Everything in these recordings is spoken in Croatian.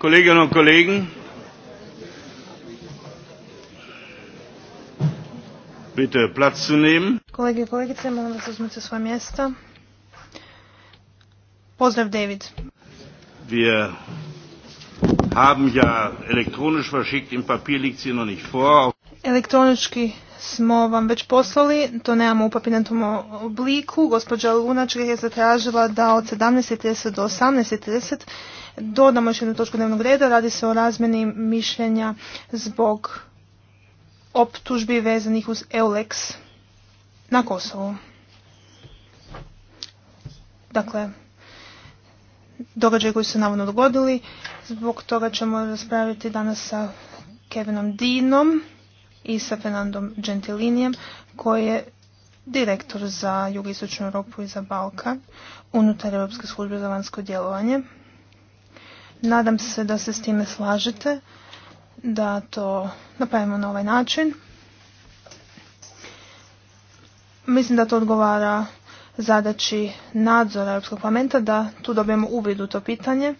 Kolleginnen und Kollegen, bitte Platz zu nehmen. Kolege i kolegice, molim vas uzmite svoje mjesta. Pozdrav David. Wir haben ja elektronisch verschickt, im Papier liegt sie noch nicht vor. Elektronički smo vam već poslali, to nemamo u papirnatom obliku. Gospođa Lunačka je zatražila da od 17.30 do 18.30 dodamo još jednu točku dnevnog reda. Radi se o razmeni mišljenja zbog optužbi vezanih uz EULEX na Kosovu. Dakle, događaj koji su navodno dogodili. Zbog toga ćemo raspraviti danas sa Kevinom Dinom i sa Fernandom Gentilinijem koji je direktor za jugoistočnu Europu i za Balkan unutar Europske službe za vanjsko djelovanje. Nadam se da se s time slažete, da to napravimo na ovaj način. Mislim da to odgovara zadaći nadzora Europskog parlamenta, da tu dobijemo uvid u to pitanje,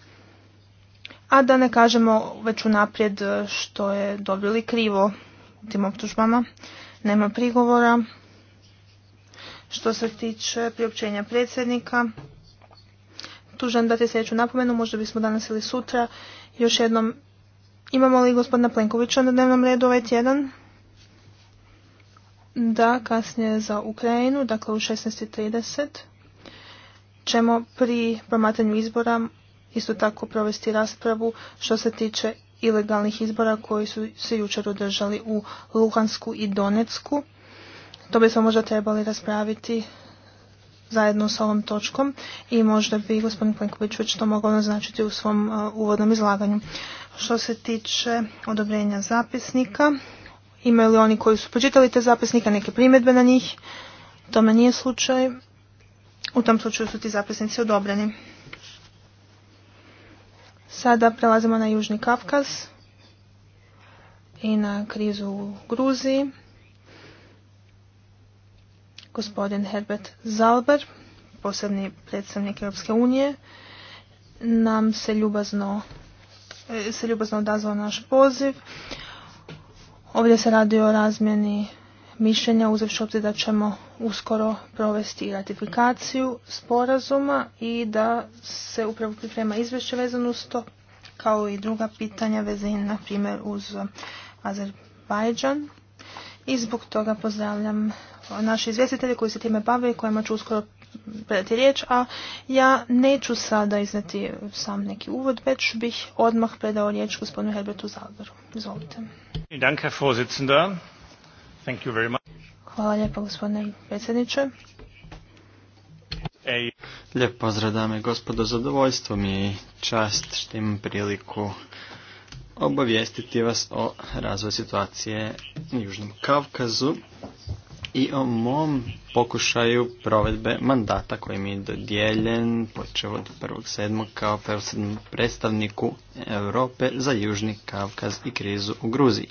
a da ne kažemo već unaprijed što je dobili krivo tim optužbama. Nema prigovora. Što se tiče priopćenja predsjednika, tu dati sljedeću napomenu, možda bismo danas ili sutra još jednom imamo li gospodina Plenkovića na dnevnom redu ovaj tjedan? Da, kasnije za Ukrajinu, dakle u 16.30 ćemo pri promatranju izbora isto tako provesti raspravu što se tiče ilegalnih izbora koji su se jučer održali u Luhansku i Donetsku. To bismo možda trebali raspraviti zajedno s ovom točkom i možda bi gospodin Plenković već to mogao naznačiti u svom uh, uvodnom izlaganju. Što se tiče odobrenja zapisnika, imaju li oni koji su počitali te zapisnika neke primjedbe na njih? Tome nije slučaj. U tom slučaju su ti zapisnici odobreni. Sada prelazimo na Južni Kavkaz i na krizu u Gruziji. Gospodin Herbert Zalber, posebni predstavnik Europske unije, nam se ljubazno, e, se ljubazno odazvao naš poziv. Ovdje se radi o razmjeni mišljenja uzevši da ćemo uskoro provesti ratifikaciju sporazuma i da se upravo priprema izvješće vezano uz to, kao i druga pitanja vezana na primjer uz Azerbajdžan i zbog toga pozdravljam naše izvjestitelje koji se time bave i kojima ću uskoro predati riječ, a ja neću sada izneti sam neki uvod, već bih odmah predao riječ gospodinu Herbertu Zalberu. Izvolite. Hvala lijepo gospodine predsjedniče. Lijep pozdrav dame i gospodo, zadovoljstvo mi je čast što imam priliku obavijestiti vas o razvoju situacije u Južnom Kavkazu i o mom pokušaju provedbe mandata koji mi je dodijeljen počeo od 1.7. kao predstavniku Europe za Južni Kavkaz i krizu u Gruziji.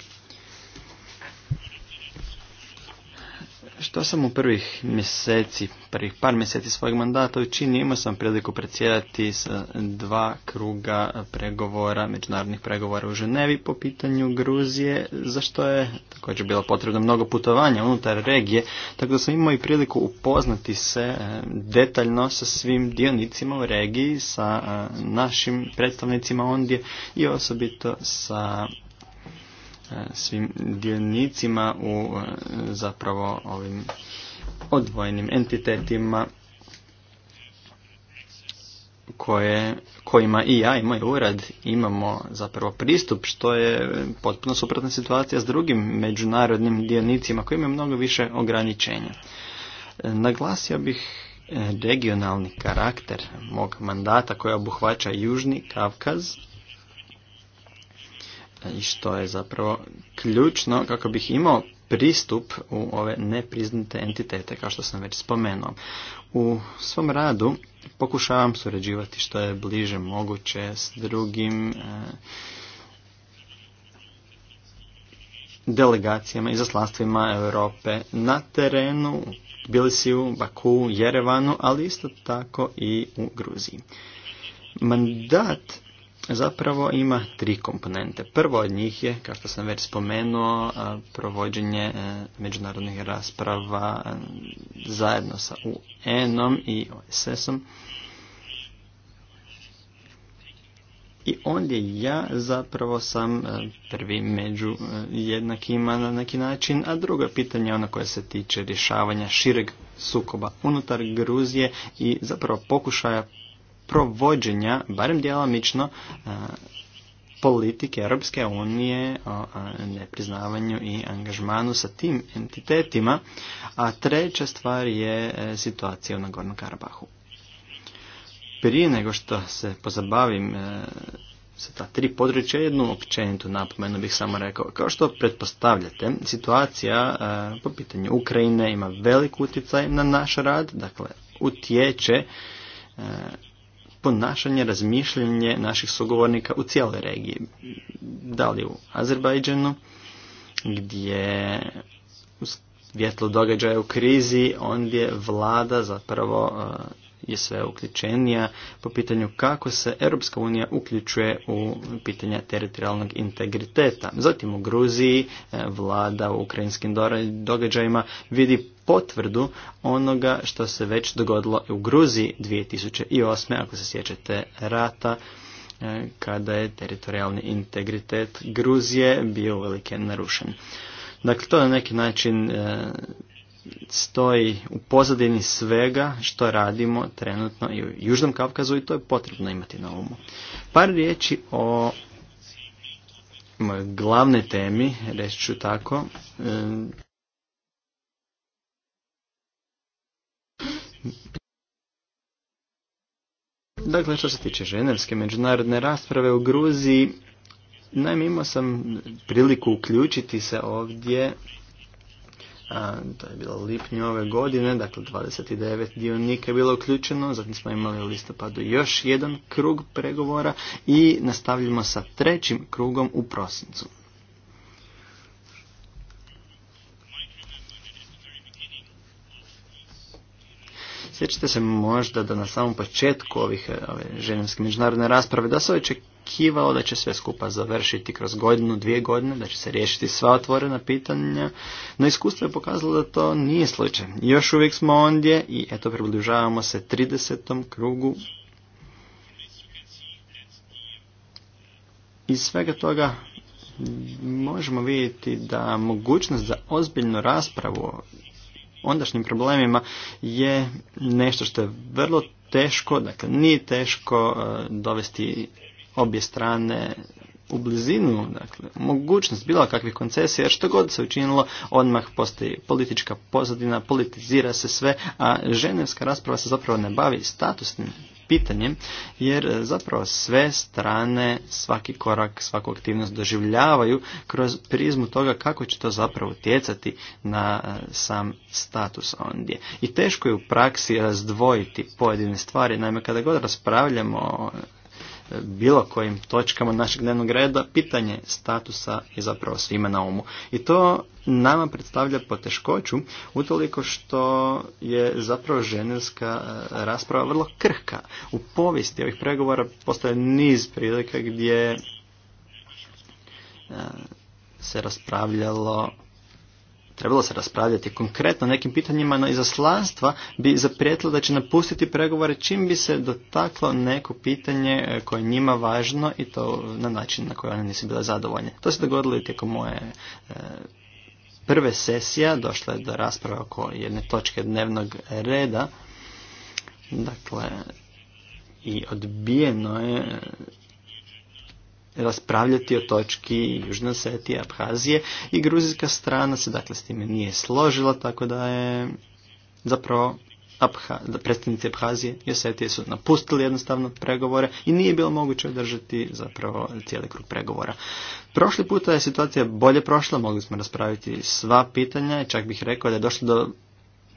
Što sam u prvih mjeseci, prvih par mjeseci svojeg mandata učinio, imao sam priliku predsjedati sa dva kruga pregovora, međunarodnih pregovora u Ženevi po pitanju Gruzije, za što je također bilo potrebno mnogo putovanja unutar regije, tako da sam imao i priliku upoznati se e, detaljno sa svim dionicima u regiji, sa e, našim predstavnicima ondje i osobito sa E, svim djelnicima u e, zapravo ovim odvojenim entitetima koje, kojima i ja i moj urad imamo zapravo pristup što je potpuno suprotna situacija s drugim međunarodnim djelnicima koji imaju mnogo više ograničenja. E, naglasio bih regionalni karakter mog mandata koja obuhvaća Južni Kavkaz i što je zapravo ključno kako bih imao pristup u ove nepriznate entitete, kao što sam već spomenuo. U svom radu pokušavam surađivati što je bliže moguće s drugim eh, delegacijama i zaslanstvima Europe na terenu, u Bilisiju, Baku, Jerevanu, ali isto tako i u Gruziji. Mandat zapravo ima tri komponente. Prvo od njih je, kao što sam već spomenuo, provođenje e, međunarodnih rasprava e, zajedno sa UN-om i OSS-om. I ondje ja zapravo sam e, prvi među jednakima na neki način, a drugo je pitanje ono koje se tiče rješavanja šireg sukoba unutar Gruzije i zapravo pokušaja provođenja, barem djelomično, e, politike Europske unije o nepriznavanju i angažmanu sa tim entitetima, a treća stvar je e, situacija u Nagornom Karabahu. Prije nego što se pozabavim e, sa ta tri područja, jednu općenitu napomenu bih samo rekao. Kao što pretpostavljate, situacija po pitanju Ukrajine ima velik utjecaj na naš rad, dakle utječe ponašanje, razmišljanje naših sugovornika u cijeloj regiji. Da li u Azerbajdžanu, gdje u svjetlu u krizi, ondje vlada zapravo je sve uključenija po pitanju kako se Europska unija uključuje u pitanja teritorijalnog integriteta. Zatim u Gruziji e, vlada u ukrajinskim događajima vidi potvrdu onoga što se već dogodilo u Gruziji 2008. ako se sjećate rata e, kada je teritorijalni integritet Gruzije bio velike narušen. Dakle, to je na neki način e, stoji u pozadini svega što radimo trenutno i u Južnom Kavkazu i to je potrebno imati na umu. Par riječi o mojoj glavne temi, reći ću tako, Dakle, što se tiče ženevske međunarodne rasprave u Gruziji, naime imao sam priliku uključiti se ovdje to je bilo lipnje ove godine, dakle 29 dionika je bilo uključeno, zatim smo imali u listopadu još jedan krug pregovora i nastavljamo sa trećim krugom u prosincu. Sjećate se možda da na samom početku ovih ove ženevske međunarodne rasprave da se očekivao da će sve skupa završiti kroz godinu, dvije godine, da će se riješiti sva otvorena pitanja, no iskustvo je pokazalo da to nije slučaj. Još uvijek smo ondje i eto približavamo se 30. krugu. Iz svega toga možemo vidjeti da mogućnost za ozbiljnu raspravu o ondašnjim problemima je nešto što je vrlo teško, dakle nije teško e, dovesti obje strane u blizinu, dakle, mogućnost bilo kakvih koncesija, jer što god se učinilo, odmah postoji politička pozadina, politizira se sve, a ženevska rasprava se zapravo ne bavi statusnim pitanjem, jer zapravo sve strane, svaki korak, svaku aktivnost doživljavaju kroz prizmu toga kako će to zapravo utjecati na e, sam status ondje. I teško je u praksi razdvojiti pojedine stvari, naime kada god raspravljamo o bilo kojim točkama našeg dnevnog reda pitanje statusa je zapravo svima na umu. I to nama predstavlja poteškoću utoliko što je zapravo ženevska e, rasprava vrlo krhka. U povijesti ovih pregovora postoje niz prilika gdje e, se raspravljalo trebalo se raspravljati konkretno nekim pitanjima, no izaslanstva bi zaprijetilo da će napustiti pregovore čim bi se dotaklo neko pitanje e, koje njima važno i to na način na koji one nisu bile zadovoljne. To se dogodilo i tijekom moje e, prve sesija, došla je do rasprave oko jedne točke dnevnog reda, dakle, i odbijeno je raspravljati o točki Južne Osetije, Abhazije i gruzijska strana se dakle s time nije složila, tako da je zapravo Abha, predstavnici Abhazije i Osetije su napustili jednostavno pregovore i nije bilo moguće održati zapravo cijeli krug pregovora. Prošli puta je situacija bolje prošla, mogli smo raspraviti sva pitanja i čak bih rekao da je došlo do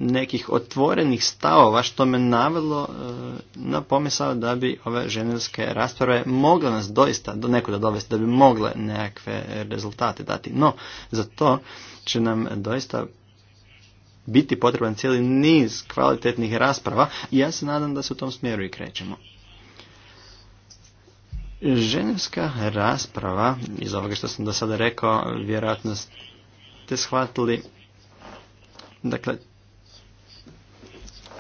nekih otvorenih stavova što me navelo e, na pomisao da bi ove ženevske rasprave mogle nas doista do nekuda dovesti, da bi mogle nekakve rezultate dati. No, za to će nam doista biti potreban cijeli niz kvalitetnih rasprava i ja se nadam da se u tom smjeru i krećemo. Ženevska rasprava, iz ovoga što sam do sada rekao, vjerojatno ste shvatili, dakle,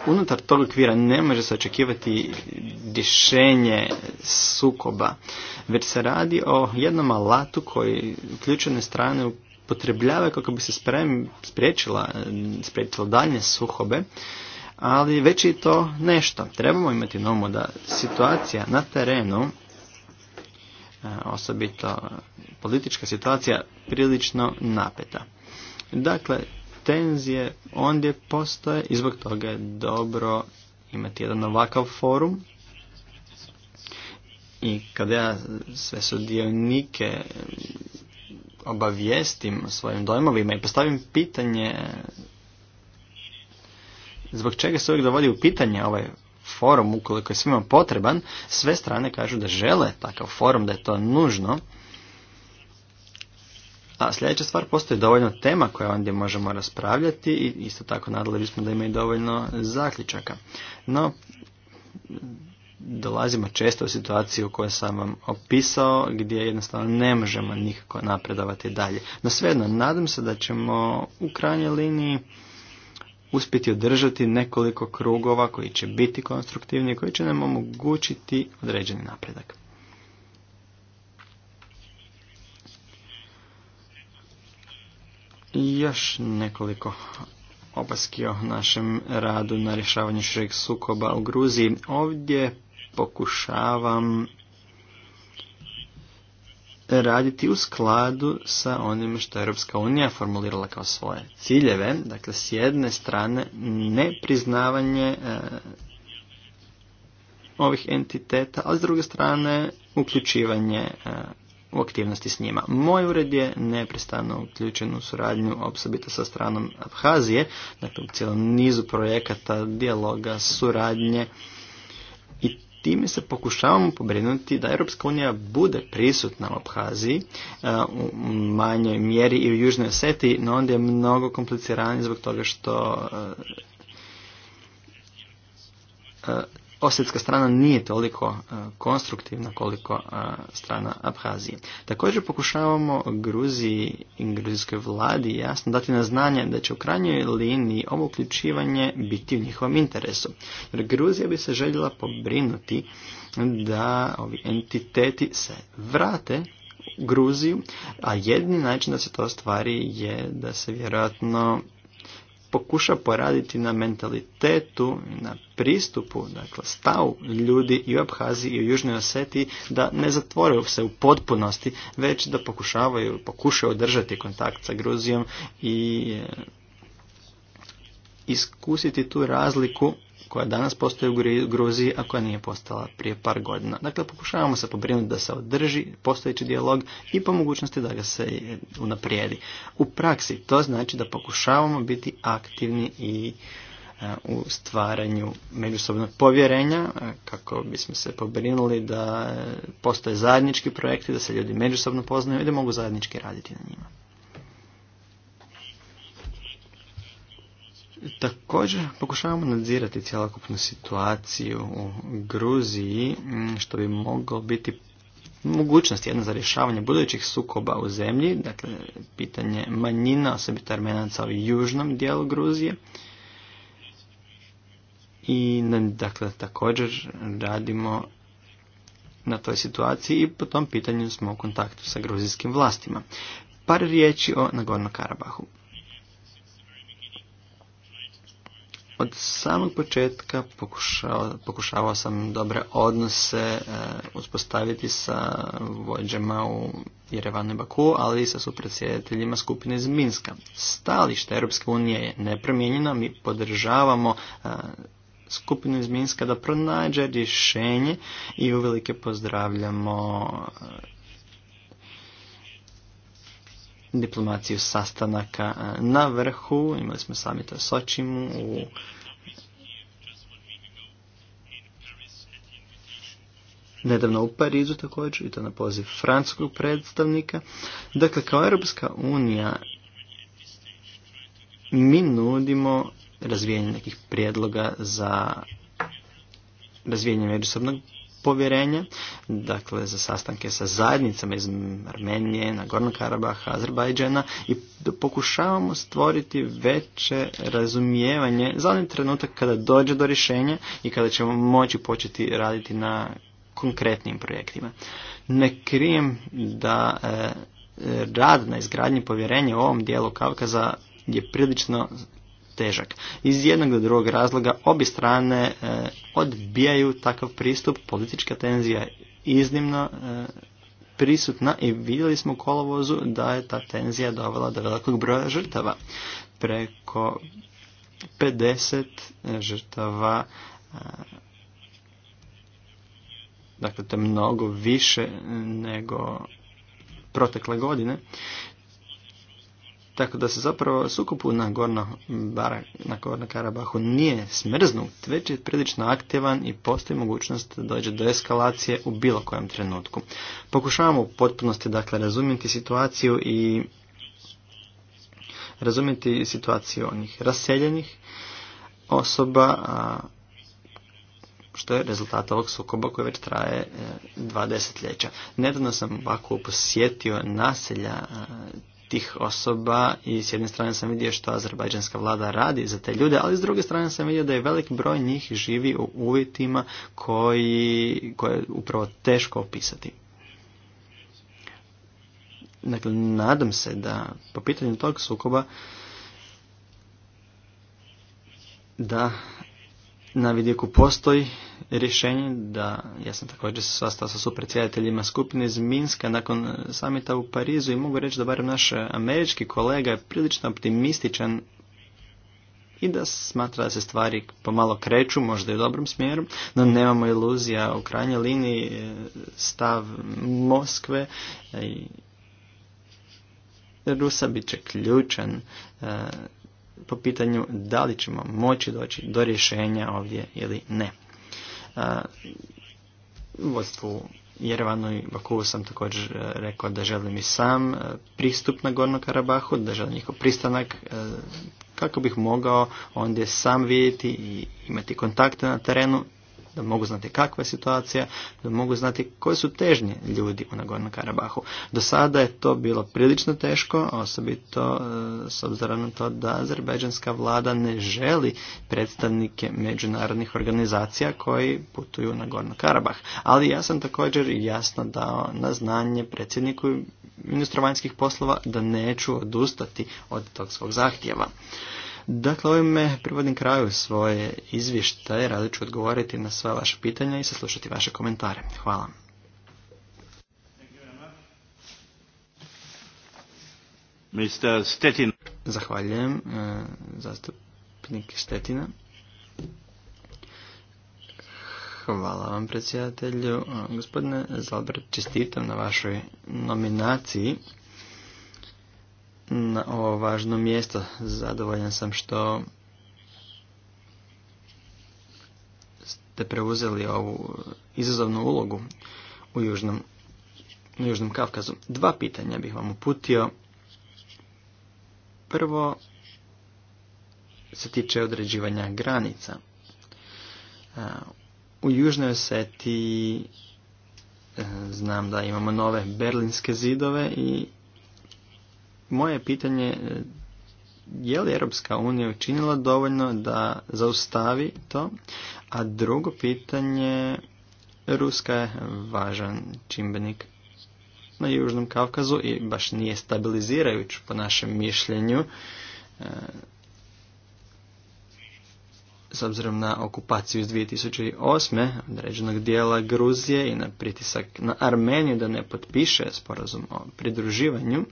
unutar tog okvira ne može se očekivati rješenje sukoba, već se radi o jednom alatu koji uključene strane upotrebljavaju kako bi se spriječilo spriječila, spriječila daljnje suhobe, ali već je to nešto. Trebamo imati na umu da situacija na terenu, e, osobito politička situacija, prilično napeta. Dakle, tenzije ondje postoje i zbog toga je dobro imati jedan ovakav forum. I kada ja sve sudionike mm, obavijestim o svojim dojmovima i postavim pitanje zbog čega se uvijek dovodi u pitanje ovaj forum ukoliko je svima potreban, sve strane kažu da žele takav forum, da je to nužno a sljedeća stvar, postoji dovoljno tema koje ondje možemo raspravljati i isto tako nadali bismo da ima i dovoljno zaključaka. No, dolazimo često u situaciju koju sam vam opisao gdje jednostavno ne možemo nikako napredovati dalje. No svejedno, nadam se da ćemo u krajnjoj liniji uspjeti održati nekoliko krugova koji će biti konstruktivni i koji će nam omogućiti određeni napredak. još nekoliko opaski o našem radu na rješavanju šireg sukoba u Gruziji. Ovdje pokušavam raditi u skladu sa onim što je Europska unija formulirala kao svoje ciljeve. Dakle, s jedne strane nepriznavanje priznavanje ovih entiteta, a s druge strane uključivanje e, u aktivnosti s njima. Moj ured je neprestano uključen u suradnju osobito sa stranom Abhazije, dakle u cijelom nizu projekata, dijaloga, suradnje i time se pokušavamo pobrinuti da Europska unija bude prisutna u Abhaziji e, u manjoj mjeri i u Južnoj Osetiji, no onda je mnogo kompliciranije zbog toga što e, e, osjetska strana nije toliko e, konstruktivna koliko e, strana Abhazije. Također pokušavamo Gruziji i gruzijskoj vladi jasno dati na znanje da će u krajnjoj liniji ovo uključivanje biti u njihovom interesu. Jer Gruzija bi se željela pobrinuti da ovi entiteti se vrate Gruziju, a jedni način da se to ostvari je da se vjerojatno pokuša poraditi na mentalitetu, na pristupu, dakle stavu ljudi i u Abhaziji i u Južnoj Osetiji da ne zatvore se u potpunosti, već da pokušavaju, pokušaju održati kontakt sa Gruzijom i e, iskusiti tu razliku koja danas postoji u Gruziji, a koja nije postala prije par godina. Dakle, pokušavamo se pobrinuti da se održi postojeći dijalog i po mogućnosti da ga se unaprijedi. U praksi to znači da pokušavamo biti aktivni i e, u stvaranju međusobnog povjerenja e, kako bismo se pobrinuli da postoje zajednički projekti, da se ljudi međusobno poznaju i da mogu zajednički raditi na njima. Također pokušavamo nadzirati cjelokupnu situaciju u Gruziji što bi moglo biti mogućnost jedna za rješavanje budućih sukoba u zemlji, dakle pitanje manjina, osobito armenaca u južnom dijelu Gruzije. I dakle također radimo na toj situaciji i po tom pitanju smo u kontaktu sa gruzijskim vlastima. Par riječi o Nagorno Karabahu. Od samog početka pokušao, pokušavao sam dobre odnose e, uspostaviti sa vođama u Jerevanu i Baku, ali i sa supredsjediteljima skupine iz Minska. Stalište Europske unije je nepromijenjeno, mi podržavamo e, skupinu iz Minska da pronađe rješenje i uvelike pozdravljamo e, diplomaciju sastanaka e, na vrhu. Imali smo to Sočimu u nedavno u Parizu također i to na poziv francuskog predstavnika. Dakle, kao Europska unija mi nudimo razvijenje nekih prijedloga za razvijenje međusobnog povjerenje, dakle za sastanke sa zajednicama iz Armenije, Nagornog Karabaha, Azerbajdžana i pokušavamo stvoriti veće razumijevanje za onaj trenutak kada dođe do rješenja i kada ćemo moći početi raditi na konkretnim projektima. Ne krijem da e, rad na izgradnji povjerenja u ovom dijelu Kavkaza je prilično težak. Iz jednog do drugog razloga obje strane e, odbijaju takav pristup, politička tenzija je iznimno e, prisutna i vidjeli smo u kolovozu da je ta tenzija dovela do velikog broja žrtava. Preko 50 e, žrtava dakle to je mnogo više nego protekle godine tako da se zapravo sukupu na Gorno, na Gorno Karabahu nije smrznut, već je prilično aktivan i postoji mogućnost da dođe do eskalacije u bilo kojem trenutku. Pokušavamo u potpunosti dakle, razumjeti situaciju i razumjeti situaciju onih raseljenih osoba, što je rezultat ovog sukoba koji već traje e, dva desetljeća. Nedavno sam ovako posjetio naselja tih osoba i s jedne strane sam vidio što azerbajdžanska vlada radi za te ljude, ali s druge strane sam vidio da je velik broj njih živi u uvjetima koji, koje je upravo teško opisati. Dakle, nadam se da po pitanju tog sukoba da na vidiku postoji rješenje da ja sam također sastao sa supredsjedateljima skupine iz Minska nakon e, samita u Parizu i mogu reći da barem naš američki kolega je prilično optimističan i da smatra da se stvari pomalo kreću, možda i u dobrom smjeru, no nemamo iluzija u krajnjoj liniji e, stav Moskve e, i Rusa bit će ključan po pitanju da li ćemo moći doći do rješenja ovdje ili ne. U vodstvu Jerevanu i sam također e, rekao da želim i sam e, pristup na Gornom Karabahu, da želim njihov pristanak e, kako bih mogao ondje sam vidjeti i imati kontakte na terenu da mogu znati kakva je situacija, da mogu znati koje su težnje ljudi u Nagorno Karabahu. Do sada je to bilo prilično teško, osobito e, s obzirom na to da azerbeđanska vlada ne želi predstavnike međunarodnih organizacija koji putuju na Nagorno Karabah. Ali ja sam također jasno dao na znanje predsjedniku ministru vanjskih poslova da neću odustati od tog svog zahtjeva. Dakle, ovime privodim kraju svoje izvještaje, radit ću odgovoriti na sva vaša pitanja i saslušati vaše komentare. Hvala. Zahvaljujem, e, zastupnik Stetina. Hvala vam, predsjedatelju. E, gospodine Zalbert, čestitam na vašoj nominaciji na ovo važno mjesto. Zadovoljan sam što ste preuzeli ovu izazovnu ulogu u Južnom, u Južnom Kavkazu. Dva pitanja bih vam uputio. Prvo se tiče određivanja granica. U Južnoj Oseti e, znam da imamo nove berlinske zidove i moje pitanje e, je li Europska unija učinila dovoljno da zaustavi to? A drugo pitanje, Ruska je važan čimbenik na Južnom Kavkazu i baš nije stabilizirajuć po našem mišljenju e, s obzirom na okupaciju iz 2008. određenog dijela Gruzije i na pritisak na Armeniju da ne potpiše sporazum o pridruživanju.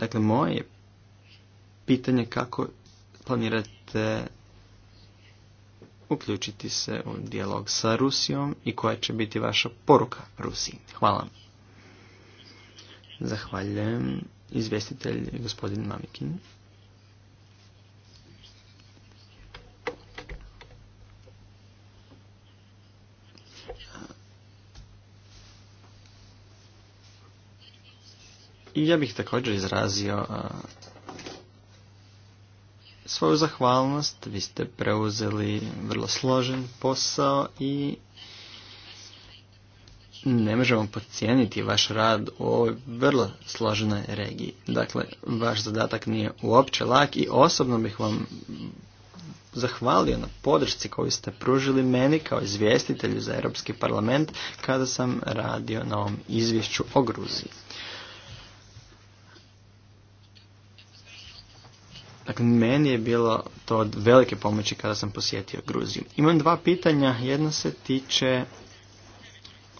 Dakle, moje pitanje kako planirate uključiti se u dijalog sa Rusijom i koja će biti vaša poruka Rusiji. Hvala. Zahvaljujem izvjestitelj gospodin Mamikin. I ja bih također izrazio svoju zahvalnost. Vi ste preuzeli vrlo složen posao i ne možemo podcijeniti vaš rad u ovoj vrlo složenoj regiji. Dakle, vaš zadatak nije uopće lak i osobno bih vam zahvalio na podršci koju ste pružili meni kao izvjestitelju za Europski parlament kada sam radio na ovom izvješću o Gruziji. Dakle, meni je bilo to od velike pomoći kada sam posjetio Gruziju. Imam dva pitanja. Jedno se tiče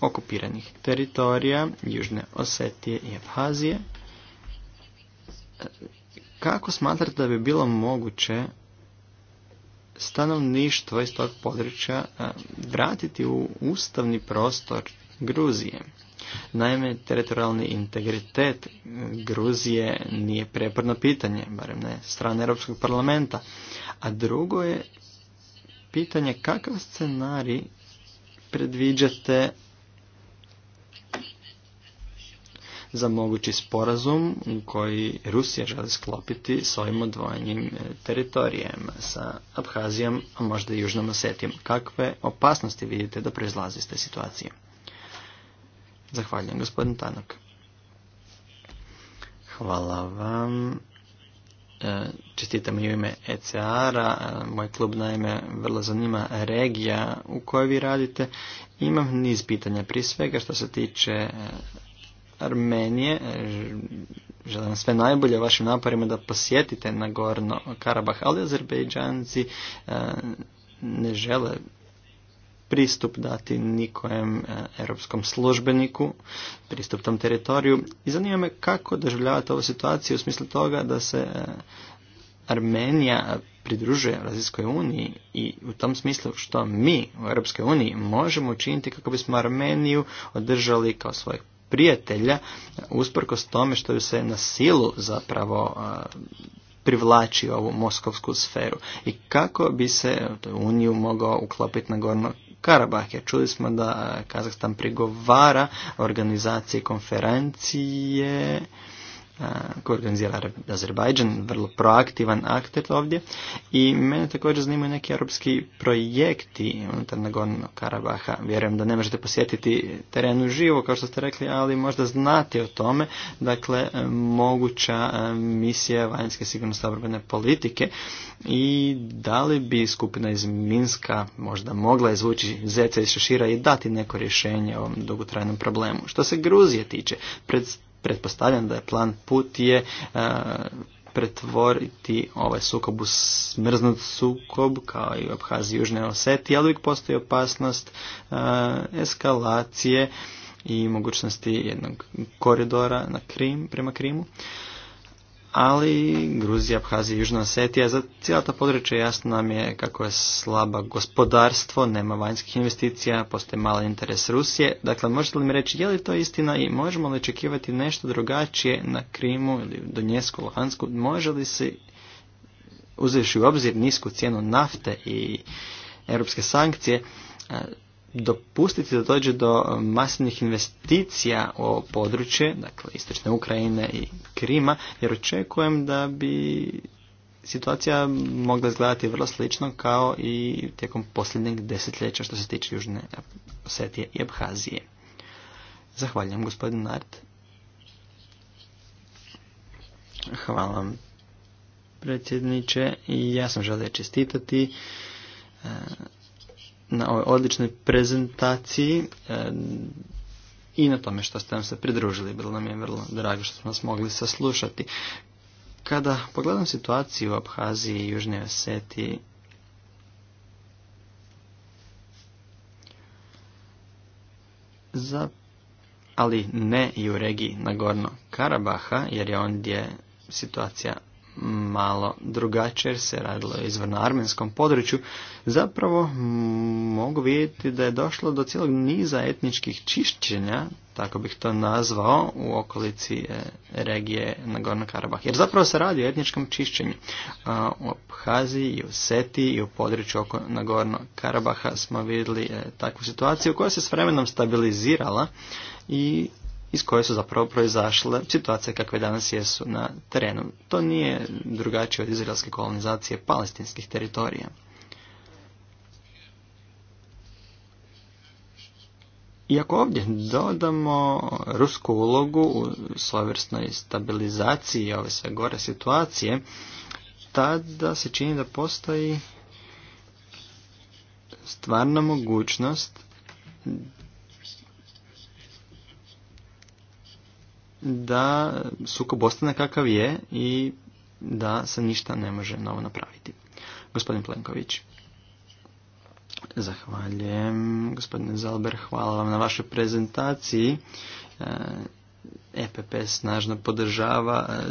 okupiranih teritorija Južne Osetije i Abhazije. Kako smatrate da bi bilo moguće stanovništvo iz tog područja vratiti u ustavni prostor Gruzije? Naime, teritorijalni integritet Gruzije nije preporno pitanje, barem ne strane Europskog parlamenta. A drugo je pitanje kakav scenarij predviđate za mogući sporazum koji Rusija želi sklopiti svojim ovim odvojenim teritorijem sa Abhazijom, a možda i Južnom Osetijom. Kakve opasnosti vidite da proizlazi iz te situacije? Zahvaljujem, gospodin Tanok. Hvala vam. E, čestitam i u ime ECR-a. E, moj klub naime vrlo zanima regija u kojoj vi radite. Imam niz pitanja. Prije svega što se tiče e, Armenije. Želim sve najbolje u vašim naporima da posjetite Nagorno Karabah, ali Azerbejdžanci ne žele pristup dati nikojem e, europskom službeniku, pristup tom teritoriju. I zanima me kako doživljavate ovu situaciju u smislu toga da se e, Armenija pridružuje Razijskoj uniji i u tom smislu što mi u Europskoj uniji možemo učiniti kako bismo Armeniju održali kao svojeg prijatelja usprkos tome što ju se na silu zapravo e, privlači ovu moskovsku sferu i kako bi se uniju mogao uklopiti na gornu jer Čuli smo da eh, Kazahstan prigovara organizaciji konferencije koji organizira Azerbajdžan, vrlo proaktivan akter ovdje. I mene također zanimaju neki europski projekti unutar Nagornog Karabaha. Vjerujem da ne možete posjetiti terenu živo, kao što ste rekli, ali možda znati o tome. Dakle, moguća misija vanjske sigurnosti obrambene politike i da li bi skupina iz Minska možda mogla izvući zeca iz šešira i dati neko rješenje ovom dugotrajnom problemu. Što se Gruzije tiče, pred pretpostavljam da je plan put je e, pretvoriti ovaj sukob u smrznut sukob kao i u Abhaziji Južne Oseti, ali uvijek postoji opasnost e, eskalacije i mogućnosti jednog koridora na Krim, prema Krimu ali Gruzija, Abhazija Južna Osetija, za cijela ta područja jasno nam je kako je slaba gospodarstvo, nema vanjskih investicija, postoji mali interes Rusije. Dakle, možete li mi reći je li to istina i možemo li očekivati nešto drugačije na Krimu ili Donjesku, Luhansku? Može li se uzevši u obzir nisku cijenu nafte i europske sankcije, dopustiti da dođe do masivnih investicija u područje, dakle istočne Ukrajine i Krima, jer očekujem da bi situacija mogla izgledati vrlo slično kao i tijekom posljednjeg desetljeća što se tiče Južne Osetije i Abhazije. Zahvaljujem gospodin Nart. Hvala vam predsjedniče i ja sam želio čestitati e, na ovoj odličnoj prezentaciji e, i na tome što ste nam se pridružili. Bilo nam je vrlo drago što smo nas mogli saslušati. Kada pogledam situaciju u Abhaziji i Južnoj Osetiji, za, ali ne i u regiji Nagorno Karabaha, jer je ondje situacija malo drugačije jer se radilo o armenskom području, zapravo mogu vidjeti da je došlo do cijelog niza etničkih čišćenja, tako bih to nazvao, u okolici e, regije Nagorno-Karabah. Jer zapravo se radi o etničkom čišćenju. U Abhaziji i u Seti i u području oko Nagorno-Karabaha smo vidjeli e, takvu situaciju koja se s vremenom stabilizirala i iz koje su zapravo proizašle situacije kakve danas jesu na terenu. To nije drugačije od izraelske kolonizacije palestinskih teritorija. I ako ovdje dodamo rusku ulogu u svojvrstnoj stabilizaciji ove sve gore situacije, tada se čini da postoji stvarna mogućnost da sukob ostane kakav je i da se ništa ne može novo napraviti. Gospodin Plenković. Zahvaljujem, gospodine Zalber, hvala vam na vašoj prezentaciji. EPP e snažno podržava e,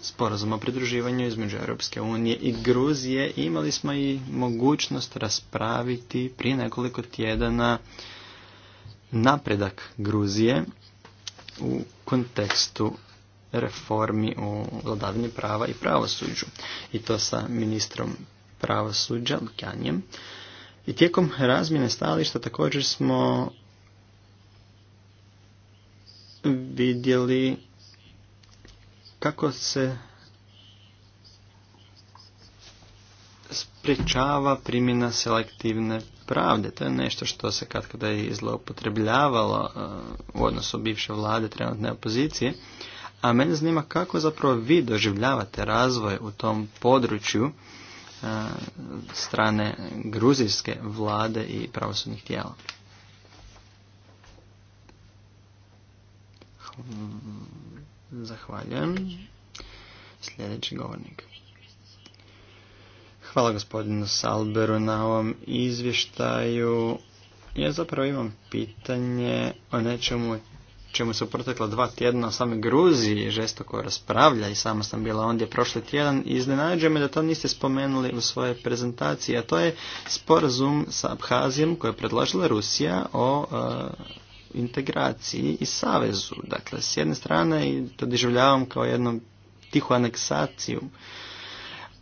sporazum o pridruživanju između Europske unije i Gruzije. Imali smo i mogućnost raspraviti prije nekoliko tjedana napredak Gruzije u kontekstu reformi u vladavini prava i pravosuđu. I to sa ministrom pravosuđa Lukanjem. I tijekom razmjene stališta također smo vidjeli kako se sprečava primjena selektivne pravde. To je nešto što se kad kada je zloupotrebljavalo e, u odnosu bivše vlade, trenutne opozicije. A mene zanima kako zapravo vi doživljavate razvoj u tom području e, strane gruzijske vlade i pravosudnih tijela. Zahvaljujem. Sljedeći govornik. Hvala gospodinu Salberu na ovom izvještaju. Ja zapravo imam pitanje o nečemu čemu se protekla dva tjedna o same Gruziji žestoko raspravlja i sama sam bila ondje prošli tjedan i iznenađuje me da to niste spomenuli u svojoj prezentaciji, a to je sporazum sa Abhazijom koje je predložila Rusija o e, integraciji i savezu. Dakle, s jedne strane to doživljavam kao jednu tihu aneksaciju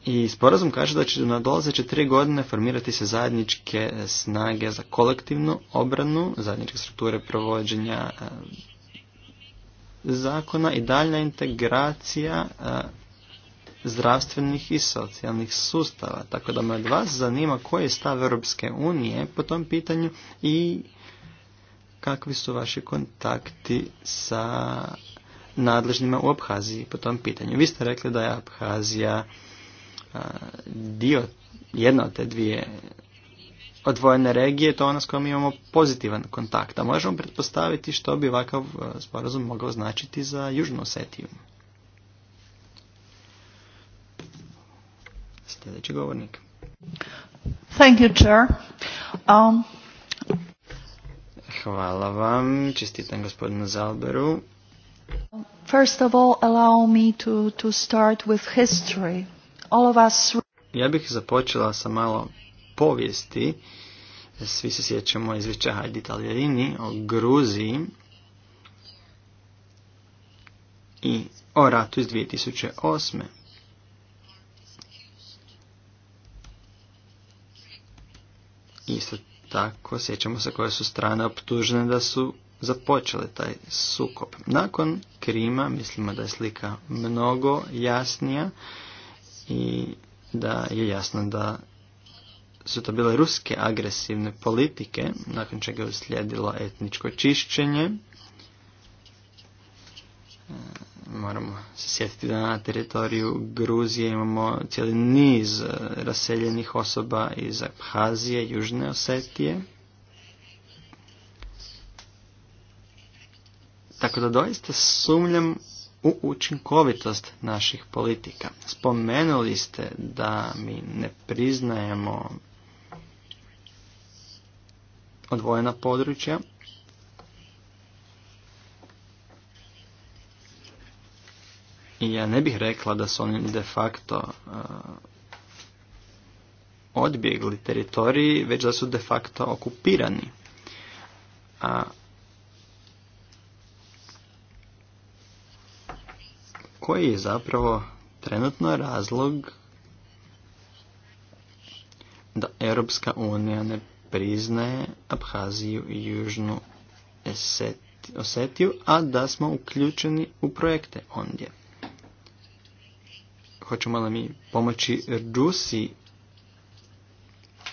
i sporazum kaže da će na dolazeće tri godine formirati se zajedničke e, snage za kolektivnu obranu, zajedničke strukture provođenja e, zakona i daljna integracija e, zdravstvenih i socijalnih sustava. Tako da me od vas zanima koji je stav Europske unije po tom pitanju i kakvi su vaši kontakti sa nadležnima u Abhaziji po tom pitanju. Vi ste rekli da je Abhazija dio jedna od te dvije odvojene regije, to je ona s kojom imamo pozitivan kontakt. A možemo pretpostaviti što bi ovakav e, sporazum mogao značiti za Južnu Osetiju. Sljedeći govornik. Thank you, Chair. Um... Hvala vam. Čestitam gospodinu Zalberu. First of all, allow me to, to start with history. Ja bih započela sa malo povijesti. Svi se sjećamo izvješća Hajdi Italijerini o Gruziji i o ratu iz 2008. Isto tako sjećamo se koje su strane optužene da su započele taj sukob. Nakon Krima mislimo da je slika mnogo jasnija i da je jasno da su to bile ruske agresivne politike, nakon čega je uslijedilo etničko čišćenje. E, moramo se sjetiti da na teritoriju Gruzije imamo cijeli niz e, raseljenih osoba iz Abhazije, Južne Osetije. Tako da doista sumnjam u učinkovitost naših politika. Spomenuli ste da mi ne priznajemo odvojena područja. I ja ne bih rekla da su oni de facto uh, odbjegli teritoriji, već da su de facto okupirani. A koji je zapravo trenutno razlog da Europska unija ne priznaje Abhaziju i Južnu Osetiju, a da smo uključeni u projekte ondje. Hoćemo li mi pomoći Rusi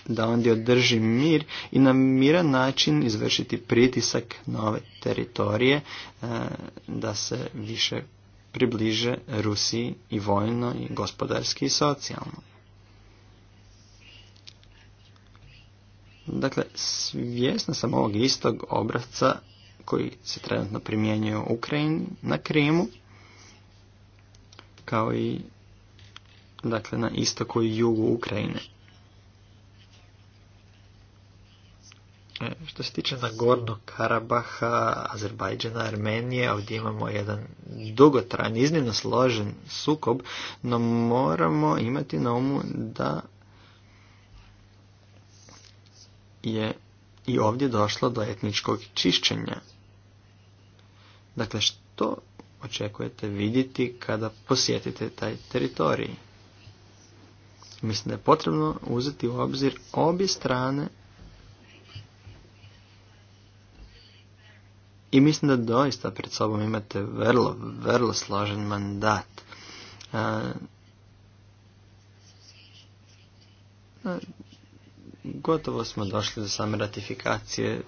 da ondje održi mir i na miran način izvršiti pritisak na ove teritorije e, da se više približe Rusiji i vojno, i gospodarski, i socijalno. Dakle, svjesna sam ovog istog obrazca koji se trenutno primjenjuje u Ukrajini, na Krimu, kao i dakle, na istoku i jugu Ukrajine. Što se tiče Nagornog Karabaha, Azerbajdžana, Armenije, ovdje imamo jedan dugotrajan, iznimno složen sukob, no moramo imati na umu da je i ovdje došlo do etničkog čišćenja. Dakle, što očekujete vidjeti kada posjetite taj teritorij? Mislim da je potrebno uzeti u obzir obje strane I mislim da doista pred sobom imate vrlo, vrlo složen mandat. Gotovo smo došli do same ratifikacije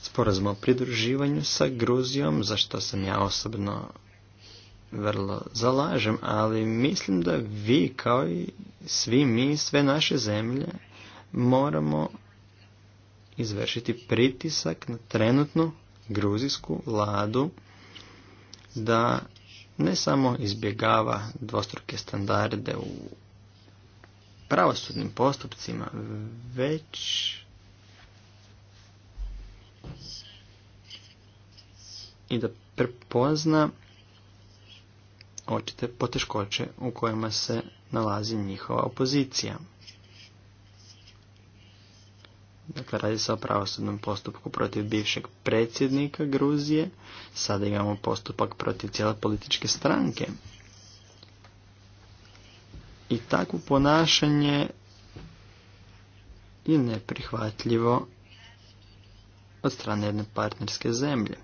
sporazuma o pridruživanju sa Gruzijom, za što sam ja osobno vrlo zalažem, ali mislim da vi kao i svi mi, sve naše zemlje, moramo izvršiti pritisak na trenutnu gruzijsku vladu da ne samo izbjegava dvostruke standarde u pravosudnim postupcima, već i da prepozna očite poteškoće u kojima se nalazi njihova opozicija. Dakle, radi se o pravosudnom postupku protiv bivšeg predsjednika Gruzije. Sada imamo postupak protiv cijele političke stranke. I takvo ponašanje je neprihvatljivo od strane jedne partnerske zemlje.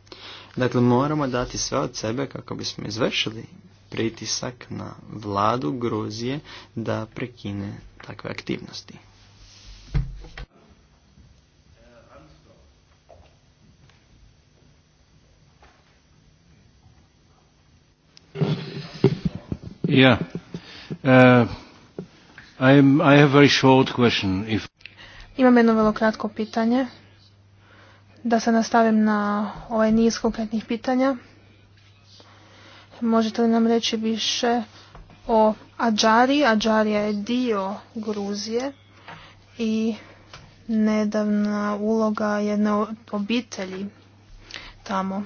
Dakle, moramo dati sve od sebe kako bismo izvršili pritisak na vladu Gruzije da prekine takve aktivnosti. Uh, Imam jedno vrlo kratko pitanje. Da se nastavim na ovaj niz konkretnih pitanja. Možete li nam reći više o Ađari? Ađarija je dio Gruzije i nedavna uloga jedne obitelji tamo.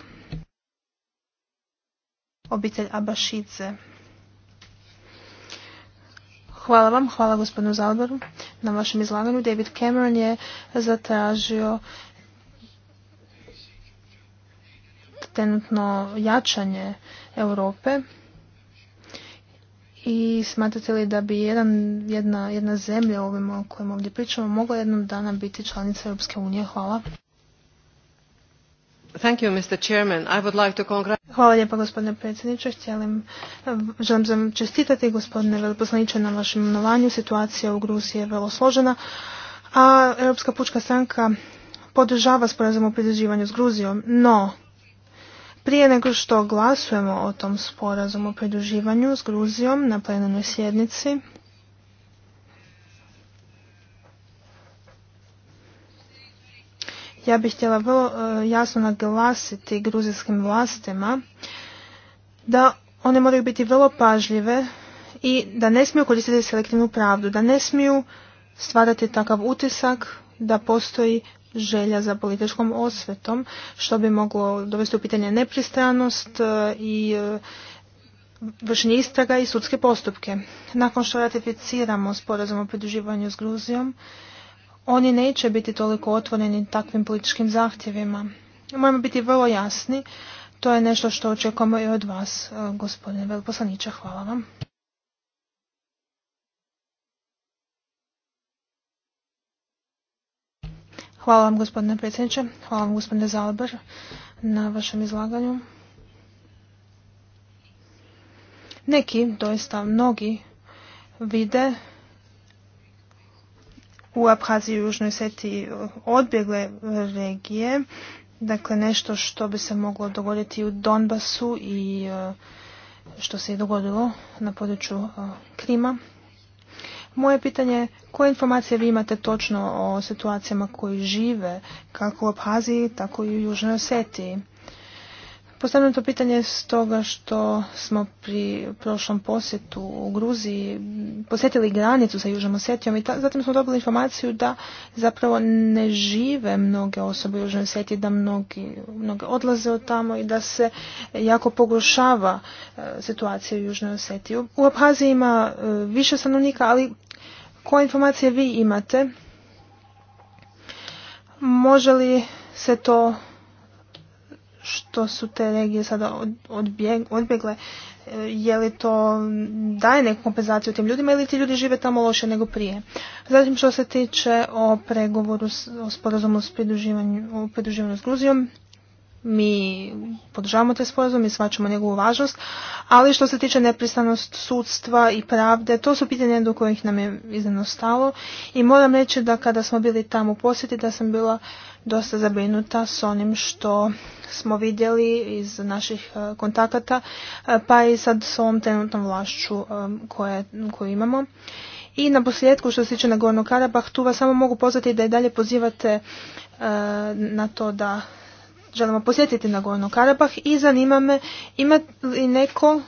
Obitelj Abašice. Hvala vam, hvala gospodinu Zalboru na vašem izlaganju. David Cameron je zatražio trenutno jačanje Europe i smatrate li da bi jedan, jedna, jedna zemlja o kojem ovdje pričamo mogla jednom dana biti članica Europske unije? Hvala. Hvala lijepa gospodine predsjedniče. želim vam čestitati gospodine veleposlaniče na vašem imenovanju. Situacija u Gruziji je vrlo složena, a Europska pučka stranka podržava sporazum o pridruživanju s Gruzijom, no prije nego što glasujemo o tom sporazumu o pridruživanju s Gruzijom na plenarnoj sjednici, Ja bih htjela vrlo e, jasno naglasiti gruzijskim vlastima da one moraju biti vrlo pažljive i da ne smiju koristiti selektivnu pravdu, da ne smiju stvarati takav utisak da postoji želja za političkom osvetom, što bi moglo dovesti u pitanje nepristranost e, i e, vršenje istraga i sudske postupke. Nakon što ratificiramo sporazum o pridruživanju s Gruzijom, oni neće biti toliko otvoreni takvim političkim zahtjevima. Moramo biti vrlo jasni, to je nešto što očekujemo i od vas, e, gospodine veliposlaniče. Hvala vam. Hvala vam gospodine predsjedniče, hvala vam gospodine Zalber na vašem izlaganju. Neki, doista mnogi, vide u Abhaziji i Južnoj Seti odbjegle regije, dakle nešto što bi se moglo dogoditi u Donbasu i e, što se je dogodilo na području e, Krima. Moje pitanje je koje informacije vi imate točno o situacijama koji žive kako u Abhaziji, tako i u Južnoj Osetiji? Postavljam to pitanje stoga što smo pri prošlom posjetu u Gruziji posjetili granicu sa Južnom osjetijom i zatim smo dobili informaciju da zapravo ne žive mnoge osobe u Južnoj Osetiji, da mnogi, mnoge odlaze od tamo i da se jako pogoršava e, situacija u Južnoj Osetiji. U, Abhaziji ima e, više stanovnika, ali koje informacije vi imate? Može li se to što su te regije sada odbjegle, e, je li to daje neku kompenzaciju tim ljudima ili ti ljudi žive tamo loše nego prije. Zatim što se tiče o pregovoru o sporazumu s o pridruživanju s Gruzijom, mi podržavamo te sporazum i svačamo njegovu važnost, ali što se tiče nepristanost sudstva i pravde, to su pitanja do kojih nam je iznimno stalo i moram reći da kada smo bili tamo u posjeti da sam bila dosta zabrinuta s onim što smo vidjeli iz naših e, kontakata, e, pa i sad s ovom trenutnom vlašću e, koju imamo. I na posljedku što se tiče Nagorno Karabah, tu vas samo mogu pozvati da i dalje pozivate na to da želimo posjetiti na Karabah i zanima me ima li neko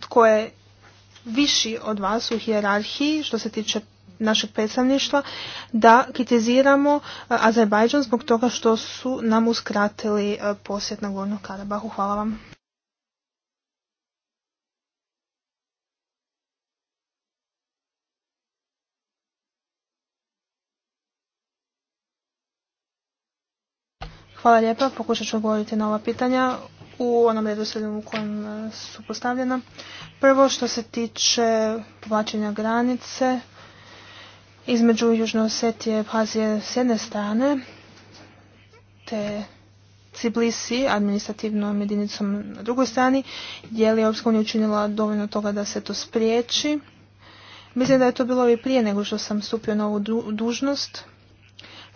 tko je viši od vas u hijerarhiji što se tiče našeg predstavništva da kritiziramo e, Azerbajdžan zbog toga što su nam uskratili e, posjet na Gornu Karabahu. Hvala vam. Hvala lijepa, pokušat ću odgovoriti na ova pitanja u onom redoslijedu u kojem e, su postavljena. Prvo što se tiče povlačenja granice između Južne Osetije i pazije s jedne strane te Ciblisi administrativnom jedinicom na drugoj strani, je li Europska unija učinila dovoljno toga da se to spriječi. Mislim da je to bilo i prije nego što sam stupio na ovu dužnost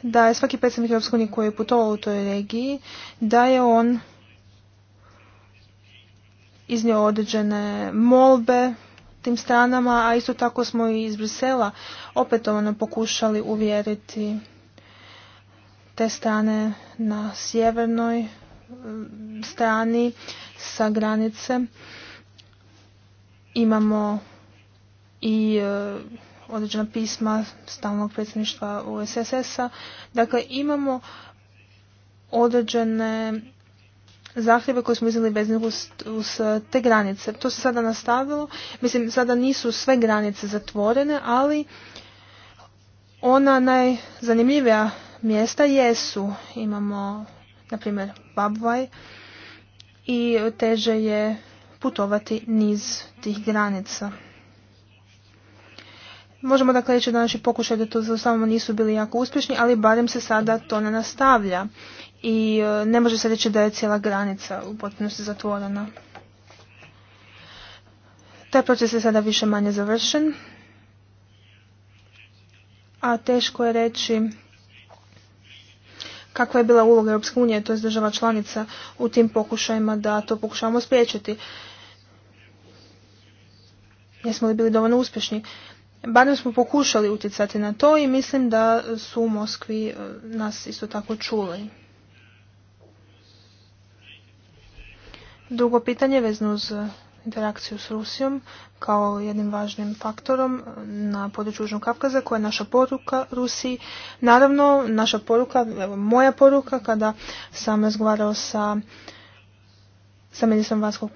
da je svaki predstavnik Europskog unije koji je putovao u toj regiji, da je on iznio određene molbe tim stranama, a isto tako smo i iz Brisela opetovano pokušali uvjeriti te strane na sjevernoj strani sa granice. Imamo i e, određena pisma stalnog predsjedništva USSS-a. Dakle, imamo određene zahtjeve koje smo iznijeli vezano uz, uz te granice. To se sada nastavilo. Mislim, sada nisu sve granice zatvorene, ali ona najzanimljivija mjesta jesu. Imamo, na primjer, Babvaj i teže je putovati niz tih granica. Možemo dakle reći da naši pokušaj da to samo nisu bili jako uspješni, ali barem se sada to ne nastavlja i e, ne može se reći da je cijela granica u potpunosti zatvorena. Taj proces je sada više manje završen, a teško je reći kakva je bila uloga Europske unije, to je država članica, u tim pokušajima da to pokušavamo spriječiti. Jesmo li bili dovoljno uspješni? barem smo pokušali utjecati na to i mislim da su u Moskvi e, nas isto tako čuli. Drugo pitanje vezno uz e, interakciju s Rusijom kao jednim važnim faktorom e, na području Južnog Kavkaza koja je naša poruka Rusiji. Naravno, naša poruka, evo, moja poruka kada sam razgovarao sa, sa ministrom vanjskog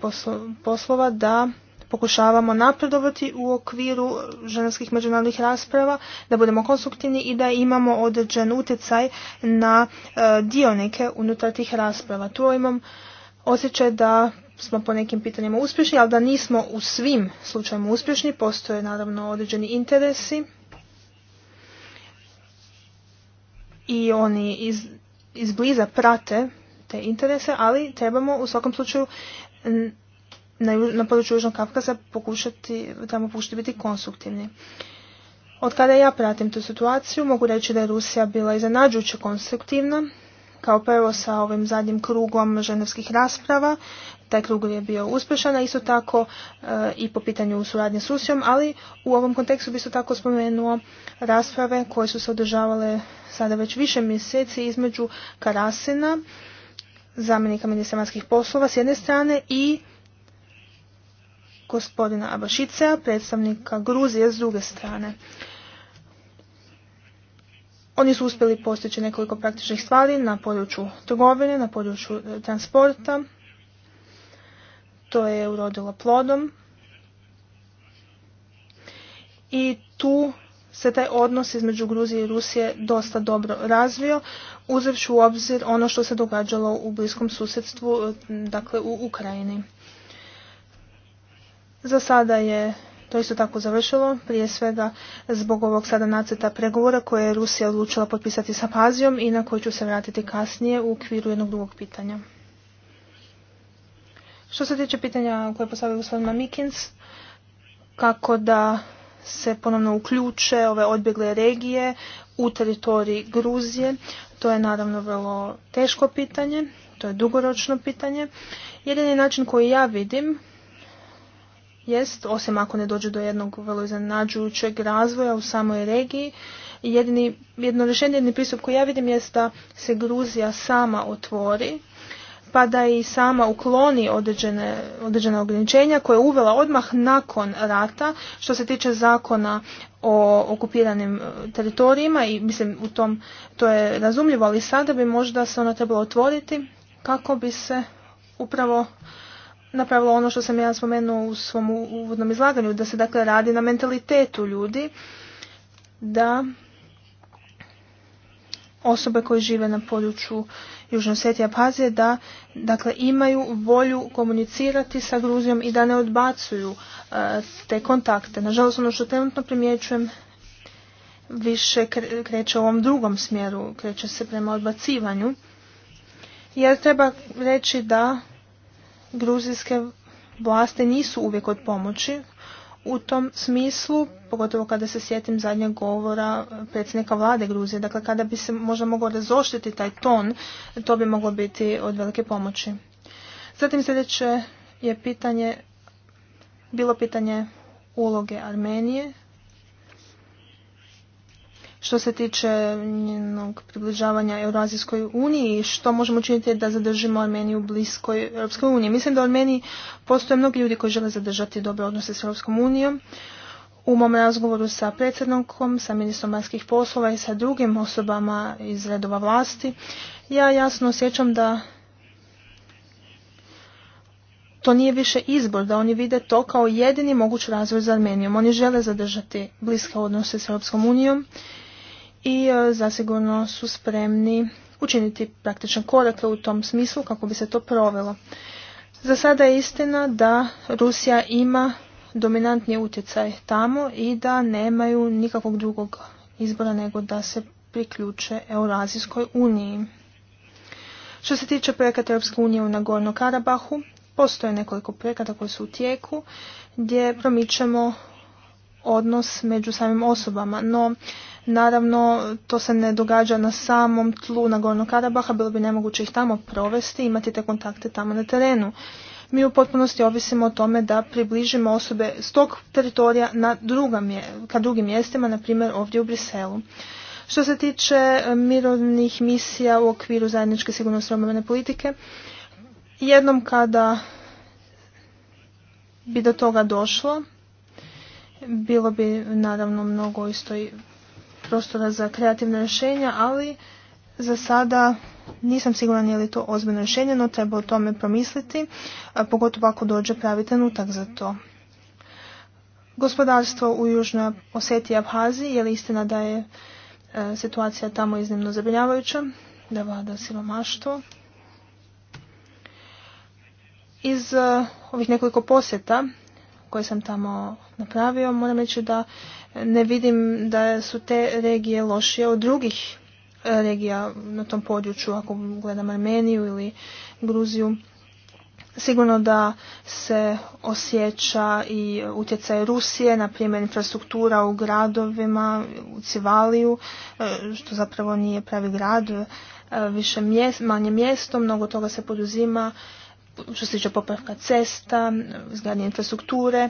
poslova da pokušavamo napredovati u okviru ženskih međunarodnih rasprava, da budemo konstruktivni i da imamo određen utjecaj na e, dionike unutar tih rasprava. Tu imam osjećaj da smo po nekim pitanjima uspješni, ali da nismo u svim slučajima uspješni. Postoje naravno određeni interesi i oni iz, izbliza prate te interese, ali trebamo u svakom slučaju na, na području Južnog Kafkaza pokušati, tamo pokušati biti konstruktivni. Od kada ja pratim tu situaciju, mogu reći da je Rusija bila iznenađujuće konstruktivna, kao prvo sa ovim zadnjim krugom ženevskih rasprava, taj krug je bio uspješan, a isto tako e, i po pitanju suradnje s Rusijom, ali u ovom kontekstu bi isto tako spomenuo rasprave koje su se održavale sada već više mjeseci između Karasina, zamjenika ministra vanjskih poslova s jedne strane i gospodina Abašicea, predstavnika Gruzije s druge strane. Oni su uspjeli postići nekoliko praktičnih stvari na području trgovine, na području e, transporta. To je urodilo plodom. I tu se taj odnos između Gruzije i Rusije dosta dobro razvio, uzevši u obzir ono što se događalo u bliskom susjedstvu, e, dakle u Ukrajini. Za sada je to isto tako završilo, prije svega zbog ovog sada nacrta pregovora koje je Rusija odlučila potpisati sa Pazijom i na koji ću se vratiti kasnije u okviru jednog drugog pitanja. Što se tiče pitanja koje je postavio gospodin Mamikins, kako da se ponovno uključe ove odbjegle regije u teritoriji Gruzije, to je naravno vrlo teško pitanje, to je dugoročno pitanje. Jedini način koji ja vidim jest, osim ako ne dođe do jednog vrlo iznenađujućeg razvoja u samoj regiji, jedini, jedno rješenje, jedni pristup koji ja vidim jest da se Gruzija sama otvori, pa da i sama ukloni određene, određena ograničenja koje je uvela odmah nakon rata što se tiče zakona o okupiranim e, teritorijima i mislim u tom to je razumljivo, ali sada bi možda se ona trebalo otvoriti kako bi se upravo napravilo ono što sam ja spomenuo u svom uvodnom izlaganju, da se dakle radi na mentalitetu ljudi, da osobe koje žive na području Južne Osetije apazije da dakle, imaju volju komunicirati sa Gruzijom i da ne odbacuju e, te kontakte. Nažalost, ono što trenutno primjećujem više kreće u ovom drugom smjeru, kreće se prema odbacivanju. Jer treba reći da gruzijske vlasti nisu uvijek od pomoći u tom smislu, pogotovo kada se sjetim zadnjeg govora predsjednika vlade Gruzije, dakle kada bi se možda mogao razoštiti taj ton, to bi moglo biti od velike pomoći. Zatim sljedeće je pitanje, bilo pitanje uloge Armenije što se tiče njenog približavanja Eurazijskoj uniji i što možemo učiniti da zadržimo Armeniju u bliskoj Europskoj uniji. Mislim da u Armeniji postoje mnogi ljudi koji žele zadržati dobre odnose s Europskom unijom. U mom razgovoru sa predsjednikom, sa ministrom vanjskih poslova i sa drugim osobama iz redova vlasti, ja jasno osjećam da to nije više izbor, da oni vide to kao jedini mogući razvoj za Armenijom. Oni žele zadržati bliske odnose s Europskom unijom i e, zasigurno su spremni učiniti praktičan korak u tom smislu kako bi se to provelo. Za sada je istina da Rusija ima dominantni utjecaj tamo i da nemaju nikakvog drugog izbora nego da se priključe Eurazijskoj uniji. Što se tiče projekata Europske unije u Nagorno Karabahu, postoje nekoliko projekata koji su u tijeku gdje promičemo odnos među samim osobama, no Naravno, to se ne događa na samom tlu na Nagorno Karabaha, bilo bi nemoguće ih tamo provesti, imati te kontakte tamo na terenu. Mi u potpunosti ovisimo o tome da približimo osobe s tog teritorija na druga, ka drugim mjestima, na primjer ovdje u Briselu. Što se tiče e, mirovnih misija u okviru zajedničke sigurnosti politike, jednom kada bi do toga došlo, bilo bi naravno mnogo isto i prostora za kreativne rješenja, ali za sada nisam siguran je li to ozbiljno rješenje, no treba o tome promisliti, pogotovo ako dođe pravi trenutak za to. Gospodarstvo u Južnoj oseti i Abhaziji, je li istina da je e, situacija tamo iznimno zabrinjavajuća, da vlada silomaštvo? Iz e, ovih nekoliko posjeta koje sam tamo napravio, moram reći da ne vidim da su te regije lošije od drugih e, regija na tom području, ako gledam Armeniju ili Gruziju. Sigurno da se osjeća i utjecaj Rusije, na primjer infrastruktura u gradovima, u Civaliju, e, što zapravo nije pravi grad, e, više manje mjesto, mnogo toga se poduzima što se tiče popravka cesta, izgradnje infrastrukture,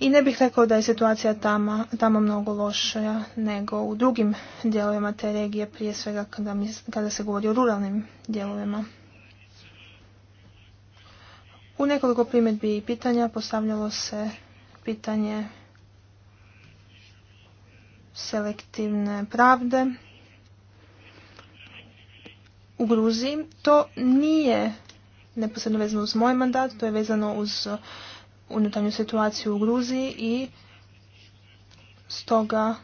i ne bih rekao da je situacija tamo, tamo mnogo lošija nego u drugim dijelovima te regije, prije svega kada, kada se govori o ruralnim dijelovima. U nekoliko primjedbi i pitanja postavljalo se pitanje selektivne pravde u Gruziji. To nije neposredno vezano uz moj mandat, to je vezano uz unutarnju situaciju u Gruziji i stoga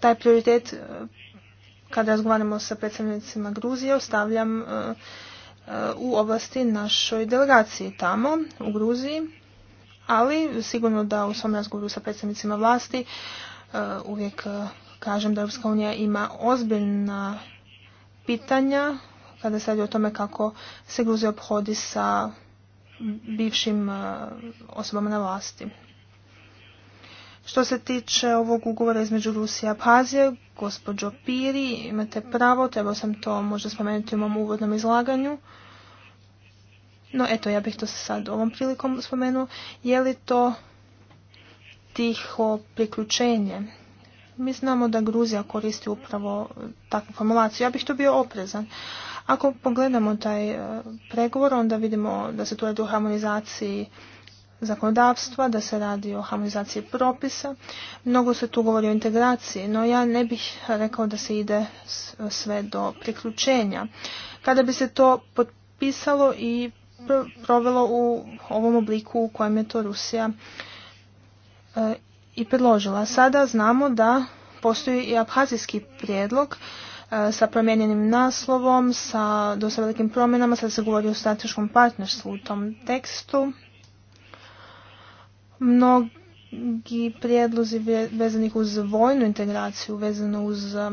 taj prioritet e, kada razgovaramo sa predstavnicima Gruzije ostavljam e, e, u oblasti našoj delegaciji tamo u Gruziji, ali sigurno da u svom razgovoru sa predstavnicima vlasti uvijek kažem da Europska unija ima ozbiljna pitanja kada se radi o tome kako se Gruzija obhodi sa bivšim e, osobama na vlasti. Što se tiče ovog ugovora između Rusije i Abhazije, gospođo Piri, imate pravo, trebao sam to možda spomenuti u mom uvodnom izlaganju. No eto, ja bih to sad ovom prilikom spomenuo. Je li to tiho priključenje? Mi znamo da Gruzija koristi upravo takvu formulaciju. Ja bih to bio oprezan. Ako pogledamo taj e, pregovor, onda vidimo da se tu radi o harmonizaciji zakonodavstva, da se radi o harmonizaciji propisa. Mnogo se tu govori o integraciji, no ja ne bih rekao da se ide sve do priključenja. Kada bi se to potpisalo i provelo u ovom obliku u kojem je to Rusija e, i predložila. Sada znamo da postoji i abhazijski prijedlog E, sa promijenjenim naslovom, sa dosta velikim promjenama, sad se govori o strateškom partnerstvu u tom tekstu. Mnogi prijedlozi vezanih uz vojnu integraciju, vezano uz e,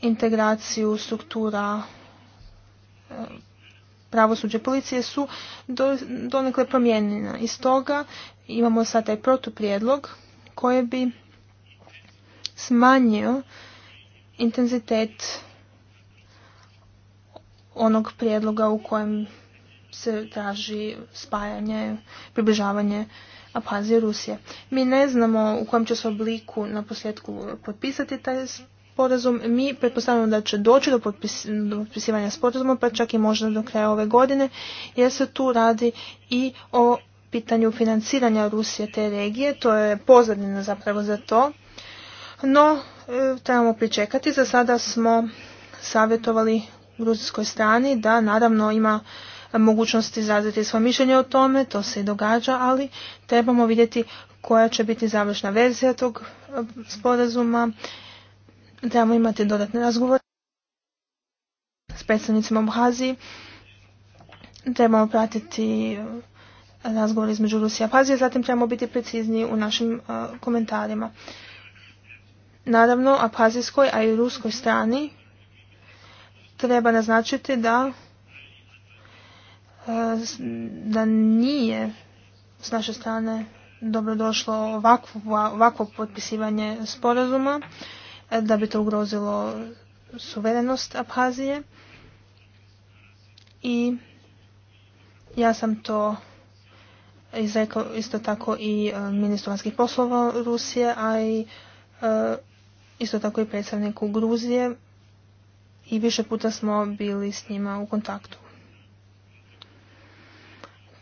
integraciju struktura e, pravosuđe policije su donekle promijenjena. I stoga imamo sad taj protuprijedlog koji bi smanjio intenzitet onog prijedloga u kojem se traži spajanje, približavanje Abhazije Rusije. Mi ne znamo u kojem će se obliku na posljedku potpisati taj sporazum. Mi pretpostavljamo da će doći do, do potpisivanja sporazuma, pa čak i možda do kraja ove godine, jer se tu radi i o pitanju financiranja Rusije te regije. To je pozadina zapravo za to. No, e, trebamo pričekati. Za sada smo savjetovali gruzijskoj strani da naravno ima mogućnosti izraziti svoje mišljenje o tome, to se i događa, ali trebamo vidjeti koja će biti završna verzija tog e, sporazuma. Trebamo imati dodatne razgovore s predstavnicima Abhaziji. Trebamo pratiti e, razgovor između Rusije i Abhazije, zatim trebamo biti precizniji u našim komentarima. Naravno, abhazijskoj, a i ruskoj strani treba naznačiti da e, da nije s naše strane dobrodošlo ovakvo, ovakvo potpisivanje sporazuma, e, da bi to ugrozilo suverenost Abhazije. I ja sam to izrekao isto tako i e, ministru vanjskih poslova Rusije, a i isto tako i predstavniku Gruzije i više puta smo bili s njima u kontaktu.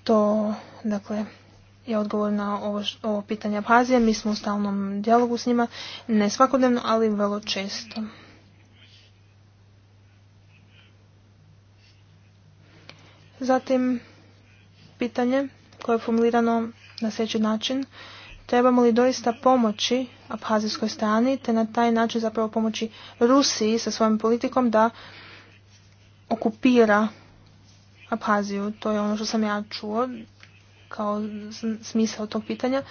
To, dakle, je odgovor na ovo, ovo pitanje Abhazije. Mi smo u stalnom dijalogu s njima, ne svakodnevno, ali vrlo često. Zatim, pitanje koje je formulirano na sljedeći način. Trebamo li doista pomoći abhazijskoj strani te na taj način zapravo pomoći Rusiji sa svojom politikom da okupira Abhaziju. To je ono što sam ja čuo kao smisao tog pitanja.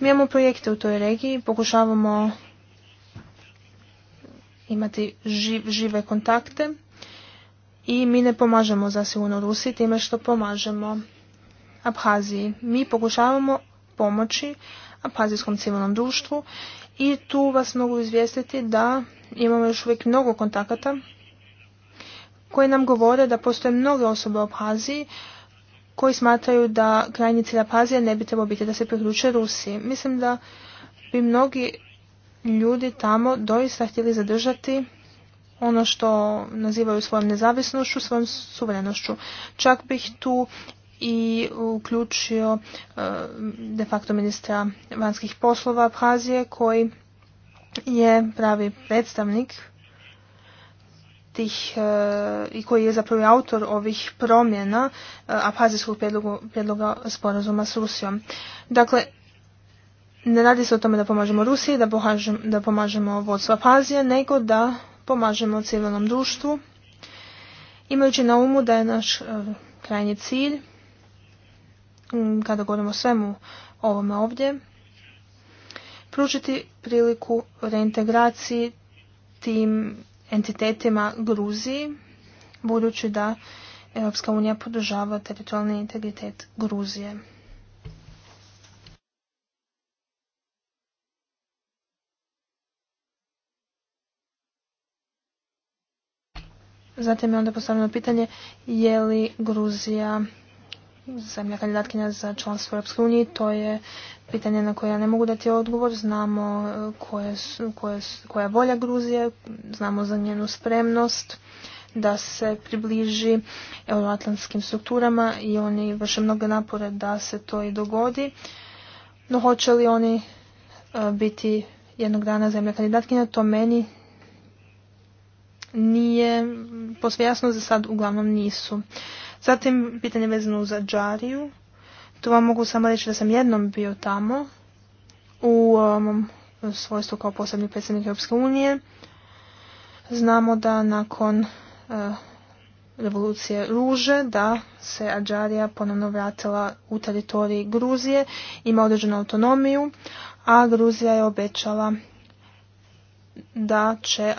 Mi imamo projekte u toj regiji, pokušavamo imati žive kontakte i mi ne pomažemo zasigurno Rusiji time što pomažemo Abhaziji. Mi pokušavamo pomoći apazijskom civilnom društvu i tu vas mogu izvijestiti da imamo još uvijek mnogo kontakata koji nam govore da postoje mnoge osobe u Apaziji koji smatraju da krajnji cilj Apazije ne bi trebao biti da se priključe Rusiji. Mislim da bi mnogi ljudi tamo doista htjeli zadržati ono što nazivaju svojom nezavisnošću, svojom suverenošću. Čak bih tu i uključio e, de facto ministra vanjskih poslova Abhazije koji je pravi predstavnik tih e, i koji je zapravo autor ovih promjena e, Abhazijskog prijedloga, prijedloga sporazuma s Rusijom. Dakle, ne radi se o tome da pomažemo Rusiji, da, da pomažemo vodstva Abhazije, nego da pomažemo civilnom društvu, imajući na umu da je naš krajnji cilj Mm, kada govorimo o svemu ovome ovdje, pružiti priliku reintegraciji tim entitetima Gruziji, budući da Europska unija podržava teritorijalni integritet Gruzije. Zatim je onda postavljeno pitanje je li Gruzija zemlja kandidatkinja za članstvo Europske unije, to je pitanje na koje ja ne mogu dati odgovor. Znamo e, koja je volja Gruzije, znamo za njenu spremnost da se približi euroatlantskim strukturama i oni vrše mnoge napore da se to i dogodi. No hoće li oni e, biti jednog dana zemlja kandidatkinja, to meni nije posve jasno, za sad uglavnom nisu. Zatim, pitanje vezano za Džariju. Tu vam mogu samo reći da sam jednom bio tamo u um, svojstvu kao posebni predsjednik Europske unije. Znamo da nakon uh, revolucije Ruže, da se Adžarija ponovno vratila u teritoriji Gruzije, ima određenu autonomiju, a Gruzija je obećala da će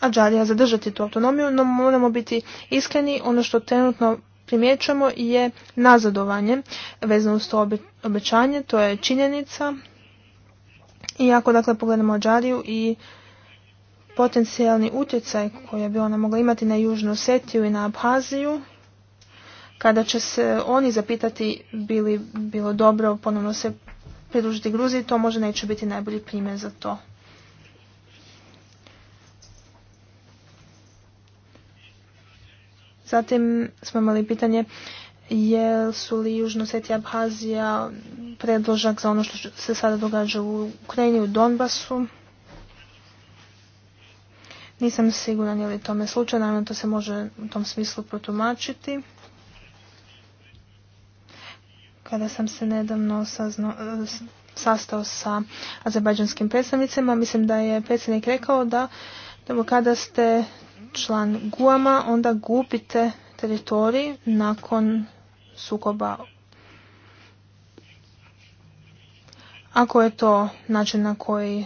Ađarija zadržati tu autonomiju, no moramo biti iskreni, ono što trenutno primjećujemo je nazadovanje vezano uz to obećanje, to je činjenica. I ako dakle pogledamo Ađariju i potencijalni utjecaj koji bi ona mogla imati na Južnu Osetiju i na Abhaziju, kada će se oni zapitati bili bilo dobro ponovno se pridružiti Gruziji, to možda neće biti najbolji primjer za to. Zatim smo imali pitanje su li Južno Seti Abhazija predložak za ono što se sada događa u Ukrajini, u Donbasu. Nisam siguran je li tome slučaj, naravno to se može u tom smislu protumačiti. Kada sam se nedavno sazno, sastao sa azerbajdžanskim predstavnicima, mislim da je predsjednik rekao da kada ste član Guama, onda gubite teritorij nakon sukoba. Ako je to način na koji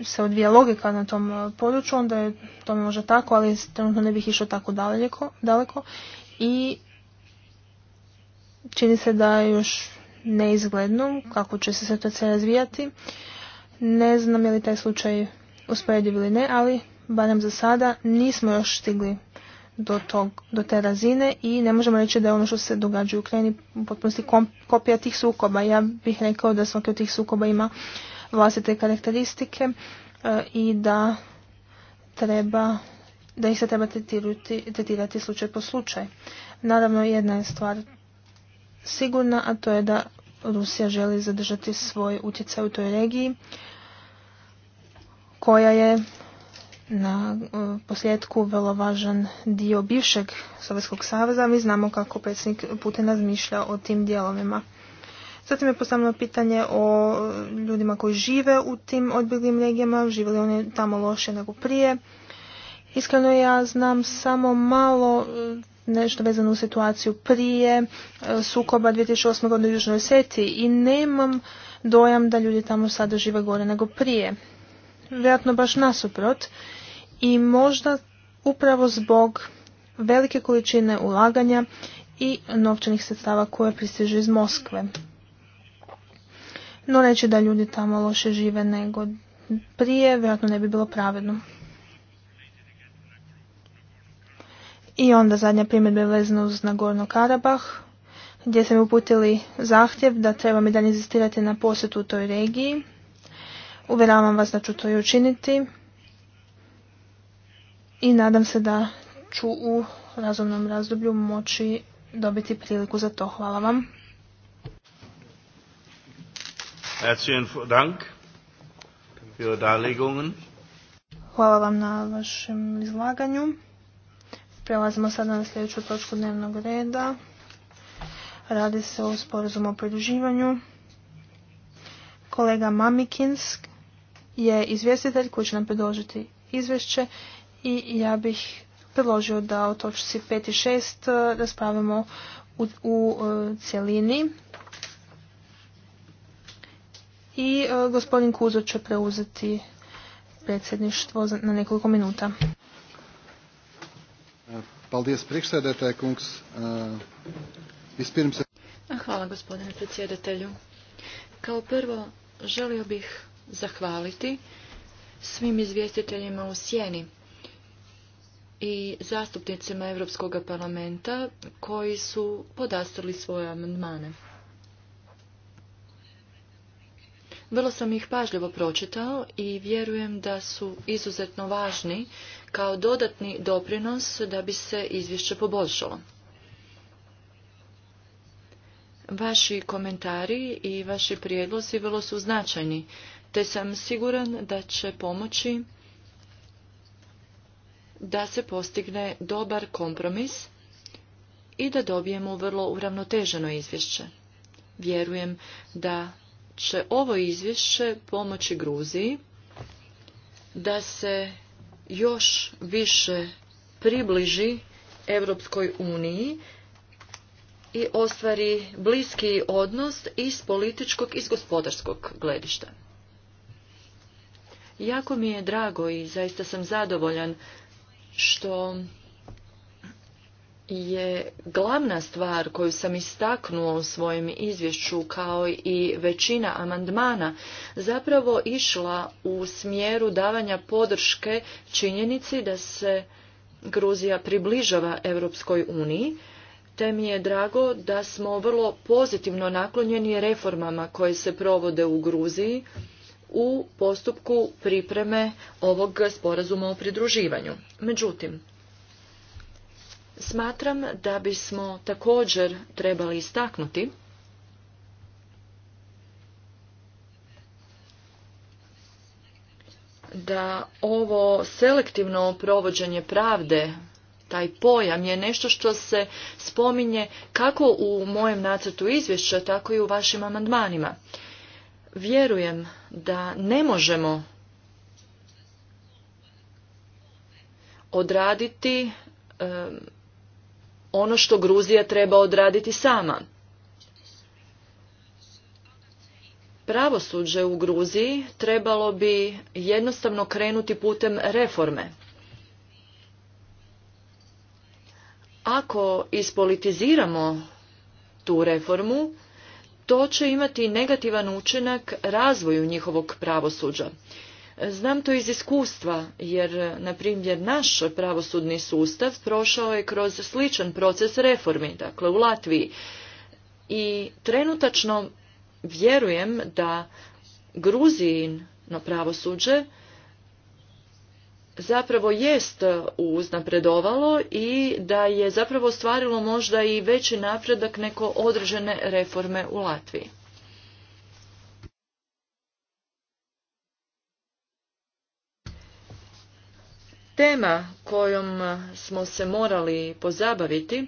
se odvija logika na tom e, području, onda je to možda tako, ali trenutno ne bih išao tako daleko, daleko. I čini se da je još neizgledno kako će se situacija razvijati. Ne znam je li taj slučaj usporediv ili ne, ali barem za sada, nismo još stigli do, tog, do te razine i ne možemo reći da je ono što se događa u Ukrajini u potpunosti kopija tih sukoba. Ja bih rekao da svaki od tih sukoba ima vlastite karakteristike e, i da treba da ih se treba tretirati, tretirati slučaj po slučaj. Naravno, jedna je stvar sigurna, a to je da Rusija želi zadržati svoj utjecaj u toj regiji koja je na e, posljedku vrlo važan dio bivšeg Sovjetskog saveza. Mi znamo kako predsjednik Putin razmišlja o tim dijelovima. Zatim je postavljeno pitanje o e, ljudima koji žive u tim odbjeglim regijama, žive li oni tamo loše nego prije. Iskreno ja znam samo malo e, nešto vezano u situaciju prije sukoba 2008. godine u Južnoj seti i nemam dojam da ljudi tamo sada žive gore nego prije. Vjerojatno baš nasuprot i možda upravo zbog velike količine ulaganja i novčanih sredstava koje pristižu iz Moskve. No reći da ljudi tamo loše žive nego prije, vjerojatno ne bi bilo pravedno. I onda zadnja primjedba je vezana uz Nagorno Karabah, gdje sam uputili zahtjev da treba mi dalje inzistirati na posjetu u toj regiji. Uveravam vas da ću to i učiniti i nadam se da ću u razumnom razdoblju moći dobiti priliku za to. Hvala vam. Hvala vam na vašem izlaganju. Prelazimo sada na sljedeću točku dnevnog reda. Radi se o sporazumu o pridruživanju. Kolega Mamikinsk je izvjestitelj koji će nam predložiti izvješće i ja bih predložio da o točci 5 i 6 e, raspravimo u, u e, cjelini. I e, gospodin Kuzo će preuzeti predsjedništvo na nekoliko minuta. Hvala gospodine predsjedatelju. Kao prvo želio bih zahvaliti svim izvjestiteljima u sjeni i zastupnicima Europskog parlamenta koji su podastrli svoje amandmane. Vrlo sam ih pažljivo pročitao i vjerujem da su izuzetno važni kao dodatni doprinos da bi se izvješće poboljšalo. Vaši komentari i vaši prijedlozi vrlo su značajni, te sam siguran da će pomoći da se postigne dobar kompromis i da dobijemo vrlo uravnoteženo izvješće. Vjerujem da će ovo izvješće pomoći Gruziji da se još više približi Europskoj uniji i ostvari bliski odnos iz političkog i gospodarskog gledišta. Jako mi je drago i zaista sam zadovoljan što je glavna stvar koju sam istaknuo u svojem izvješću kao i većina amandmana zapravo išla u smjeru davanja podrške činjenici da se Gruzija približava Europskoj uniji, te mi je drago da smo vrlo pozitivno naklonjeni reformama koje se provode u Gruziji u postupku pripreme ovog sporazuma o pridruživanju. Međutim, smatram da bismo također trebali istaknuti da ovo selektivno provođenje pravde taj pojam je nešto što se spominje kako u mojem nacrtu izvješća, tako i u vašim amandmanima vjerujem da ne možemo odraditi ono što Gruzija treba odraditi sama. Pravosuđe u Gruziji trebalo bi jednostavno krenuti putem reforme. Ako ispolitiziramo tu reformu, to će imati negativan učinak razvoju njihovog pravosuđa. Znam to iz iskustva, jer, na primjer, naš pravosudni sustav prošao je kroz sličan proces reformi, dakle u Latviji. I trenutačno vjerujem da Gruzijin na pravosuđe zapravo jest uznapredovalo i da je zapravo ostvarilo možda i veći napredak neko određene reforme u Latviji. Tema kojom smo se morali pozabaviti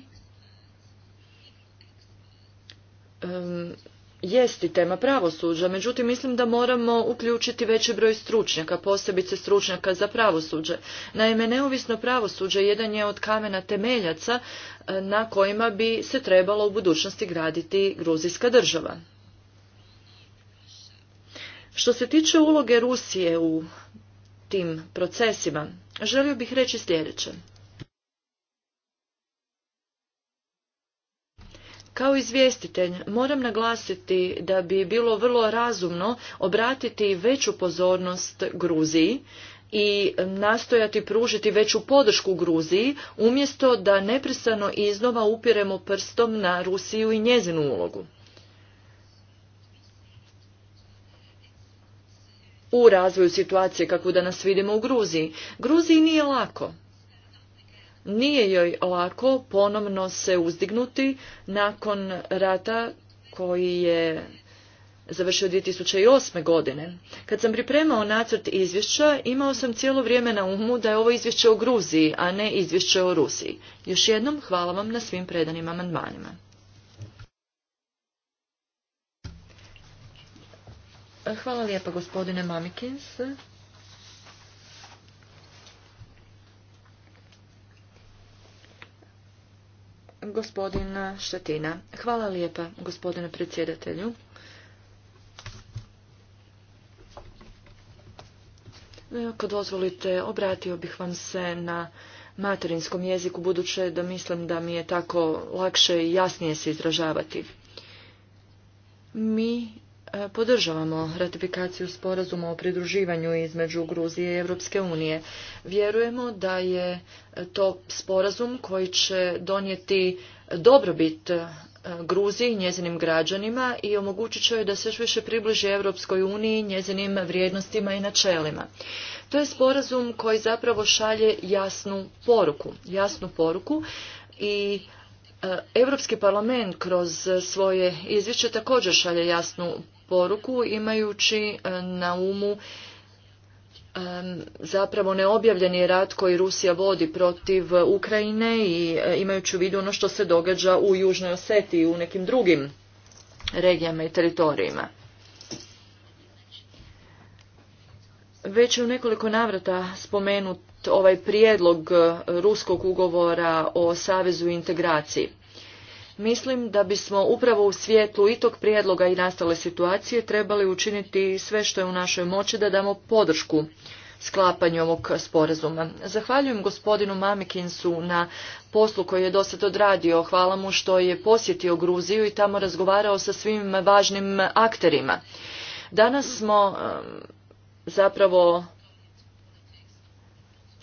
jest i tema pravosuđa, međutim mislim da moramo uključiti veći broj stručnjaka, posebice stručnjaka za pravosuđe. Naime, neovisno pravosuđe jedan je od kamena temeljaca e, na kojima bi se trebalo u budućnosti graditi gruzijska država. Što se tiče uloge Rusije u tim procesima, želio bih reći sljedeće. Kao izvjestitelj moram naglasiti da bi bilo vrlo razumno obratiti veću pozornost Gruziji i nastojati pružiti veću podršku Gruziji umjesto da neprestano iznova upiremo prstom na Rusiju i njezinu ulogu. U razvoju situacije kakvu danas vidimo u Gruziji, Gruziji nije lako nije joj lako ponovno se uzdignuti nakon rata koji je završio 2008. godine. Kad sam pripremao nacrt izvješća, imao sam cijelo vrijeme na umu da je ovo izvješće o Gruziji, a ne izvješće o Rusiji. Još jednom hvala vam na svim predanim amandmanima. Hvala lijepa gospodine Mamikins. Gospodin Štetina. Hvala lijepa, gospodine predsjedatelju. Ako dozvolite, obratio bih vam se na materinskom jeziku, buduće da mislim da mi je tako lakše i jasnije se izražavati. Mi E, podržavamo ratifikaciju sporazuma o pridruživanju između Gruzije i Europske unije. Vjerujemo da je to sporazum koji će donijeti dobrobit e, Gruziji i njezinim građanima i omogućit će joj da se još više približi Europskoj uniji, njezinim vrijednostima i načelima. To je sporazum koji zapravo šalje jasnu poruku, jasnu poruku i Europski parlament kroz svoje izvješće također šalje jasnu poruku imajući e, na umu e, zapravo neobjavljeni rat koji Rusija vodi protiv Ukrajine i e, imajući u vidu ono što se događa u Južnoj Oseti i u nekim drugim regijama i teritorijima. Već je u nekoliko navrata spomenut ovaj prijedlog ruskog ugovora o savezu i integraciji. Mislim da bismo upravo u svijetlu i tog prijedloga i nastale situacije trebali učiniti sve što je u našoj moći da damo podršku sklapanju ovog sporazuma. Zahvaljujem gospodinu Mamikinsu na poslu koji je dosad odradio. Hvala mu što je posjetio Gruziju i tamo razgovarao sa svim važnim akterima. Danas smo um, zapravo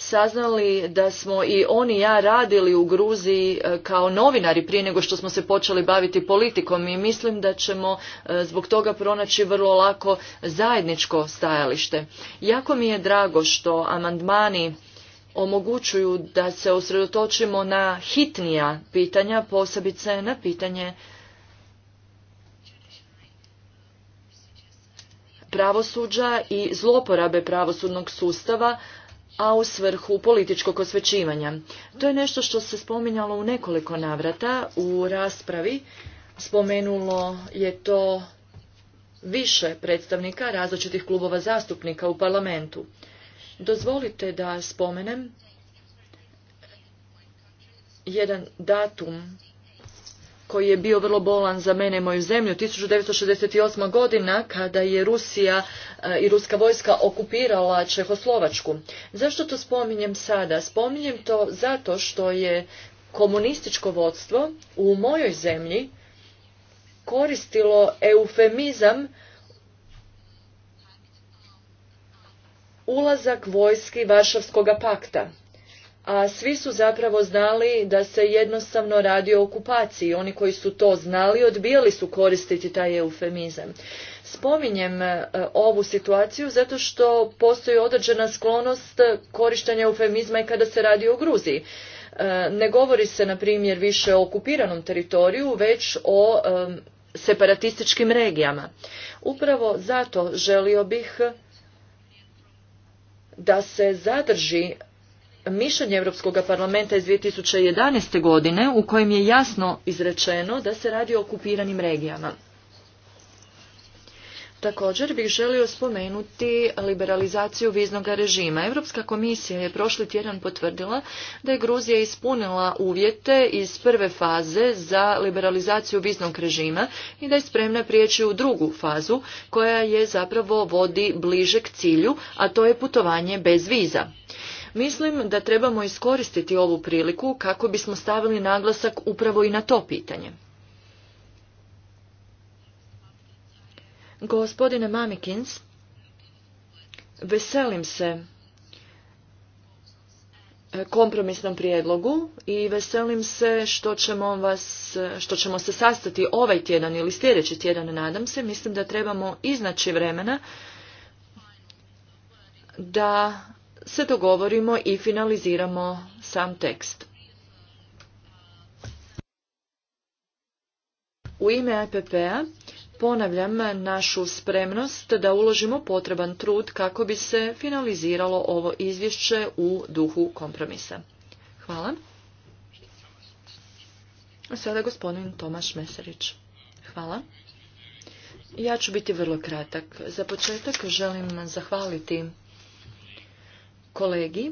saznali da smo i oni i ja radili u Gruziji e, kao novinari prije nego što smo se počeli baviti politikom i mislim da ćemo e, zbog toga pronaći vrlo lako zajedničko stajalište. Jako mi je drago što amandmani omogućuju da se osredotočimo na hitnija pitanja, posebice na pitanje pravosuđa i zloporabe pravosudnog sustava a u svrhu političkog osvećivanja. To je nešto što se spominjalo u nekoliko navrata u raspravi. Spomenulo je to više predstavnika različitih klubova zastupnika u parlamentu. Dozvolite da spomenem jedan datum koji je bio vrlo bolan za mene i moju zemlju. 1968. godina kada je Rusija eh, i ruska vojska okupirala Čehoslovačku. Zašto to spominjem sada? Spominjem to zato što je komunističko vodstvo u mojoj zemlji koristilo eufemizam ulazak vojski Varšavskog pakta a svi su zapravo znali da se jednostavno radi o okupaciji. Oni koji su to znali odbijali su koristiti taj eufemizam. Spominjem e, ovu situaciju zato što postoji određena sklonost korištenja eufemizma i kada se radi o Gruziji. E, ne govori se, na primjer, više o okupiranom teritoriju, već o e, separatističkim regijama. Upravo zato želio bih da se zadrži mišljenje Europskog parlamenta iz 2011. godine u kojem je jasno izrečeno da se radi o okupiranim regijama. Također bih želio spomenuti liberalizaciju viznog režima. Europska komisija je prošli tjedan potvrdila da je Gruzija ispunila uvjete iz prve faze za liberalizaciju viznog režima i da je spremna prijeći u drugu fazu koja je zapravo vodi bliže k cilju, a to je putovanje bez viza. Mislim da trebamo iskoristiti ovu priliku kako bismo stavili naglasak upravo i na to pitanje. Gospodine Mamikins, veselim se e, kompromisnom prijedlogu i veselim se što ćemo, vas, što ćemo se sastati ovaj tjedan ili sljedeći tjedan, nadam se. Mislim da trebamo iznaći vremena da se dogovorimo i finaliziramo sam tekst. U ime EPP-a ponavljam našu spremnost da uložimo potreban trud kako bi se finaliziralo ovo izvješće u duhu kompromisa. Hvala. Sada gospodin Tomaš Meserić. Hvala. Ja ću biti vrlo kratak. Za početak želim zahvaliti kolegi,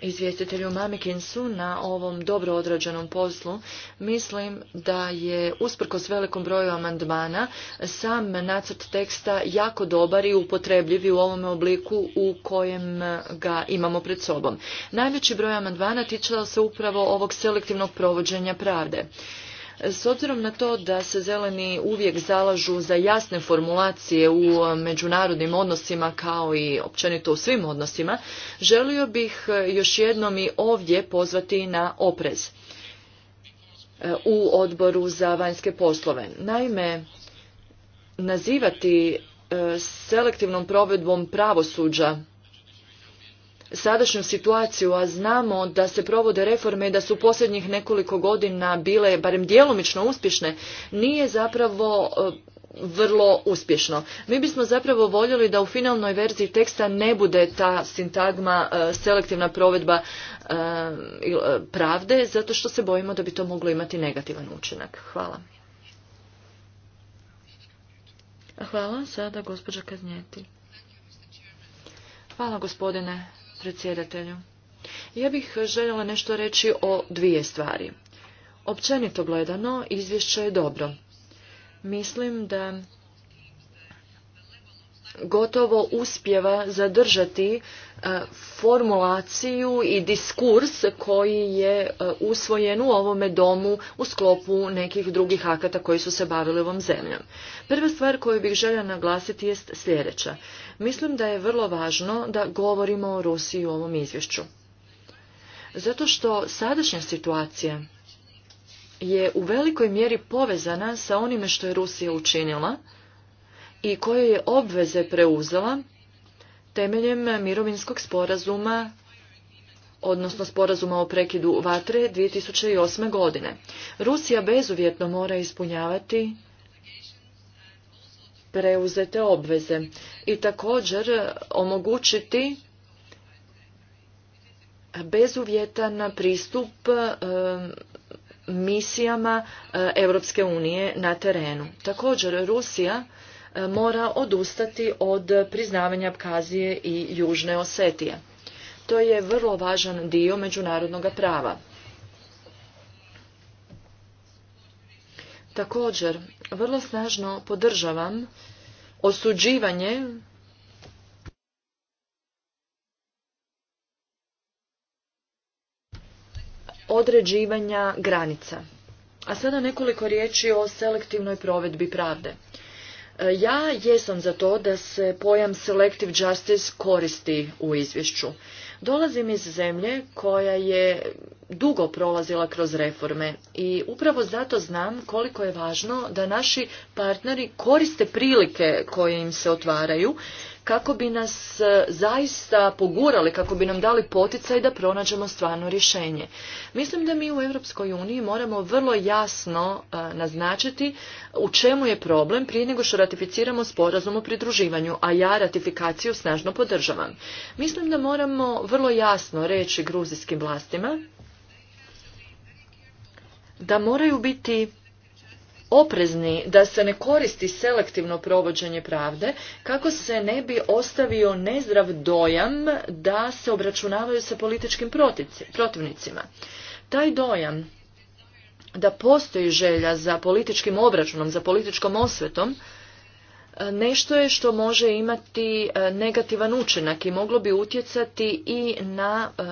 izvjestitelju Mamikinsu na ovom dobro odrađenom poslu. Mislim da je usprkos velikom broju amandmana sam nacrt teksta jako dobar i upotrebljiv u ovom obliku u kojem ga imamo pred sobom. Najveći broj amandmana tičeo se upravo ovog selektivnog provođenja pravde. S obzirom na to da se zeleni uvijek zalažu za jasne formulacije u e, međunarodnim odnosima kao i općenito u svim odnosima, želio bih e, još jednom i ovdje pozvati na oprez e, u odboru za vanjske poslove. Naime, nazivati selektivnom provedbom pravosuđa sadašnju situaciju, a znamo da se provode reforme i da su posljednjih nekoliko godina bile barem djelomično uspješne, nije zapravo e, vrlo uspješno. Mi bismo zapravo voljeli da u finalnoj verziji teksta ne bude ta sintagma e, selektivna provedba e, pravde, zato što se bojimo da bi to moglo imati negativan učinak. Hvala. Hvala. Sada gospođa Kaznjeti. Hvala gospodine predsjedatelju. Ja bih željela nešto reći o dvije stvari. Općenito gledano, izvješće je dobro. Mislim da gotovo uspjeva zadržati e, formulaciju i diskurs koji je e, usvojen u ovome domu u sklopu nekih drugih akata koji su se bavili ovom zemljom. Prva stvar koju bih želja naglasiti jest sljedeća. Mislim da je vrlo važno da govorimo o Rusiji u ovom izvješću. Zato što sadašnja situacija je u velikoj mjeri povezana sa onime što je Rusija učinila, i koje je obveze preuzela temeljem mirovinskog sporazuma odnosno sporazuma o prekidu vatre 2008. godine. Rusija bezuvjetno mora ispunjavati preuzete obveze i također omogućiti bezuvjetan pristup misijama Europske unije na terenu. Također Rusija mora odustati od priznavanja Abkazije i Južne Osetije. To je vrlo važan dio međunarodnog prava. Također, vrlo snažno podržavam osuđivanje određivanja granica. A sada nekoliko riječi o selektivnoj provedbi pravde. E, ja jesam za to da se pojam selective justice koristi u izvješću. Dolazim iz zemlje koja je dugo prolazila kroz reforme i upravo zato znam koliko je važno da naši partneri koriste prilike koje im se otvaraju kako bi nas e, zaista pogurali, kako bi nam dali poticaj da pronađemo stvarno rješenje. Mislim da mi u Europskoj uniji moramo vrlo jasno e, naznačiti u čemu je problem prije nego što ratificiramo sporazum o pridruživanju, a ja ratifikaciju snažno podržavam. Mislim da moramo vrlo jasno reći gruzijskim vlastima da moraju biti oprezni da se ne koristi selektivno provođenje pravde kako se ne bi ostavio nezdrav dojam da se obračunavaju sa političkim protivnicima. Taj dojam da postoji želja za političkim obračunom, za političkom osvetom, nešto je što može imati e, negativan učinak i moglo bi utjecati i na e,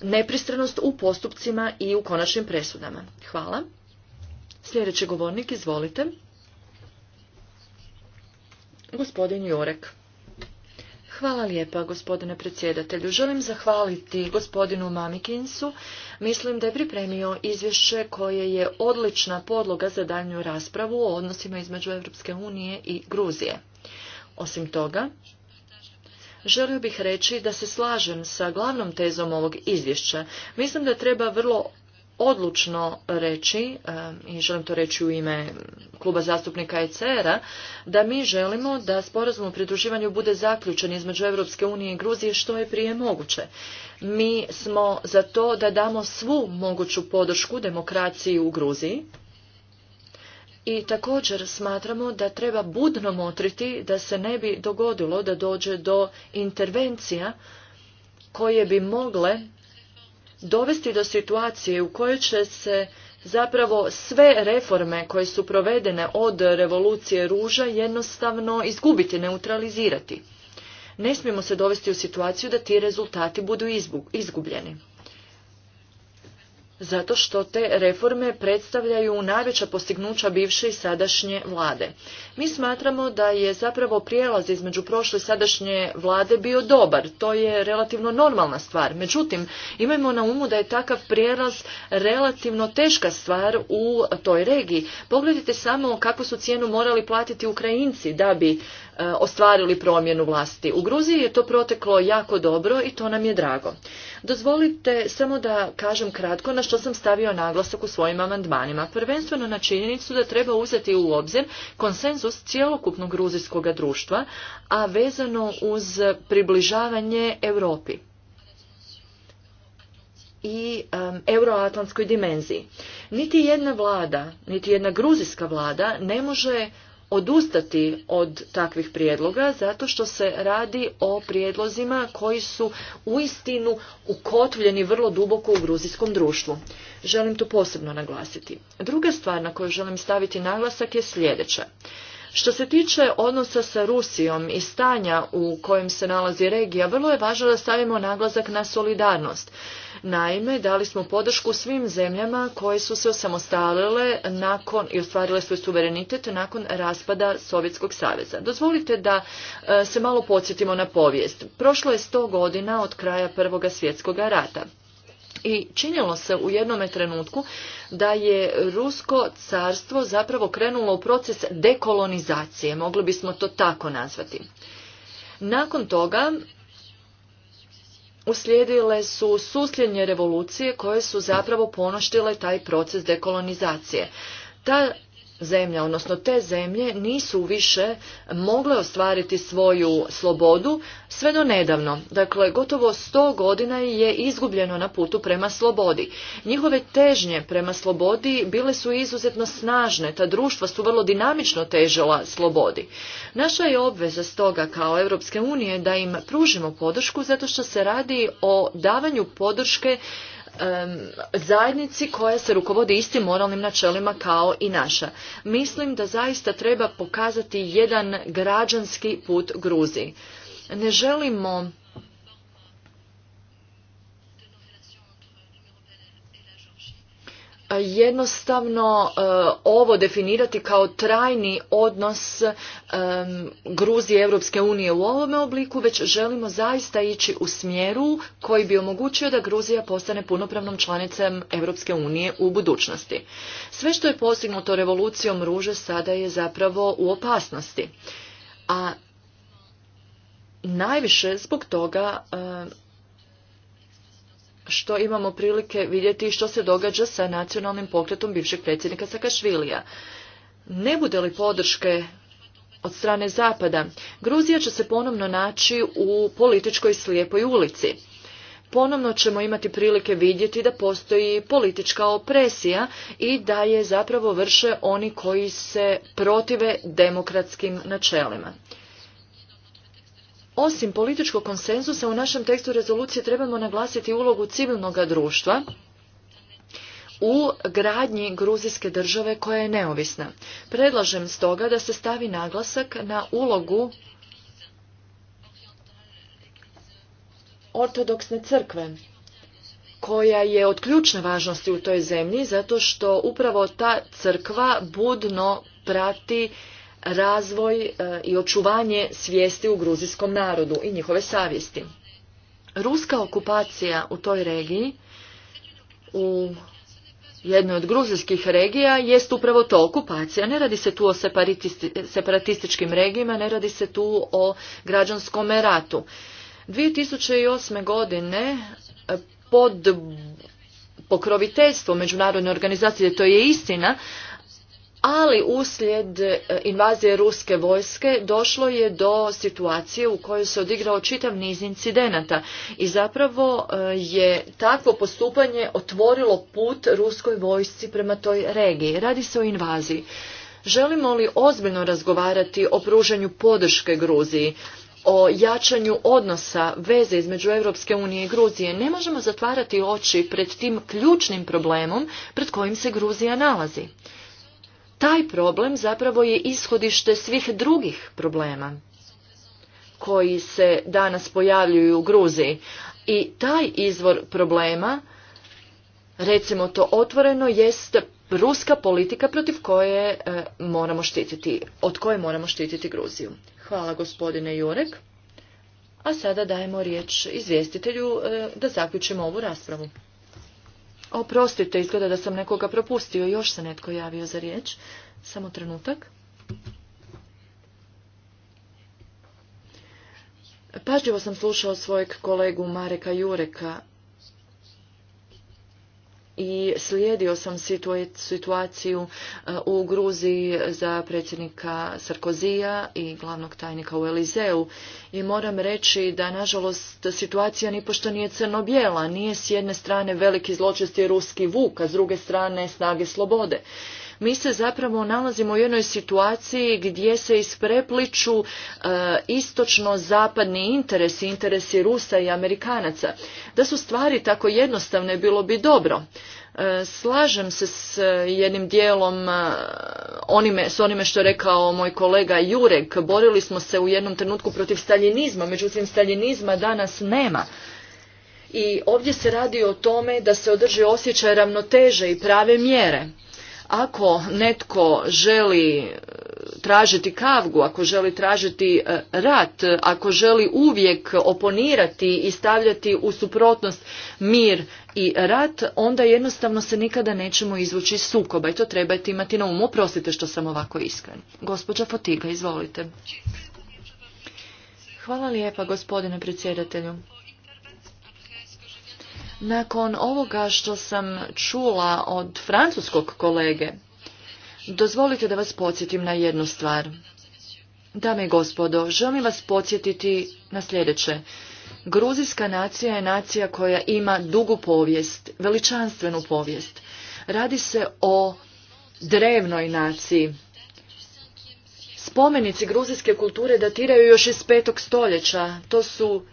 nepristranost u postupcima i u konačnim presudama. Hvala. Sljedeći govornik, izvolite. Gospodin Jurek. Hvala lijepa, gospodine predsjedatelju. Želim zahvaliti gospodinu Mamikinsu. Mislim da je pripremio izvješće koje je odlična podloga za daljnju raspravu o odnosima između Europske unije i Gruzije. Osim toga, želio bih reći da se slažem sa glavnom tezom ovog izvješća. Mislim da treba vrlo odlučno reći, i želim to reći u ime kluba zastupnika ECR-a, da mi želimo da sporazum o pridruživanju bude zaključen između Evropske unije i Gruzije što je prije moguće. Mi smo za to da damo svu moguću podršku demokraciji u Gruziji, i također smatramo da treba budno motriti da se ne bi dogodilo da dođe do intervencija koje bi mogle dovesti do situacije u kojoj će se zapravo sve reforme koje su provedene od revolucije ruža jednostavno izgubiti, neutralizirati. Ne smijemo se dovesti u situaciju da ti rezultati budu izgubljeni zato što te reforme predstavljaju najveća postignuća bivše i sadašnje vlade. Mi smatramo da je zapravo prijelaz između prošle i sadašnje vlade bio dobar. To je relativno normalna stvar. Međutim, imajmo na umu da je takav prijelaz relativno teška stvar u toj regiji. Pogledajte samo kako su cijenu morali platiti Ukrajinci da bi E, ostvarili promjenu vlasti. U Gruziji je to proteklo jako dobro i to nam je drago. Dozvolite samo da kažem kratko na što sam stavio naglasak u svojim amandmanima. Prvenstveno na činjenicu da treba uzeti u obzir konsenzus cjelokupnog gruzijskog društva, a vezano uz približavanje Europi i euroatlantskoj dimenziji. Niti jedna vlada, niti jedna gruzijska vlada ne može odustati od takvih prijedloga zato što se radi o prijedlozima koji su uistinu ukotvljeni vrlo duboko u gruzijskom društvu. Želim to posebno naglasiti. Druga stvar na koju želim staviti naglasak je sljedeća. Što se tiče odnosa sa Rusijom i stanja u kojem se nalazi regija, vrlo je važno da stavimo naglazak na solidarnost. Naime, dali smo podršku svim zemljama koje su se osamostalile nakon i ostvarile svoj suverenitet nakon raspada Sovjetskog saveza. Dozvolite da e, se malo podsjetimo na povijest. Prošlo je sto godina od kraja Prvog svjetskog rata i činilo se u jednome trenutku da je Rusko carstvo zapravo krenulo u proces dekolonizacije, mogli bismo to tako nazvati. Nakon toga uslijedile su susljednje revolucije koje su zapravo ponoštile taj proces dekolonizacije. Ta zemlja, odnosno te zemlje nisu više mogle ostvariti svoju slobodu sve do nedavno. Dakle, gotovo sto godina je izgubljeno na putu prema slobodi. Njihove težnje prema slobodi bile su izuzetno snažne, ta društva su vrlo dinamično težila slobodi. Naša je obveza stoga kao Europske unije da im pružimo podršku zato što se radi o davanju podrške zajednici koja se rukovodi istim moralnim načelima kao i naša. Mislim da zaista treba pokazati jedan građanski put Gruziji. Ne želimo jednostavno e, ovo definirati kao trajni odnos e, Gruzije i Europske unije u ovome obliku, već želimo zaista ići u smjeru koji bi omogućio da Gruzija postane punopravnom članicom Europske unije u budućnosti. Sve što je postignuto revolucijom ruže sada je zapravo u opasnosti. A najviše zbog toga e, što imamo prilike vidjeti što se događa sa nacionalnim pokretom bivšeg predsjednika Sakašvilija. Ne bude li podrške od strane Zapada, Gruzija će se ponovno naći u političkoj slijepoj ulici. Ponovno ćemo imati prilike vidjeti da postoji politička opresija i da je zapravo vrše oni koji se protive demokratskim načelima. Osim političkog konsenzusa u našem tekstu rezolucije trebamo naglasiti ulogu civilnog društva u gradnji gruzijske države koja je neovisna. Predlažem stoga da se stavi naglasak na ulogu ortodoksne crkve koja je od ključne važnosti u toj zemlji zato što upravo ta crkva budno prati razvoj e, i očuvanje svijesti u gruzijskom narodu i njihove savjesti. Ruska okupacija u toj regiji, u jednoj od gruzijskih regija, jest upravo to okupacija. Ne radi se tu o separatističkim regijima, ne radi se tu o građanskom ratu. 2008. godine e, pod pokroviteljstvo Međunarodne organizacije, to je istina, ali uslijed e, invazije ruske vojske došlo je do situacije u kojoj se odigrao čitav niz incidenata i zapravo e, je takvo postupanje otvorilo put ruskoj vojsci prema toj regiji. Radi se o invaziji. Želimo li ozbiljno razgovarati o pružanju podrške Gruziji? o jačanju odnosa veze između Europske unije i Gruzije ne možemo zatvarati oči pred tim ključnim problemom pred kojim se Gruzija nalazi. Taj problem zapravo je ishodište svih drugih problema koji se danas pojavljuju u Gruziji i taj izvor problema recimo to otvoreno jest ruska politika protiv koje e, moramo štititi, od koje moramo štititi Gruziju. Hvala gospodine Jurek. A sada dajemo riječ izvjestitelju e, da zaključimo ovu raspravu. Oprostite, izgleda da sam nekoga propustio. Još se netko javio za riječ. Samo trenutak. Pažljivo sam slušao svojeg kolegu Mareka Jureka i slijedio sam situaciju e, u Gruziji za predsjednika Sarkozija i glavnog tajnika u Elizeu i moram reći da nažalost situacija nipošto nije crno-bijela, nije s jedne strane veliki i ruski vuk, a s druge strane snage slobode mi se zapravo nalazimo u jednoj situaciji gdje se isprepliču e, istočno-zapadni interesi, interesi Rusa i Amerikanaca. Da su stvari tako jednostavne bilo bi dobro. E, slažem se s jednim dijelom e, onime, s onime što je rekao moj kolega Jurek. Borili smo se u jednom trenutku protiv staljinizma, međutim staljinizma danas nema i ovdje se radi o tome da se održi osjećaj ravnoteže i prave mjere ako netko želi e, tražiti kavgu, ako želi tražiti e, rat, ako želi uvijek oponirati i stavljati u suprotnost mir i rat, onda jednostavno se nikada nećemo izvući sukoba i to trebate imati na umu. Oprostite što sam ovako iskren. Gospođa Fotiga, izvolite. Hvala lijepa gospodine predsjedatelju. Nakon ovoga što sam čula od francuskog kolege, dozvolite da vas podsjetim na jednu stvar. Dame i gospodo, želim vas podsjetiti na sljedeće. Gruzijska nacija je nacija koja ima dugu povijest, veličanstvenu povijest. Radi se o drevnoj naciji. Spomenici gruzijske kulture datiraju još iz petog stoljeća. To su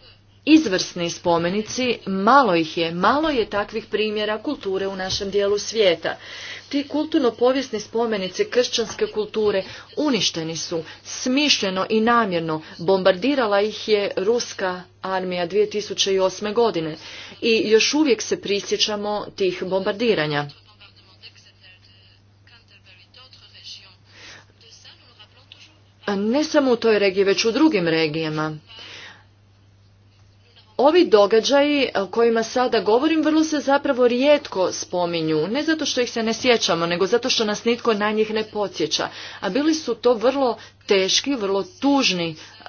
izvrsni spomenici, malo ih je, malo je takvih primjera kulture u našem dijelu svijeta. Ti kulturno-povijesni spomenici kršćanske kulture uništeni su, smišljeno i namjerno, bombardirala ih je ruska armija 2008. godine i još uvijek se prisjećamo tih bombardiranja. Ne samo u toj regiji, već u drugim regijama. Ovi događaji e, o kojima sada govorim vrlo se zapravo rijetko spominju, ne zato što ih se ne sjećamo, nego zato što nas nitko na njih ne podsjeća. A bili su to vrlo teški, vrlo tužni e,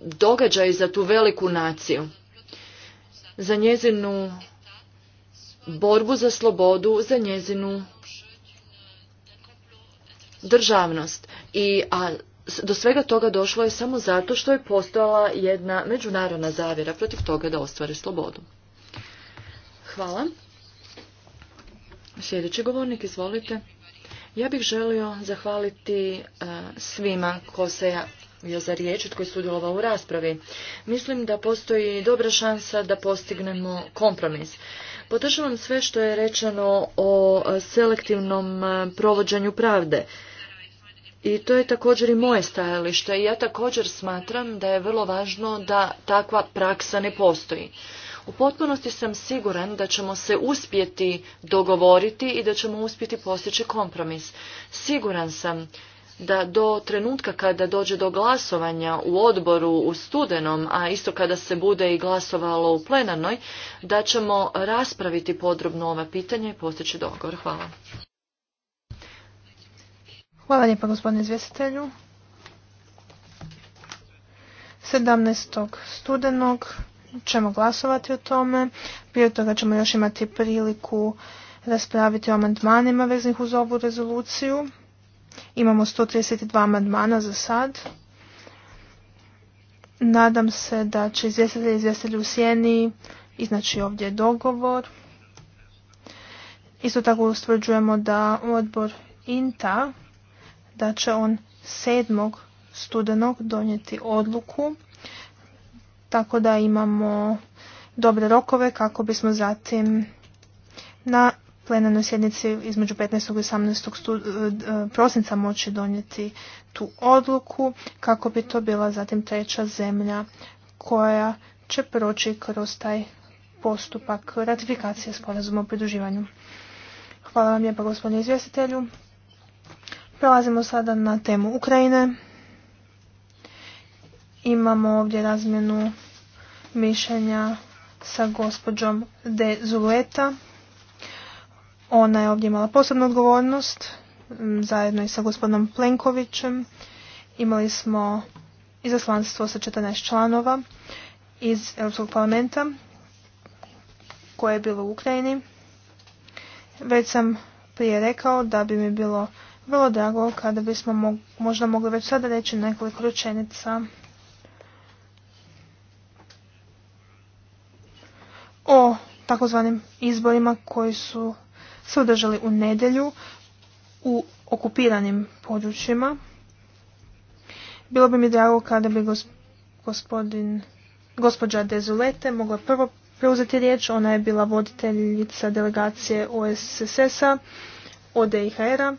događaji za tu veliku naciju, za njezinu borbu za slobodu, za njezinu državnost. I, a do svega toga došlo je samo zato što je postojala jedna međunarodna zavjera protiv toga da ostvare slobodu. Hvala. Sljedeći govornik, izvolite. Ja bih želio zahvaliti e, svima ko se je za riječ, tko je sudjelovao u raspravi. Mislim da postoji dobra šansa da postignemo kompromis. Podržavam sve što je rečeno o e, selektivnom e, provođenju pravde. I to je također i moje stajalište. I ja također smatram da je vrlo važno da takva praksa ne postoji. U potpunosti sam siguran da ćemo se uspjeti dogovoriti i da ćemo uspjeti postići kompromis. Siguran sam da do trenutka kada dođe do glasovanja u odboru u studenom, a isto kada se bude i glasovalo u plenarnoj, da ćemo raspraviti podrobno ova pitanja i postići dogovor. Hvala. Hvala lijepa gospodine izvjestitelju. 17. studenog ćemo glasovati o tome. Prije toga ćemo još imati priliku raspraviti o amandmanima veznih uz ovu rezoluciju. Imamo 132 amandmana za sad. Nadam se da će izvjestitelji i izvjestitelji u sjeni iznaći ovdje dogovor. Isto tako ustvrđujemo da odbor INTA da će on 7. studenog donijeti odluku tako da imamo dobre rokove kako bismo zatim na plenarnoj sjednici između 15. i 18. E, e, prosinca moći donijeti tu odluku kako bi to bila zatim treća zemlja koja će proći kroz taj postupak ratifikacije sporazuma o pridruživanju. Hvala vam lijepa gospodine izvjestitelju. Prelazimo sada na temu Ukrajine. Imamo ovdje razmjenu mišljenja sa gospođom De Zuleta. Ona je ovdje imala posebnu odgovornost zajedno i sa gospodinom Plenkovićem. Imali smo izaslanstvo sa 14 članova iz Europskog parlamenta koje je bilo u Ukrajini. Već sam prije rekao da bi mi bilo vrlo drago kada bismo možda mogli već sada reći nekoliko rečenica o takozvanim izborima koji su se održali u nedjelju u okupiranim područjima. Bilo bi mi drago kada bi gospodin, gospođa Dezulete mogla prvo preuzeti riječ. Ona je bila voditeljica delegacije OSSS-a, ODIHR-a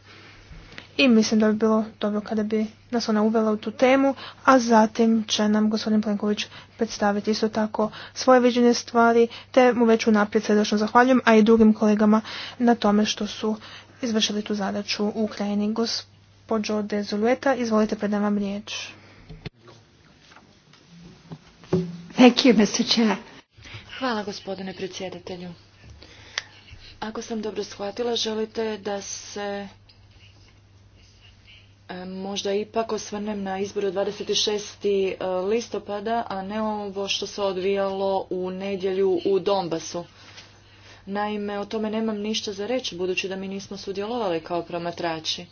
i mislim da bi bilo dobro kada bi nas ona uvela u tu temu, a zatim će nam gospodin Plenković predstaviti isto tako svoje viđenje stvari, te mu već unaprijed srdečno zahvaljujem, a i drugim kolegama na tome što su izvršili tu zadaću u Ukrajini. Gospođo de Zulueta, izvolite pred vam riječ. Hvala gospodine predsjedatelju. Ako sam dobro shvatila, želite da se E, možda ipak osvrnem na izboru 26. E, listopada, a ne ovo što se odvijalo u nedjelju u Donbasu. Naime, o tome nemam ništa za reći, budući da mi nismo sudjelovali kao promatrači.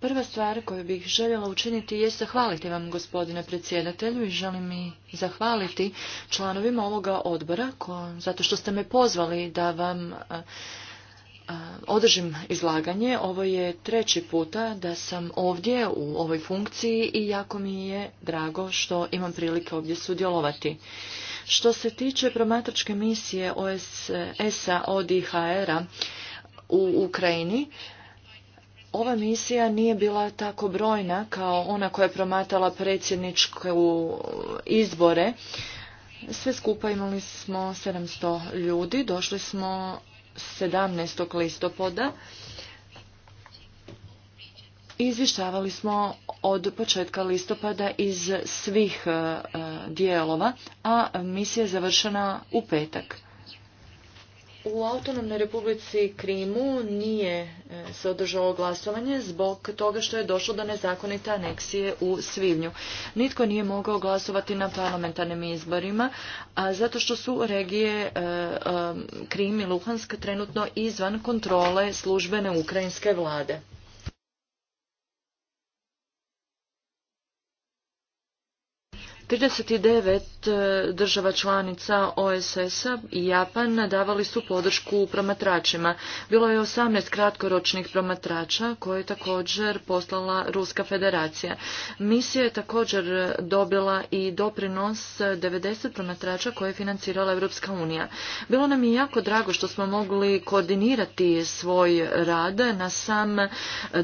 Prva stvar koju bih željela učiniti je zahvaliti vam, gospodine predsjedatelju, i želim mi zahvaliti članovima ovoga odbora, zato što ste me pozvali da vam e, održim izlaganje. Ovo je treći puta da sam ovdje u ovoj funkciji i jako mi je drago što imam prilike ovdje sudjelovati. Što se tiče promatračke misije OSS-a e ODHR-a u Ukrajini, ova misija nije bila tako brojna kao ona koja je promatala predsjedničke izbore. Sve skupa imali smo 700 ljudi, došli smo 17. listopada izvještavali smo od početka listopada iz svih e, dijelova, a misija je završena u petak. U autonomnoj republici Krimu nije e, se održalo glasovanje zbog toga što je došlo do nezakonite aneksije u Svibnju. Nitko nije mogao glasovati na parlamentarnim izborima, a zato što su regije e, e, Krim i Luhansk trenutno izvan kontrole službene ukrajinske vlade. 39 e, država članica OSS-a i Japan davali su podršku promatračima. Bilo je 18 kratkoročnih promatrača koje je također poslala Ruska federacija. Misija je također dobila i doprinos 90 promatrača koje je financirala Europska unija. Bilo nam je jako drago što smo mogli koordinirati svoj rad na sam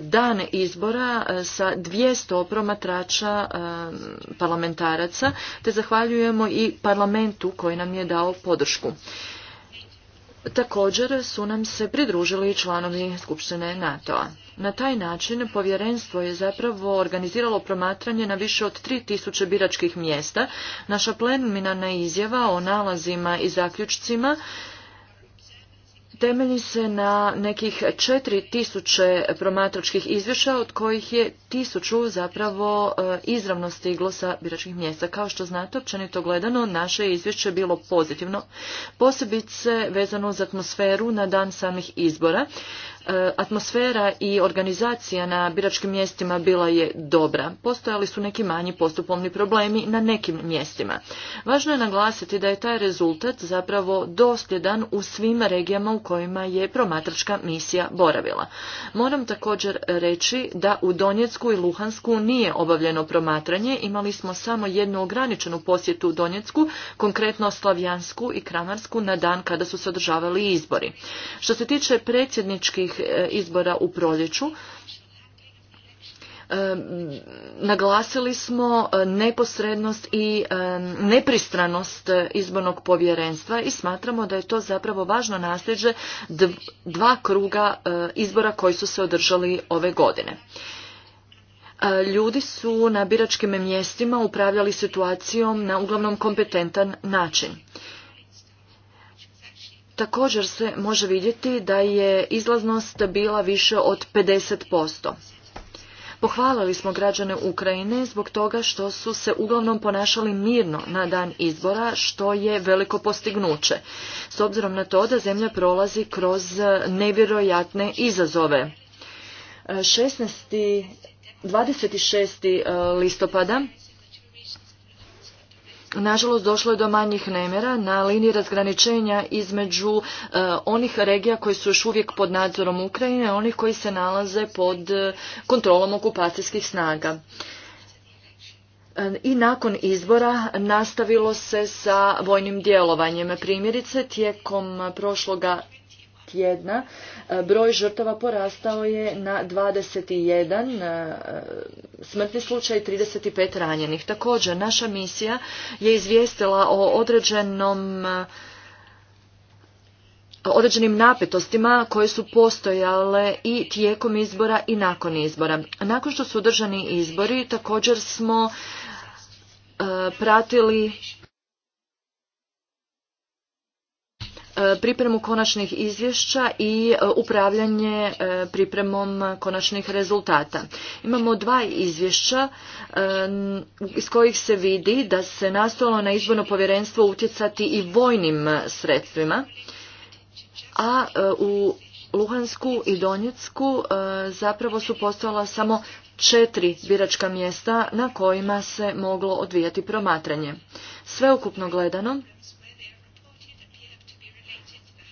dan izbora e, sa 200 promatrača e, parlamentaraca te zahvaljujemo i parlamentu koji nam je dao podršku. Također su nam se pridružili članovi Skupštine NATO-a. Na taj način povjerenstvo je zapravo organiziralo promatranje na više od 3000 biračkih mjesta. Naša plenumina izjava o nalazima i zaključcima temelji se na nekih 4000 promatračkih izvješća, od kojih je 1000 zapravo e, izravno stiglo sa biračkih mjesta. Kao što znate, općenito gledano, naše izvješće bilo pozitivno, posebice vezano uz atmosferu na dan samih izbora. E, atmosfera i organizacija na biračkim mjestima bila je dobra. Postojali su neki manji postupovni problemi na nekim mjestima. Važno je naglasiti da je taj rezultat zapravo dosljedan u svim regijama u kojima je promatračka misija boravila. Moram također reći da u Donjecku i Luhansku nije obavljeno promatranje, imali smo samo jednu ograničenu posjetu u Donjecku, konkretno Slavijansku i Kramarsku na dan kada su se održavali izbori. Što se tiče predsjedničkih e, izbora u proljeću, naglasili smo e, neposrednost i nepristranost e, izbornog povjerenstva i smatramo da je to zapravo važno nasljeđe dva kruga e, izbora koji su se održali ove godine. Ljudi su na biračkim mjestima upravljali situacijom na uglavnom kompetentan način. Također se može vidjeti da je izlaznost bila više od 50%. Pohvalili smo građane Ukrajine zbog toga što su se uglavnom ponašali mirno na dan izbora, što je veliko postignuće. S obzirom na to da zemlja prolazi kroz nevjerojatne izazove. 16. E, 26. E, listopada Nažalost, došlo je do manjih nemjera na liniji razgraničenja između e, onih regija koji su još uvijek pod nadzorom Ukrajine, i onih koji se nalaze pod e, kontrolom okupacijskih snaga. E, I nakon izbora nastavilo se sa vojnim djelovanjem. Primjerice, tijekom prošloga tjedna. E, broj žrtava porastao je na 21 e, smrtni slučaj 35 ranjenih. Također, naša misija je izvijestila o određenom e, određenim napetostima koje su postojale i tijekom izbora i nakon izbora. Nakon što su održani izbori također smo pratili E, pripremu konačnih izvješća i e, upravljanje e, pripremom konačnih rezultata. Imamo dva izvješća iz kojih se vidi da se nastojalo na izborno povjerenstvo utjecati i vojnim sredstvima, a u Luhansku i Donjecku zapravo su postojala samo četiri biračka mjesta na kojima se moglo odvijati promatranje. Sveukupno gledano,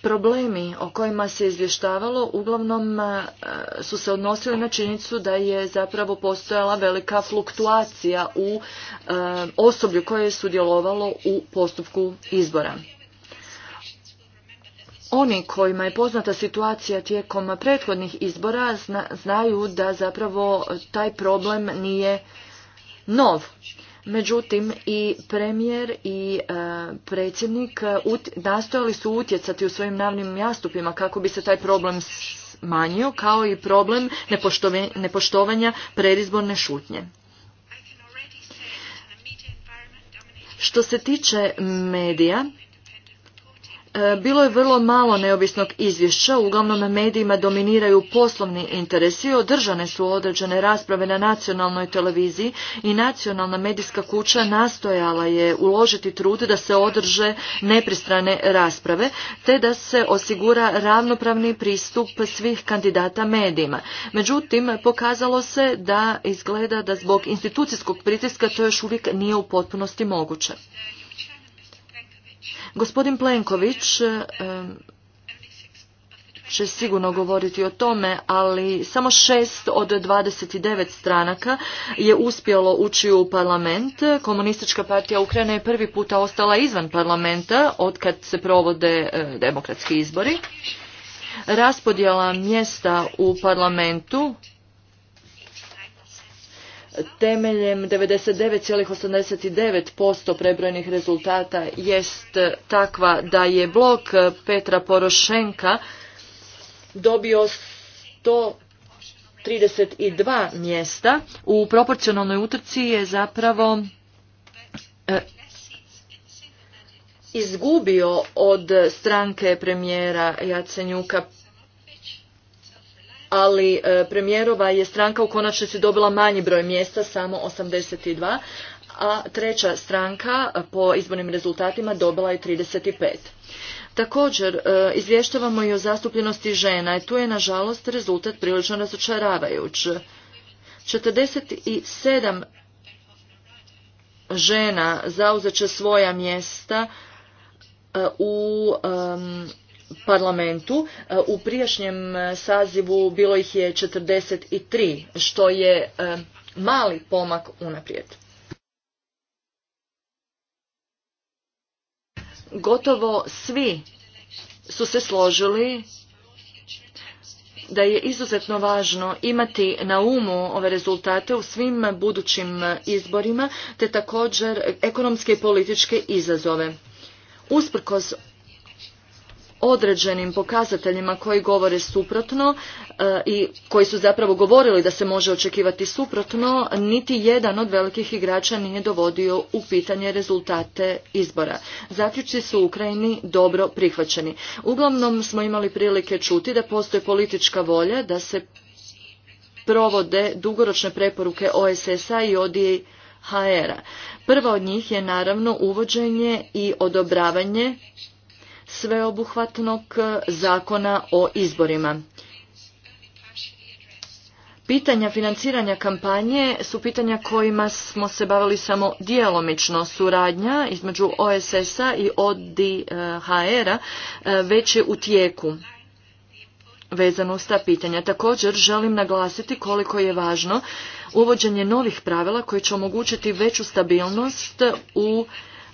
Problemi o kojima se izvještavalo uglavnom e, su se odnosili na činjenicu da je zapravo postojala velika fluktuacija u e, osoblju koje je sudjelovalo u postupku izbora. Oni kojima je poznata situacija tijekom prethodnih izbora znaju da zapravo taj problem nije nov. Međutim, i premijer i e, predsjednik e, nastojali su utjecati u svojim navnim jastupima kako bi se taj problem smanjio, kao i problem nepoštovanja predizborne šutnje. Što se tiče medija, E, bilo je vrlo malo neobisnog izvješća, uglavnom medijima dominiraju poslovni interesi, održane su određene rasprave na nacionalnoj televiziji i nacionalna medijska kuća nastojala je uložiti trud da se održe nepristrane rasprave, te da se osigura ravnopravni pristup svih kandidata medijima. Međutim, pokazalo se da izgleda da zbog institucijskog pritiska to još uvijek nije u potpunosti moguće. Gospodin Plenković e, će sigurno govoriti o tome, ali samo šest od 29 stranaka je uspjelo ući u parlament. Komunistička partija Ukrajine je prvi puta ostala izvan parlamenta od kad se provode e, demokratski izbori. Raspodjela mjesta u parlamentu temeljem 99,89% prebrojenih rezultata jest takva da je blok Petra Porošenka dobio 132 mjesta. U proporcionalnoj utrci je zapravo e, izgubio od stranke premijera Jacenjuka ali e, premijerova je stranka u konačnici dobila manji broj mjesta, samo 82, a treća stranka e, po izbornim rezultatima dobila je 35. Također, e, izvještavamo i o zastupljenosti žena i tu je, nažalost, rezultat prilično razočaravajuć. 47 žena zauzet svoja mjesta u parlamentu e, u prijašnjem e, sazivu bilo ih je 43, što je e, mali pomak unaprijed. Gotovo svi su se složili da je izuzetno važno imati na umu ove rezultate u svim budućim izborima, te također ekonomske i političke izazove. Usprkos određenim pokazateljima koji govore suprotno e, i koji su zapravo govorili da se može očekivati suprotno, niti jedan od velikih igrača nije dovodio u pitanje rezultate izbora. Zaključci su u Ukrajini dobro prihvaćeni. Uglavnom smo imali prilike čuti da postoji politička volja da se provode dugoročne preporuke OSS-a i ODIHR-a. Prva od njih je naravno uvođenje i odobravanje sveobuhvatnog e, zakona o izborima. Pitanja financiranja kampanje su pitanja kojima smo se bavili samo djelomično. Suradnja između OSS-a i ODHR-a e, već je u tijeku vezano uz ta pitanja. Također želim naglasiti koliko je važno uvođenje novih pravila koje će omogućiti veću stabilnost u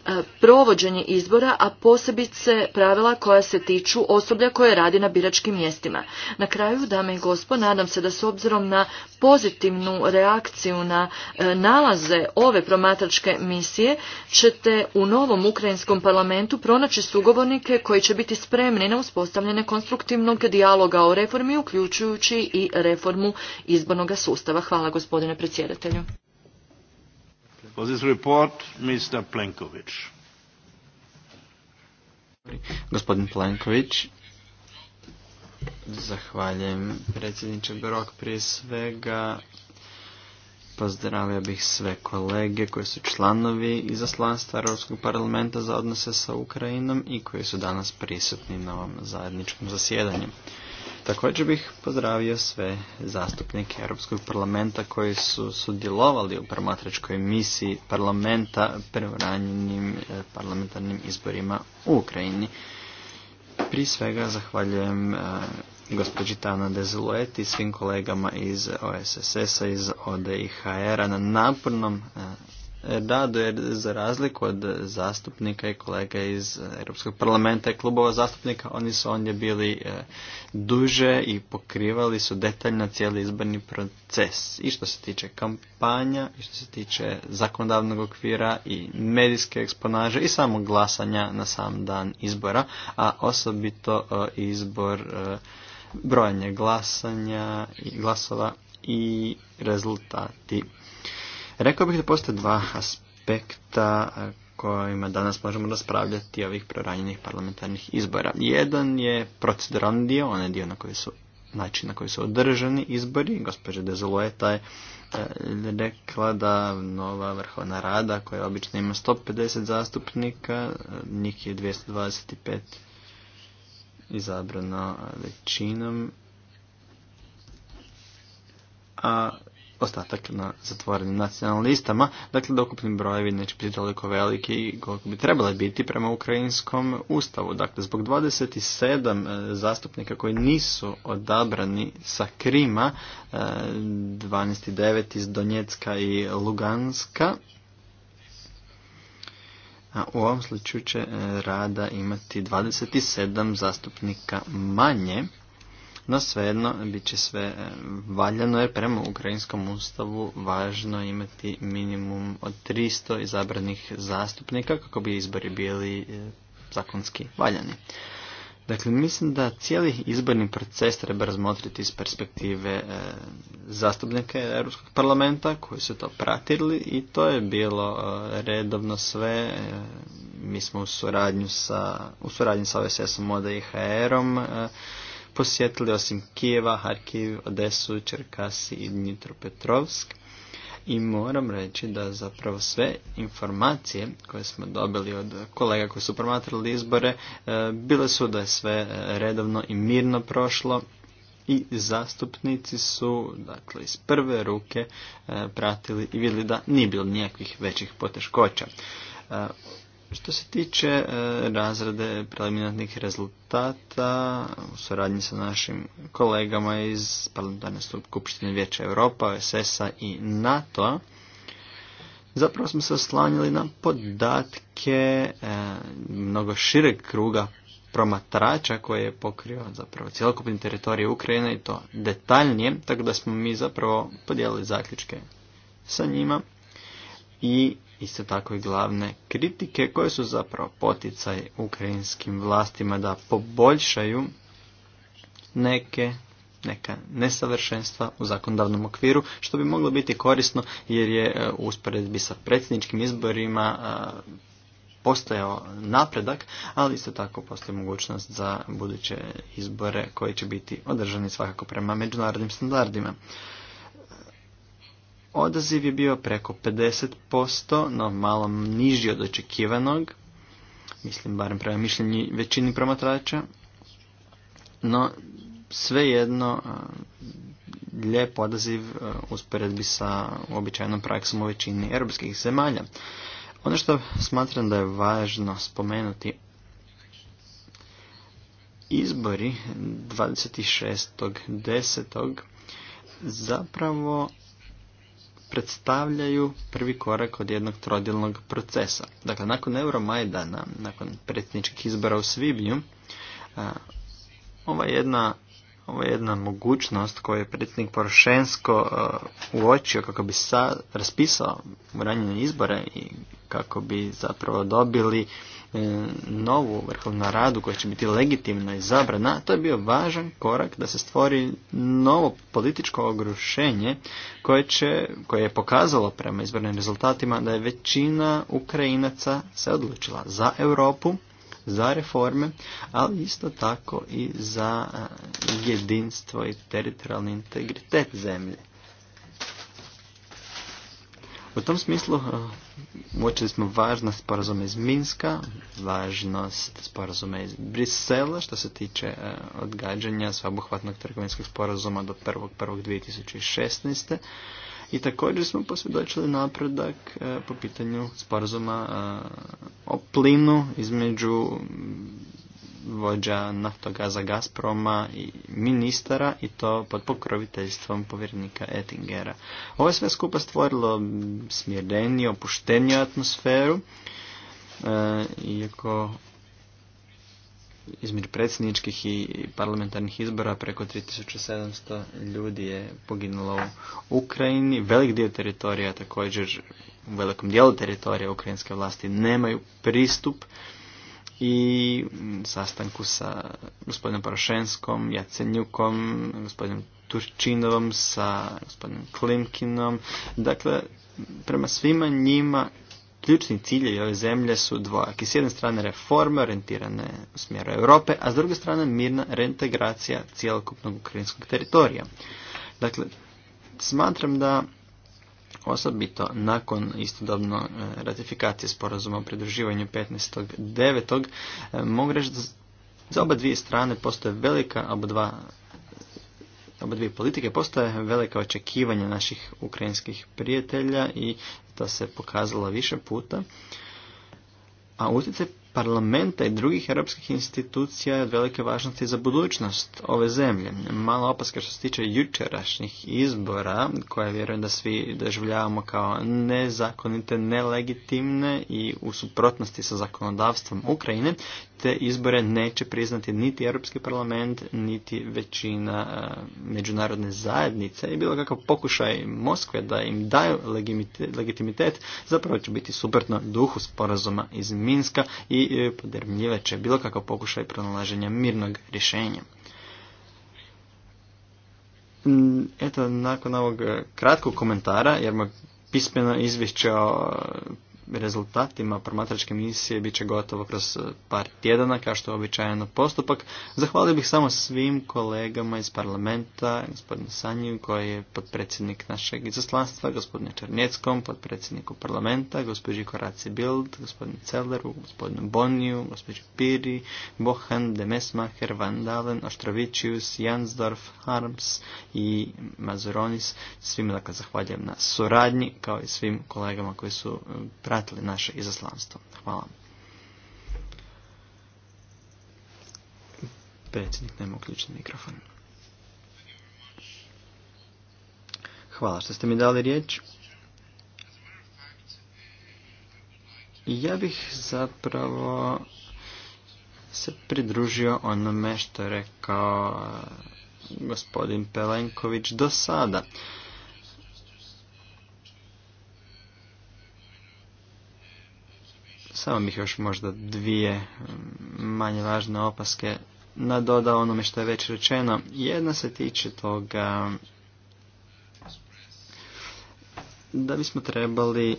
E, provođenje izbora, a posebice pravila koja se tiču osoblja koje radi na biračkim mjestima. Na kraju, dame i gospo, nadam se da s obzirom na pozitivnu reakciju na e, nalaze ove promatračke misije ćete u novom ukrajinskom parlamentu pronaći sugovornike koji će biti spremni na uspostavljanje konstruktivnog dijaloga o reformi, uključujući i reformu izbornog sustava. Hvala gospodine predsjedatelju this Plenković. Gospodin Plenković, zahvaljujem predsjedniče Brok prije svega. Pozdravio bih sve kolege koji su članovi izaslanstva Europskog parlamenta za odnose sa Ukrajinom i koji su danas prisutni na ovom zajedničkom zasjedanju. Također bih pozdravio sve zastupnike Europskog parlamenta koji su sudjelovali u promatračkoj misiji parlamenta preuranjenim e, parlamentarnim izborima u Ukrajini. Prije svega zahvaljujem e, gospođi Tana Dezulet i svim kolegama iz OSSS-a, iz ODIHR-a na napornom e, da, za razliku od zastupnika i kolega iz Europskog parlamenta i klubova zastupnika oni su ondje bili e, duže i pokrivali su detaljno cijeli izborni proces i što se tiče kampanja i što se tiče zakonodavnog okvira i medijske eksponaže i samo glasanja na sam dan izbora a osobito e, izbor e, brojanje glasanja i glasova i rezultati Rekao bih da postoje dva aspekta kojima danas možemo raspravljati ovih proranjenih parlamentarnih izbora. Jedan je proceduralni dio, onaj dio na koji su način na koji su održani izbori. Gospođa Dezolueta je e, rekla da nova vrhovna rada koja obično ima 150 zastupnika, njih je 225 izabrano većinom. A ostatak na zatvorenim nacionalnim listama, dakle dokupni brojevi neće biti toliko veliki koliko bi trebali biti prema ukrajinskom ustavu. Dakle, zbog 27 e, zastupnika koji nisu odabrani sa Krima, 12.9 e, iz Donjecka i Luganska, a u ovom slučaju će e, rada imati 27 zastupnika manje, no svejedno bit će sve e, valjano jer prema Ukrajinskom ustavu važno imati minimum od 300 izabranih zastupnika kako bi izbori bili e, zakonski valjani. Dakle, mislim da cijeli izborni proces treba razmotriti iz perspektive e, zastupnika Europskog parlamenta koji su to pratili i to je bilo redovno sve. mi smo u suradnju sa, u suradnju sa OSS-om, ODA i HR-om posjetili osim Kijeva, Harkiv, Odesu, Čerkasi i Dnitropetrovsk. I moram reći da zapravo sve informacije koje smo dobili od kolega koji su promatrali izbore, e, bile su da je sve redovno i mirno prošlo i zastupnici su dakle, iz prve ruke e, pratili i vidjeli da nije bilo nijakvih većih poteškoća. E, što se tiče e, razrade preliminarnih rezultata u suradnji sa našim kolegama iz Parlamentarne skupštine Vijeća Europa, ss i NATO, zapravo smo se oslanjali na podatke e, mnogo šireg kruga promatrača koji je pokrio zapravo cjelokupni teritorij Ukrajine i to detaljnije, tako da smo mi zapravo podijelili zaključke sa njima i isto tako i glavne kritike koje su zapravo poticaj ukrajinskim vlastima da poboljšaju neke neka nesavršenstva u zakonodavnom okviru, što bi moglo biti korisno jer je e, u usporedbi sa predsjedničkim izborima e, postojao napredak, ali isto tako postoji mogućnost za buduće izbore koji će biti održani svakako prema međunarodnim standardima. Odaziv je bio preko 50%, no malo niži od očekivanog, mislim barem prema mišljenju većini promatrača, no svejedno lijep odaziv usporedbi sa običajnom praksom u većini europskih zemalja. Ono što smatram da je važno spomenuti, izbori 26.10. zapravo predstavljaju prvi korak od jednog trodilnog procesa. Dakle, nakon Euromajdana, nakon predsjedničkih izbora u Svibnju, ova jedna ova jedna mogućnost koju je predsjednik Porošensko uočio kako bi raspisao ranjene izbore i kako bi zapravo dobili E, novu vrhovnu radu koja će biti i zabrana, to je bio važan korak da se stvori novo političko ogrušenje koje, će, koje je pokazalo prema izbornim rezultatima da je većina Ukrajinaca se odlučila za Europu, za reforme, ali isto tako i za e, jedinstvo i teritorijalni integritet zemlje. U tom smislu e, uočili smo važnost sporazuma iz Minska, važnost sporazuma iz Brisela što se tiče e, odgađanja sveobuhvatnog trgovinskog sporazuma do 1.1.2016. I također smo posvjedočili napredak e, po pitanju sporazuma o plinu između vođa Gaza Gazproma i ministara i to pod pokroviteljstvom povjerenika Ettingera. Ovo je sve skupa stvorilo smjereniju, opušteniju atmosferu, e, iako između predsjedničkih i parlamentarnih izbora preko 3700 ljudi je poginulo u Ukrajini. Velik dio teritorija također, u velikom dijelu teritorija ukrajinske vlasti nemaju pristup i mm, sastanku sa gospodinom Porošenskom, Jacenjukom, gospodinom Turčinovom, sa gospodinom Klimkinom. Dakle, prema svima njima ključni ciljevi ove zemlje su dvojaki. S jedne strane reforme orijentirane u smjeru Europe, a s druge strane mirna reintegracija cjelokupnog ukrajinskog teritorija. Dakle, smatram da osobito nakon istodobno e, ratifikacije sporazuma o pridruživanju 15.9. E, mogu reći da za oba dvije strane postoje velika, oba dva oba dvije politike, postoje velika očekivanja naših ukrajinskih prijatelja i to se pokazalo više puta. A utjecaj parlamenta i drugih europskih institucija od velike važnosti za budućnost ove zemlje. Mala opaska što se tiče jučerašnjih izbora, koje vjerujem da svi doživljavamo kao nezakonite, nelegitimne i u suprotnosti sa zakonodavstvom Ukrajine, te izbore neće priznati niti Europski parlament, niti većina e, međunarodne zajednice i bilo kakav pokušaj Moskve da im daju legitimitet zapravo će biti suprotno duhu sporazuma iz Minska i e, će bilo kakav pokušaj pronalaženja mirnog rješenja. Eto, nakon ovog e, kratkog komentara, jer moj pismeno izvješće o rezultatima promatračke misije bit će gotovo kroz eh, par tjedana, kao što je običajeno postupak. Zahvalio bih samo svim kolegama iz parlamenta, gospodinu Sanju koji je potpredsjednik našeg izaslanstva, gospodinu Černjeckom, potpredsjedniku parlamenta, gospođi Koraci Bild, gospodinu Celleru, gospodinu Boniju, gospođi Piri, Bohan, Demesmacher, Van Dalen, Oštrovićius, Jansdorf, Harms i Mazuronis. Svima dakle zahvaljujem na suradnji, kao i svim kolegama koji su eh, pratili naše izaslanstvo. Hvala. Predsjednik nema uključen mikrofon. Hvala što ste mi dali riječ. Ja bih zapravo se pridružio onome što je rekao gospodin Pelenković do sada. Samo bih još možda dvije mm, manje važne opaske nadodao onome što je već rečeno. Jedna se tiče toga da bismo trebali e,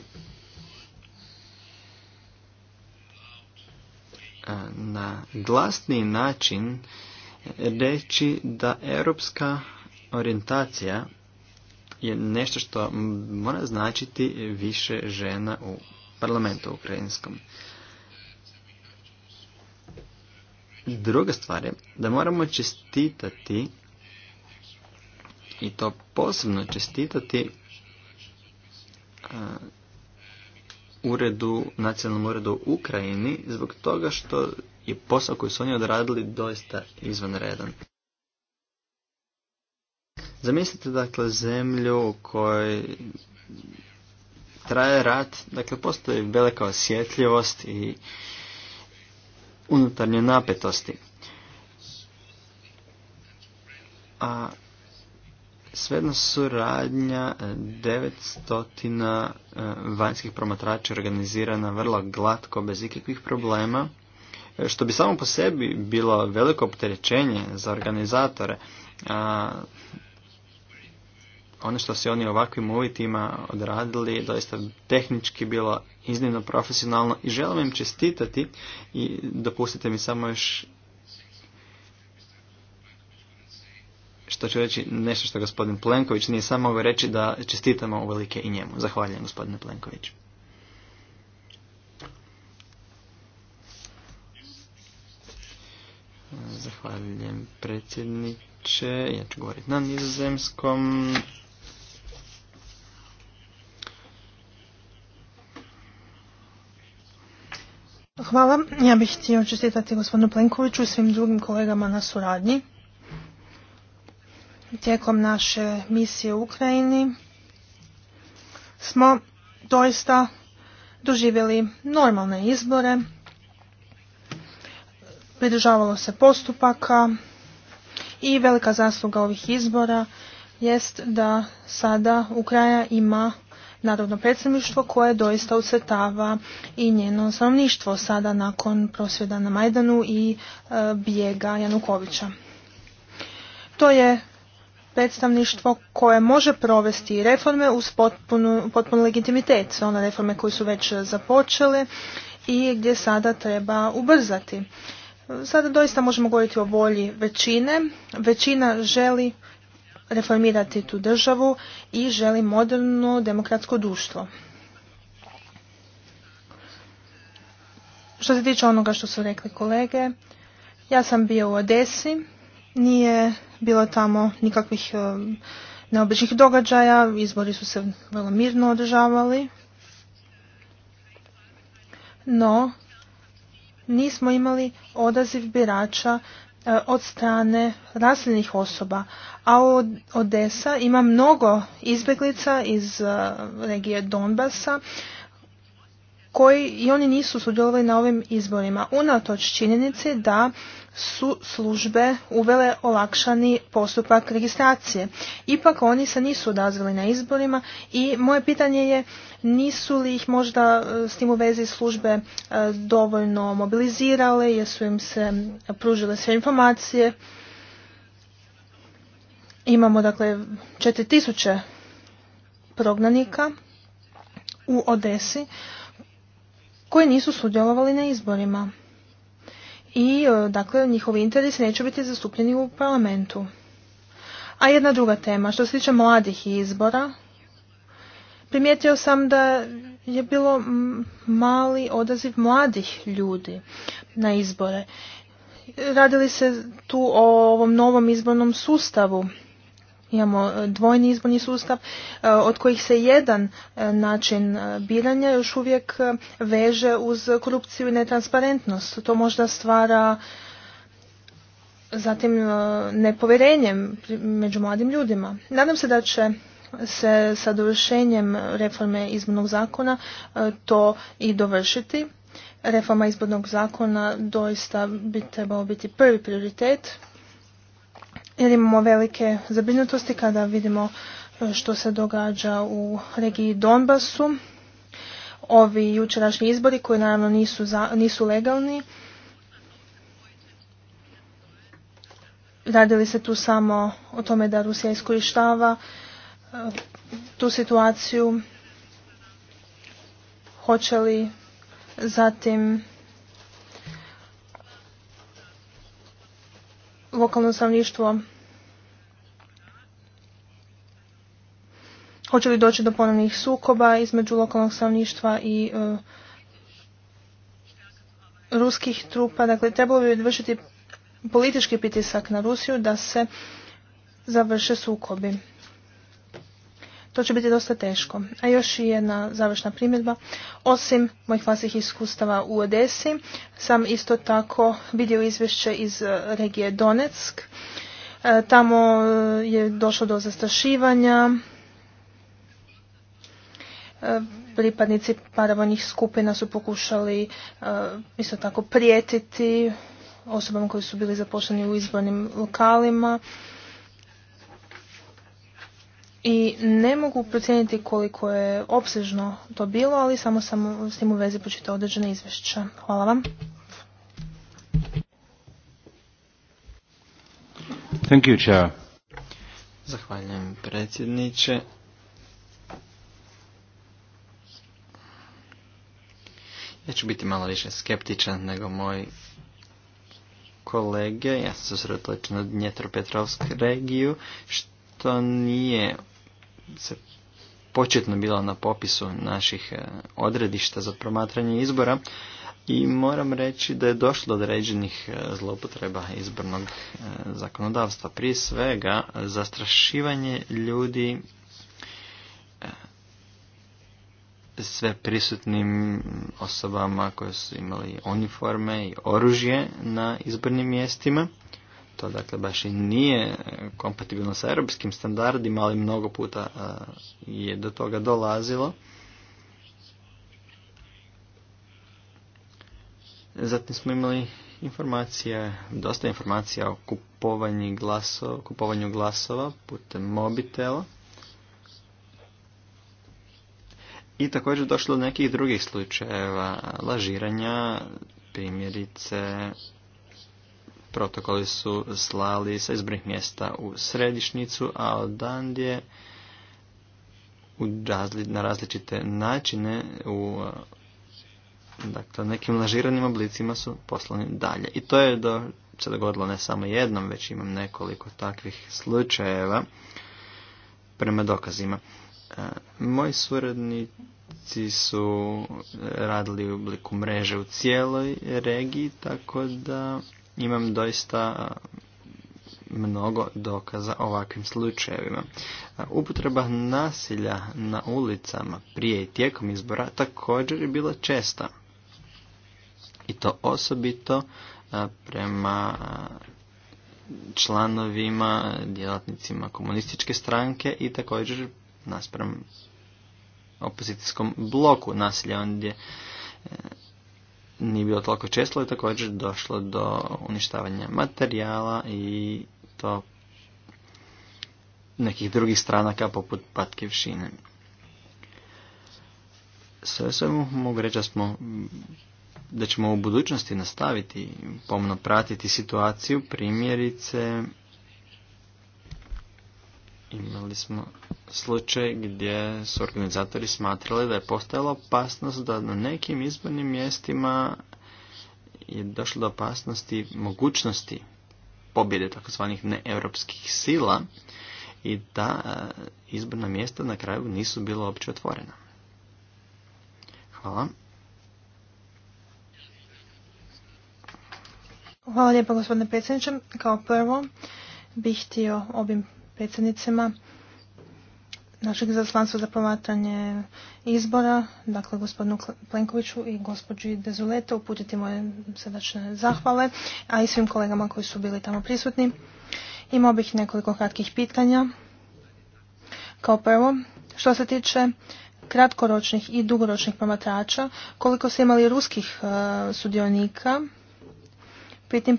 na glasni način reći da europska orijentacija je nešto što mora značiti više žena u parlamentu ukrajinskom. Druga stvar je da moramo čestitati i to posebno čestitati uh, uredu, nacionalnom uredu u Ukrajini zbog toga što je posao koji su oni odradili doista izvanredan. Zamislite dakle zemlju u kojoj traje rat, dakle postoji velika osjetljivost i unutarnje napetosti. A svedno suradnja 900 e, e, vanjskih promatrača organizirana vrlo glatko, bez ikakvih problema, e, što bi samo po sebi bilo veliko opterećenje za organizatore. A, ono što se oni ovakvim uvjetima odradili doista tehnički bilo iznimno profesionalno i želim im čestitati i dopustite mi samo još što ću reći nešto što gospodin Plenković nije samo mogao reći da čestitamo velike i njemu. Zahvaljujem gospodine Plenković. Zahvaljujem predsjedniče. Ja ću govoriti na nizozemskom. Hvala. Ja bih htio čestitati gospodinu Plenkoviću i svim drugim kolegama na suradnji. Tijekom naše misije u Ukrajini smo doista doživjeli normalne izbore, pridržavalo se postupaka i velika zasluga ovih izbora jest da sada Ukraja ima narodno predstavništvo koje doista usetava i njeno stanovništvo sada nakon prosvjeda na Majdanu i e, bijega Janukovića. To je predstavništvo koje može provesti reforme uz potpunu, potpun legitimitet, one reforme koje su već započele i gdje sada treba ubrzati. Sada doista možemo govoriti o volji većine. Većina želi reformirati tu državu i želi moderno demokratsko društvo. Što se tiče onoga što su rekli kolege, ja sam bio u Odesi, nije bilo tamo nikakvih um, neobičnih događaja, izbori su se vrlo mirno održavali, no nismo imali odaziv birača E, od strane raseljenih osoba, a od Odesa ima mnogo izbjeglica iz e, regije Donbasa koji i oni nisu sudjelovali na ovim izborima, unatoč činjenici da su službe uvele olakšani postupak registracije. Ipak oni se nisu odazvali na izborima i moje pitanje je nisu li ih možda e, s tim u vezi službe e, dovoljno mobilizirale, jesu im se pružile sve informacije. Imamo dakle 4000 prognanika u Odesi koji nisu sudjelovali na izborima i e, dakle njihovi interesi neće biti zastupljeni u parlamentu. A jedna druga tema, što se tiče mladih izbora, primijetio sam da je bilo mali odaziv mladih ljudi na izbore. Radili se tu o ovom novom izbornom sustavu Imamo e, dvojni izborni sustav e, od kojih se jedan e, način biranja još uvijek veže uz korupciju i netransparentnost. To možda stvara zatim nepovjerenje među mladim ljudima. Nadam se da će se sa dovršenjem reforme izbornog zakona to i dovršiti. Reforma izbornog zakona doista bi trebao biti prvi prioritet jer imamo velike zabrinutosti kada vidimo e, što se događa u regiji Donbasu. Ovi jučerašnji izbori koji naravno nisu, nisu legalni. Radili se tu samo o tome da Rusija iskorištava e, tu situaciju. Hoće li zatim lokalno stanovništvo hoće li doći do ponovnih sukoba između lokalnog stanovništva i e, ruskih trupa. Dakle, trebalo bi odvršiti politički pritisak na Rusiju da se završe sukobi to će biti dosta teško. A još i jedna završna primjedba. Osim mojih vlastnih iskustava u Odesi, sam isto tako vidio izvješće iz e, regije Donetsk. E, tamo e, je došlo do zastrašivanja, pripadnici paravojnih skupina su pokušali isto tako prijetiti osobama koji su bili zapošljeni u izbornim lokalima i ne mogu procijeniti koliko je opsežno to bilo, ali samo sam s tim u vezi počitao određene izvješća. Hvala vam. Thank you, Chair. Zahvaljujem predsjedniče. Ja ću biti malo više skeptičan nego moj kolege. Ja sam se sredotočio na Dnjetropetrovsku regiju, što nije se početno bila na popisu naših e, odredišta za promatranje izbora i moram reći da je došlo do određenih e, zloupotreba izbornog e, zakonodavstva. Prije svega zastrašivanje ljudi sve prisutnim osobama koje su imali uniforme i oružje na izbornim mjestima to dakle baš i nije kompatibilno sa europskim standardima, ali mnogo puta e, je do toga dolazilo. Zatim smo imali informacije, dosta informacija o kupovanju glasova, kupovanju glasova putem mobitela. I također došlo do nekih drugih slučajeva lažiranja, primjerice protokoli su slali sa izbornih mjesta u središnicu, a odandje u na različite načine u dakle, nekim lažiranim oblicima su poslani dalje. I to je do, se dogodilo ne samo jednom, već imam nekoliko takvih slučajeva prema dokazima. E, moji suradnici su radili u obliku mreže u cijeloj regiji, tako da imam doista mnogo dokaza ovakvim slučajevima. Upotreba nasilja na ulicama prije i tijekom izbora također je bila česta. I to osobito prema članovima, djelatnicima komunističke stranke i također naspram opozicijskom bloku nasilja ondje e, nije bilo toliko često, ali također došlo do uništavanja materijala i to nekih drugih stranaka poput patkevšine. Sve svemu mogu reći da smo da ćemo u budućnosti nastaviti pomno pratiti situaciju primjerice Imali smo slučaj gdje su organizatori smatrali da je postojala opasnost da na nekim izbornim mjestima je došlo do opasnosti mogućnosti pobjede takozvanih neeuropskih sila i da e, izborna mjesta na kraju nisu bila uopće otvorena. Hvala. Hvala lijepa gospodine predsjedniče. Kao prvo bih htio ovim predsjednicima našeg zaslanstva za promatranje izbora, dakle gospodinu Plenkoviću i gospođi Dezulete, uputiti moje srdačne zahvale, a i svim kolegama koji su bili tamo prisutni. Imao bih nekoliko kratkih pitanja. Kao prvo, što se tiče kratkoročnih i dugoročnih promatrača, koliko ste imali ruskih e, sudionika pri tim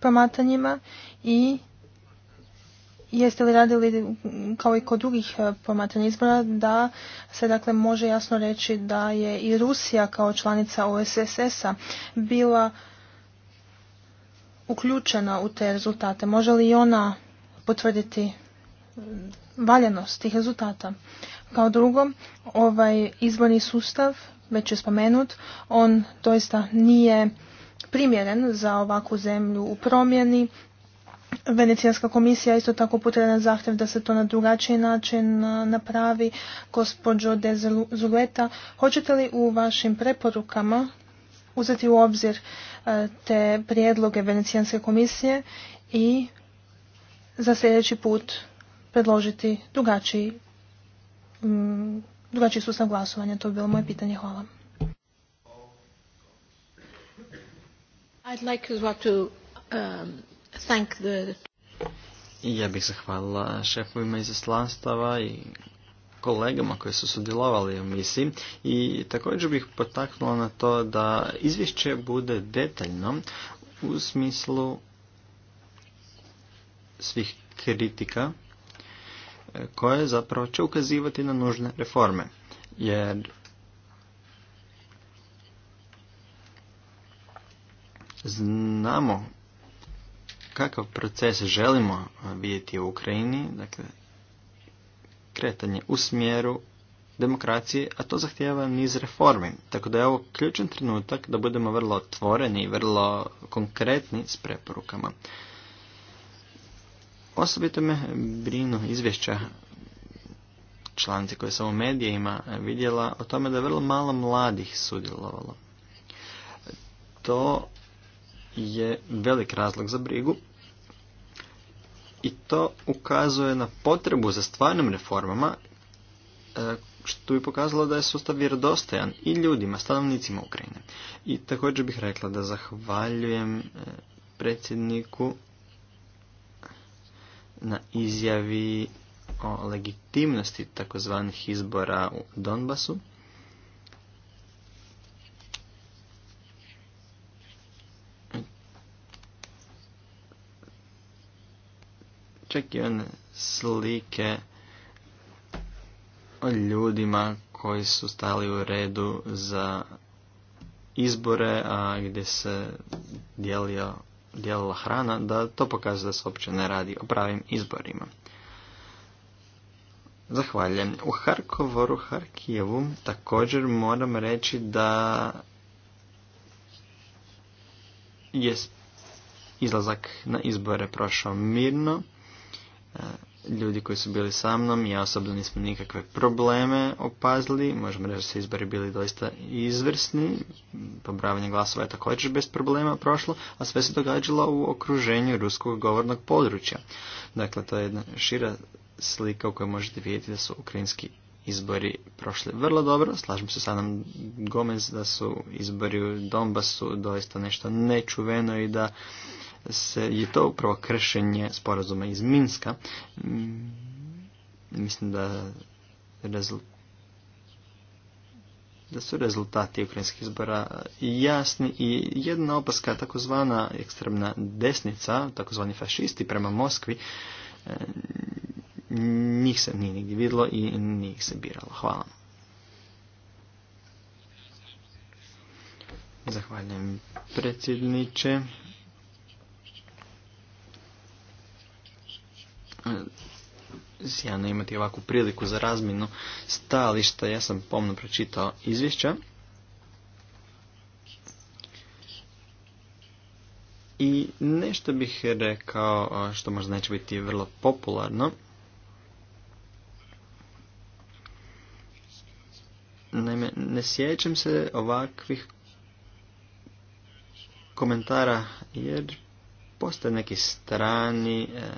promatranjima i Jeste li radili kao i kod drugih e, promatranja izbora da se dakle može jasno reći da je i Rusija kao članica OSSS-a bila uključena u te rezultate? Može li ona potvrditi mm, valjanost tih rezultata? Kao drugo, ovaj izborni sustav, već je spomenut, on doista nije primjeren za ovakvu zemlju u promjeni, Venecijanska komisija isto tako putila na zahtjev da se to na drugačiji način napravi. Gospođo de Zuleta, hoćete li u vašim preporukama uzeti u obzir te prijedloge Venecijanske komisije i za sljedeći put predložiti drugačiji, drugačiji sustav glasovanja? To je bilo moje pitanje. Hvala. I'd like to, um, ja bih zahvalila šefovima izaslanstava i kolegama koji su sudjelovali u misiji i također bih potaknula na to da izvješće bude detaljno u smislu svih kritika e, koje zapravo će ukazivati na nužne reforme. Jer znamo kakav proces želimo vidjeti u Ukrajini, dakle, kretanje u smjeru demokracije, a to zahtjeva niz reformi. Tako da je ovo ključan trenutak da budemo vrlo otvoreni i vrlo konkretni s preporukama. Osobito me brinu izvješća članci koje sam u medijima vidjela o tome da je vrlo malo mladih sudjelovalo. To je velik razlog za brigu i to ukazuje na potrebu za stvarnim reformama e, što bi pokazalo da je sustav vjerodostojan i ljudima, stanovnicima Ukrajine. I također bih rekla da zahvaljujem e, predsjedniku na izjavi o legitimnosti takozvanih izbora u Donbasu. čak slike o ljudima koji su stali u redu za izbore, a gdje se dijelio, dijelila hrana, da to pokazuje da se uopće ne radi o pravim izborima. Zahvaljujem. U Harkovoru, Harkijevu također moram reći da je izlazak na izbore prošao mirno ljudi koji su bili sa mnom, ja osobno nismo nikakve probleme opazili, možemo reći da su izbori bili doista izvrsni, pobravanje glasova je također bez problema prošlo, a sve se događalo u okruženju ruskog govornog područja. Dakle, to je jedna šira slika u kojoj možete vidjeti da su ukrajinski izbori prošli vrlo dobro. Slažem se sa nam Gomez da su izbori u Donbasu doista nešto nečuveno i da se je to upravo kršenje sporazuma iz Minska. Mm, mislim da da su rezultati ukrajinskih izbora jasni i jedna opaska takozvana ekstremna desnica, takozvani fašisti prema Moskvi, eh, njih se nije nigdje vidjelo i njih se biralo. Hvala. Zahvaljujem predsjedniče. sjajno imati ovakvu priliku za razminu stališta. Ja sam pomno pročitao izvješća. I nešto bih rekao što možda neće biti vrlo popularno. Naime, ne sjećam se ovakvih komentara jer postoje neki strani e,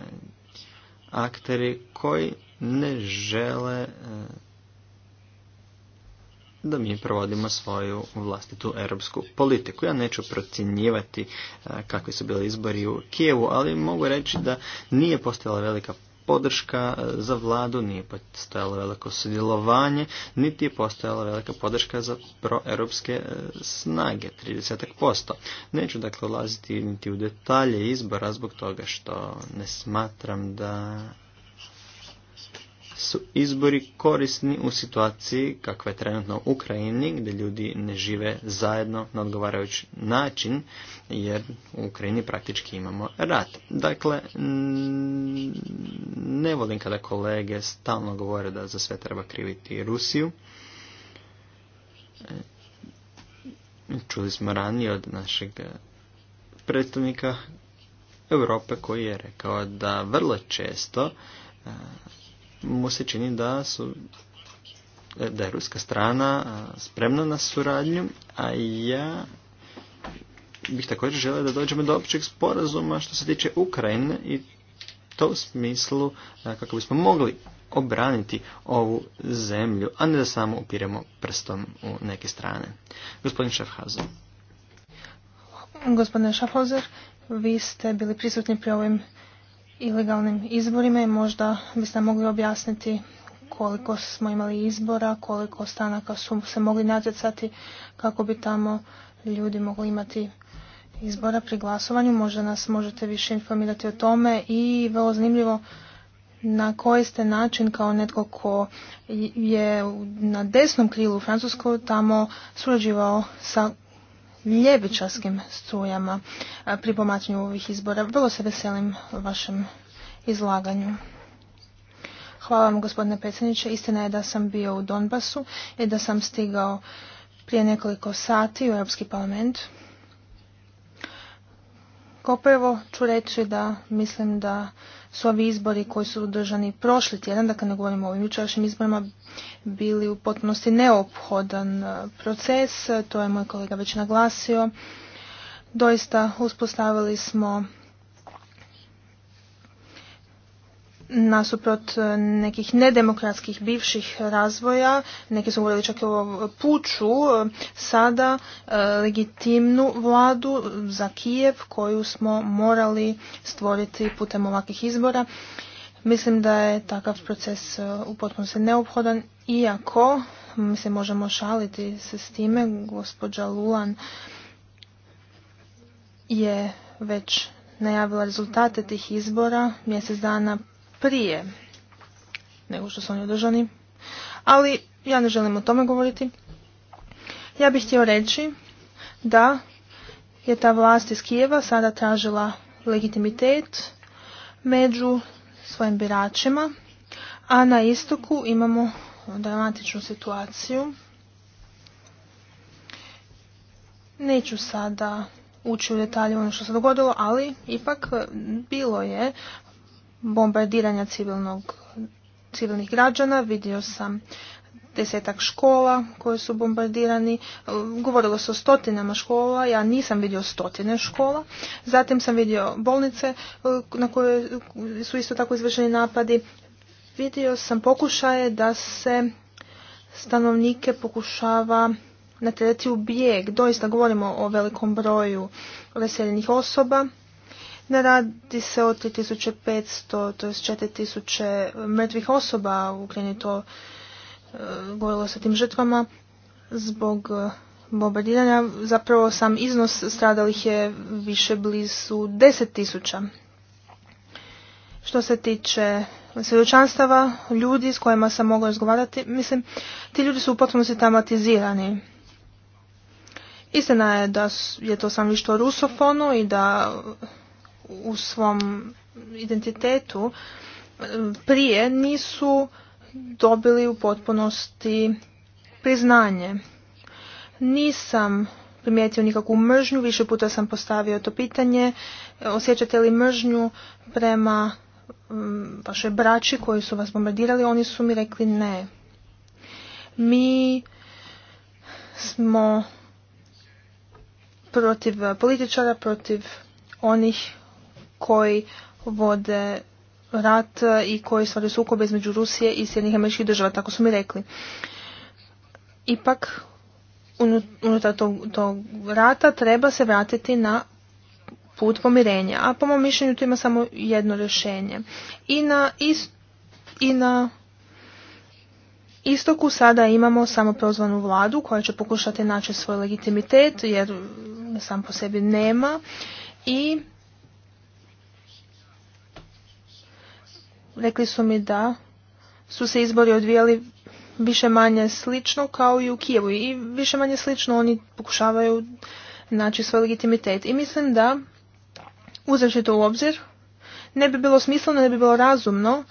akteri koji ne žele e, da mi provodimo svoju vlastitu europsku politiku. Ja neću procjenjivati e, kakvi su bili izbori u Kijevu, ali mogu reći da nije postojala velika podrška e, za vladu, nije postojalo veliko sudjelovanje, niti je postojala velika podrška za proeuropske e, snage, 30%. Neću dakle ulaziti niti u detalje izbora zbog toga što ne smatram da su izbori korisni u situaciji kakva je trenutno u Ukrajini gdje ljudi ne žive zajedno na odgovarajući način jer u Ukrajini praktički imamo rat. Dakle, ne volim kada kolege stalno govore da za sve treba kriviti Rusiju. E, čuli smo ranije od našeg predstavnika Europe koji je rekao da vrlo često e, mu se čini da su e, da je ruska strana spremna na suradnju, a ja bih također želio da dođemo do općeg sporazuma što se tiče Ukrajine i to u smislu kako bismo mogli obraniti ovu zemlju, a ne da samo upiremo prstom u neke strane. Gospodin Šafhazer. Gospodine Šafhazer, vi ste bili prisutni pri ovim ilegalnim izborima i možda biste mogli objasniti koliko smo imali izbora, koliko stanaka su se mogli natjecati kako bi tamo ljudi mogli imati izbora pri glasovanju. Možda nas možete više informirati o tome i vrlo zanimljivo na koji ste način kao netko ko je na desnom krilu u Francuskoj tamo surađivao sa ljevičarskim strujama pri ovih izbora. Vrlo se veselim vašem izlaganju. Hvala vam gospodine predsjedniče. Istina je da sam bio u Donbasu i da sam stigao prije nekoliko sati u Europski parlament. Kao prvo ću reći da mislim da su ovi izbori koji su održani prošli tjedan, dakle ne govorimo o ovim jučerašnjim izborima, bili u potpunosti neophodan e, proces, to je moj kolega već naglasio. Doista uspostavili smo nasuprot e, nekih nedemokratskih bivših razvoja, neki su govorili čak i o puču, e, sada e, legitimnu vladu za Kijev koju smo morali stvoriti putem ovakvih izbora. Mislim da je takav proces u potpunosti neophodan, iako mi se možemo šaliti se s time, gospođa Lulan je već najavila rezultate tih izbora mjesec dana prije nego što su oni održani. Ali ja ne želim o tome govoriti. Ja bih htio reći da je ta vlast iz Kijeva sada tražila legitimitet među svojim biračima, a na istoku imamo dramatičnu situaciju. Neću sada ući u detalje ono što se dogodilo, ali ipak bilo je bombardiranja civilnog, civilnih građana. Vidio sam desetak škola koje su bombardirani. Govorilo se o stotinama škola, ja nisam vidio stotine škola. Zatim sam vidio bolnice eh, na koje su isto tako izvršeni napadi. Vidio sam pokušaje da se stanovnike pokušava natreti u bijeg. Doista govorimo o velikom broju veseljenih osoba ne radi se o 3500, to je 4000 mrtvih osoba, u to e, govorilo sa tim žrtvama zbog e, bombardiranja. Zapravo sam iznos stradalih je više blizu 10.000. Što se tiče svjedočanstava, ljudi s kojima sam mogla razgovarati, mislim, ti ljudi su u potpunosti tamatizirani. Istina je da je to sam što rusofono i da u svom identitetu e, prije nisu dobili u potpunosti priznanje. Nisam primijetio nikakvu mržnju, više puta sam postavio to pitanje. Osjećate li mržnju prema mm, vašoj braći koji su vas bombardirali? Oni su mi rekli ne. Mi smo protiv političara, protiv onih koji vode rat i koji stvaraju sukobe između Rusije i Sjednih američkih država, tako su mi rekli. Ipak, unutar tog, rata treba se vratiti na put pomirenja, a po mom mišljenju tu ima samo jedno rješenje. I na, i na istoku sada imamo samo prozvanu vladu koja će pokušati naći svoj legitimitet jer sam po sebi nema i rekli su mi da su se izbori odvijali više manje slično kao i u Kijevu i više manje slično oni pokušavaju naći svoj legitimitet. I mislim da uzevši to u obzir ne bi bilo smisleno, ne bi bilo razumno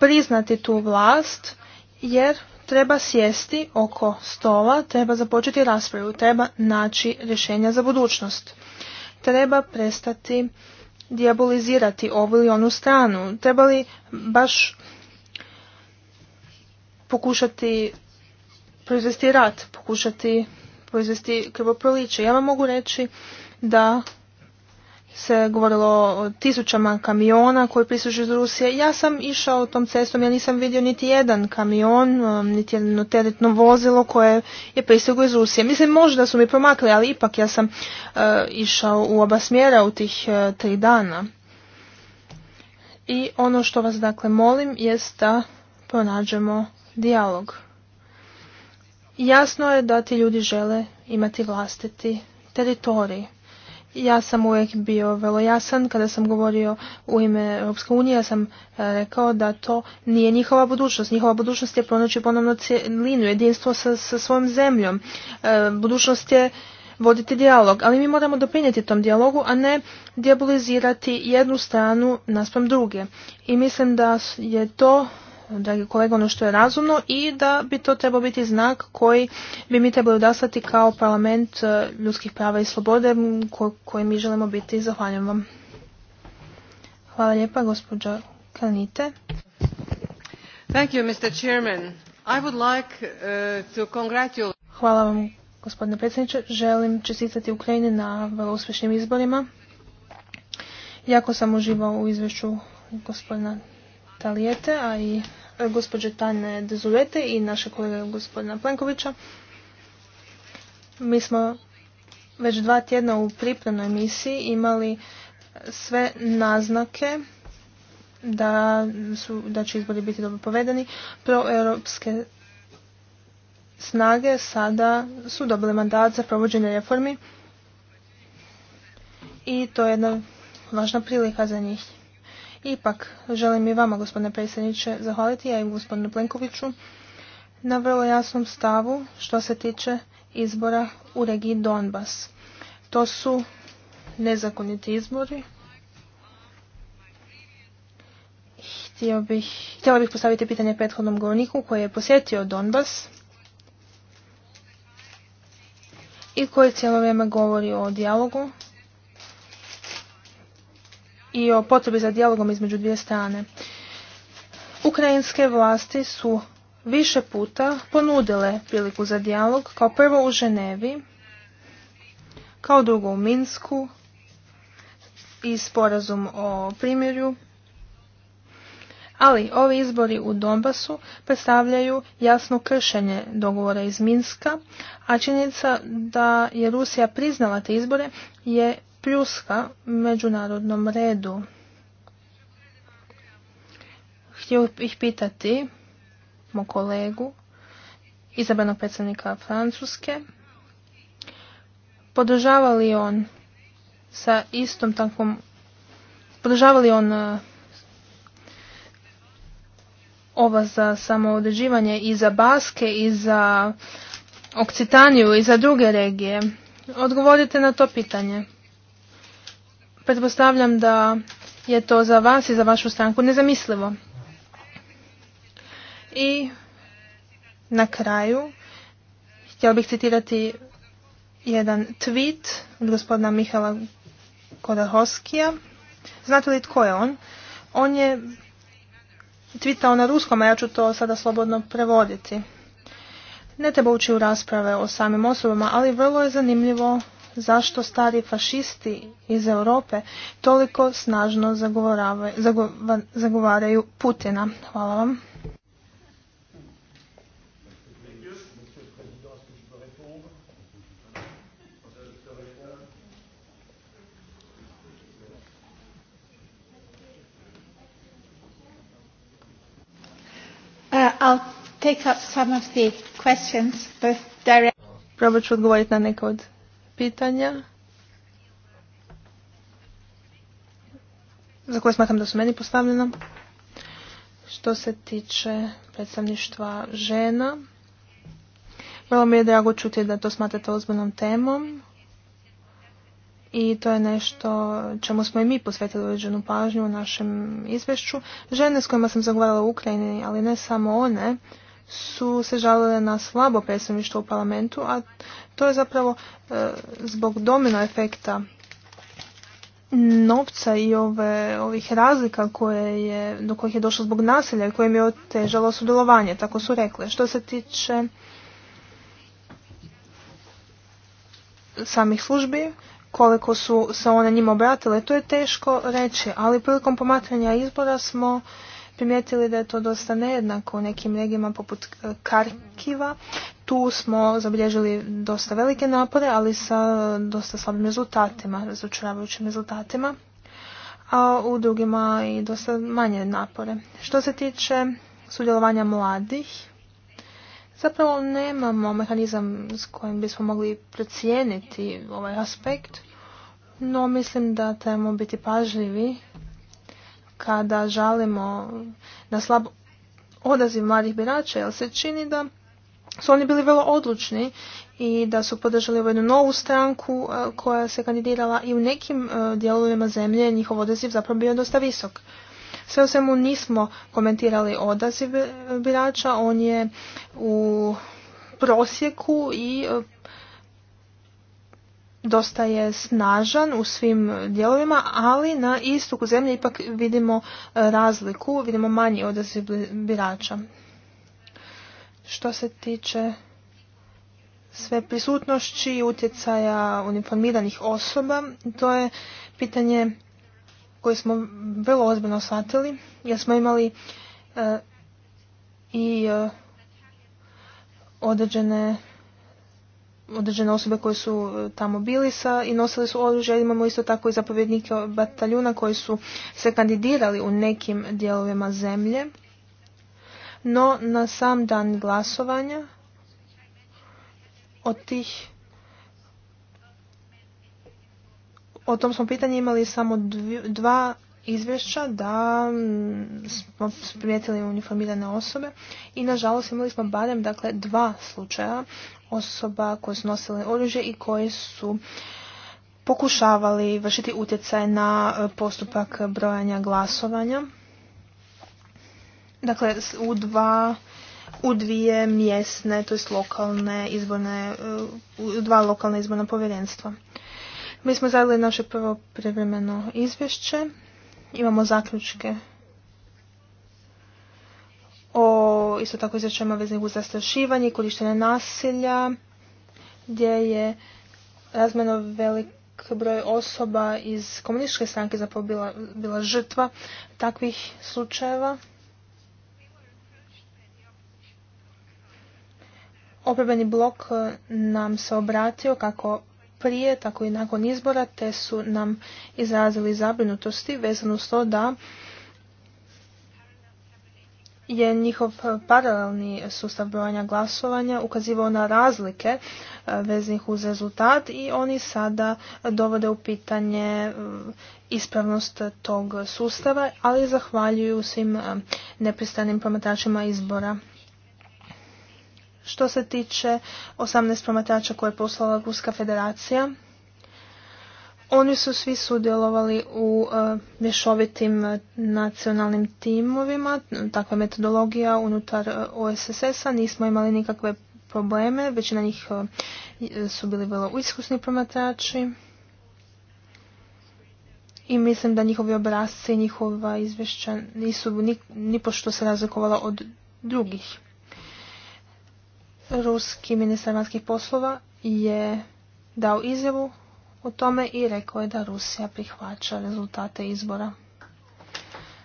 priznati tu vlast jer treba sjesti oko stola, treba započeti raspravu, treba naći rješenja za budućnost. Treba prestati dijabolizirati ovu ili onu stranu. Treba li baš pokušati proizvesti rat, pokušati proizvesti krvoproliče? Ja vam mogu reći da se govorilo o tisućama kamiona koji prisužu iz Rusije. Ja sam išao tom cestom, ja nisam vidio niti jedan kamion, um, niti jedno teretno vozilo koje je pristiglo iz Rusije. Mislim, možda su mi promakli, ali ipak ja sam uh, išao u oba smjera u tih uh, tri dana. I ono što vas dakle molim jest da pronađemo dijalog. Jasno je da ti ljudi žele imati vlastiti teritorij ja sam uvijek bio vrlo jasan kada sam govorio u ime Europske unije, ja sam e, rekao da to nije njihova budućnost. Njihova budućnost je pronaći ponovno cijelinu, jedinstvo sa, sa svojom zemljom. E, budućnost je voditi dijalog, ali mi moramo doprinijeti tom dijalogu, a ne diabolizirati jednu stranu naspram druge. I mislim da je to dragi kolega, ono što je razumno i da bi to trebao biti znak koji bi mi trebali odaslati kao parlament e, ljudskih prava i slobode koji mi želimo biti. Zahvaljujem vam. Hvala lijepa, gospođa Kranite. Thank you, Mr. Chairman. I would like e, to congratulate... Hvala vam, gospodine predsjedniče. Želim čestitati Ukrajini na vrlo uspješnim izborima. Jako sam uživao u izvješću gospodina Kalijete, a i e, gospođe Tane Dezuvete i naše kolege gospodina Plenkovića. Mi smo već dva tjedna u pripremnoj emisiji imali sve naznake da, su, da će izbori biti dobro povedeni. Proeuropske snage sada su dobile mandat za provođenje reformi i to je jedna važna prilika za njih. Ipak, želim i vama, gospodine predsjedniče, zahvaliti ja i gospodinu Plenkoviću na vrlo jasnom stavu što se tiče izbora u regiji Donbas. To su nezakoniti izbori. Htio bih, htjela bih postaviti pitanje prethodnom govorniku koji je posjetio Donbas i koji cijelo vrijeme govori o dijalogu i o potrebi za dijalogom između dvije strane. Ukrajinske vlasti su više puta ponudile priliku za dijalog, kao prvo u Ženevi, kao drugo u Minsku i sporazum o primjerju. Ali ovi izbori u Donbasu predstavljaju jasno kršenje dogovora iz Minska, a činjenica da je Rusija priznala te izbore je pljuska međunarodnom redu. Htio bih pitati mo kolegu, izabranog predstavnika Francuske, podržava li on sa istom takvom, podržava li on eh, ova za samoodređivanje i za Baske i za Okcitaniju i za druge regije? Odgovorite na to pitanje. Pretpostavljam da je to za vas i za vašu stranku nezamislivo. I na kraju htjela bih citirati jedan tweet od gospodina Mihala Kodahoskija. Znate li tko je on? On je tvitao na ruskom, a ja ću to sada slobodno prevoditi. Ne treba ući u rasprave o samim osobama, ali vrlo je zanimljivo zašto stari fašisti iz Europe toliko snažno zagovaraju Putina. Hvala vam. Uh, I'll take up some of the questions, both direct... Probat ću odgovoriti na neke pitanja za koje smatram da su meni postavljena. Što se tiče predstavništva žena, vrlo mi je drago čuti da to smatrate ozbiljnom temom i to je nešto čemu smo i mi posvetili određenu pažnju u našem izvješću. Žene s kojima sam zagovarala u Ukrajini, ali ne samo one, su se žalile na slabo predstavništvo u parlamentu, a to je zapravo e, zbog domino efekta novca i ove, ovih razlika koje je, do kojih je došlo zbog nasilja i kojim je otežalo sudjelovanje, tako su rekle. Što se tiče samih službi, koliko su se one njima obratile, to je teško reći, ali prilikom pomatranja izbora smo primijetili da je to dosta nejednako u nekim regijama poput e, Karkiva. Tu smo zabilježili dosta velike napore, ali sa dosta slabim rezultatima, razočaravajućim rezultatima, a u drugima i dosta manje napore. Što se tiče sudjelovanja mladih, zapravo nemamo mehanizam s kojim bismo mogli procijeniti ovaj aspekt, no mislim da trebamo biti pažljivi kada žalimo na slab odaziv mladih birača, jer se čini da su oni bili vrlo odlučni i da su podržali ovu jednu novu stranku e, koja se kandidirala i u nekim e, dijelovima zemlje njihov odaziv zapravo bio dosta visok. Sve o svemu nismo komentirali odaziv birača, on je u prosjeku i e, dosta je snažan u svim dijelovima, ali na istoku zemlje ipak vidimo e, razliku, vidimo manji odaziv birača. Što se tiče sve prisutnošći i utjecaja uniformiranih osoba, to je pitanje koje smo vrlo ozbiljno shvatili, jer smo imali e, i e, određene određene osobe koje su e, tamo bili sa i nosili su oružje. Imamo isto tako i zapovjednike bataljuna koji su se kandidirali u nekim dijelovima zemlje. No na sam dan glasovanja od tih o tom smo pitanju imali samo dva izvješća da smo primijetili uniformirane osobe i nažalost imali smo barem dakle dva slučaja osoba koje su nosile oružje i koje su pokušavali vršiti utjecaj na e, postupak brojanja glasovanja. Dakle, u dva u dvije mjesne, to jest lokalne izborne, e, u dva lokalna izborna povjerenstva. Mi smo zadali naše prvo privremeno izvješće, imamo zaključke o isto tako izrečajima veznih uz zastrašivanje i korištenje nasilja, gdje je razmjerno velik broj osoba iz komunističke stranke zapravo bila, žrtva takvih slučajeva. Oprebeni blok nam se obratio kako prije, tako i nakon izbora, te su nam izrazili zabrinutosti vezano s to da je njihov e, paralelni sustav brojanja glasovanja ukazivao na razlike e, veznih uz rezultat i oni sada dovode u pitanje e, ispravnost tog sustava, ali zahvaljuju svim nepristanim promatračima izbora. Što se tiče 18 promatrača koje je poslala Ruska federacija, oni su svi sudjelovali u e, mješovitim e, nacionalnim timovima, takva metodologija unutar e, OSSS-a, nismo imali nikakve probleme, većina njih su bili vrlo iskusni promatrači i mislim da njihovi obrazci i njihova izvješća nisu ni, ni pošto se razlikovala od drugih. Ruski ministar vanjskih poslova je dao izjavu o tome i rekao je da Rusija prihvaća rezultate izbora.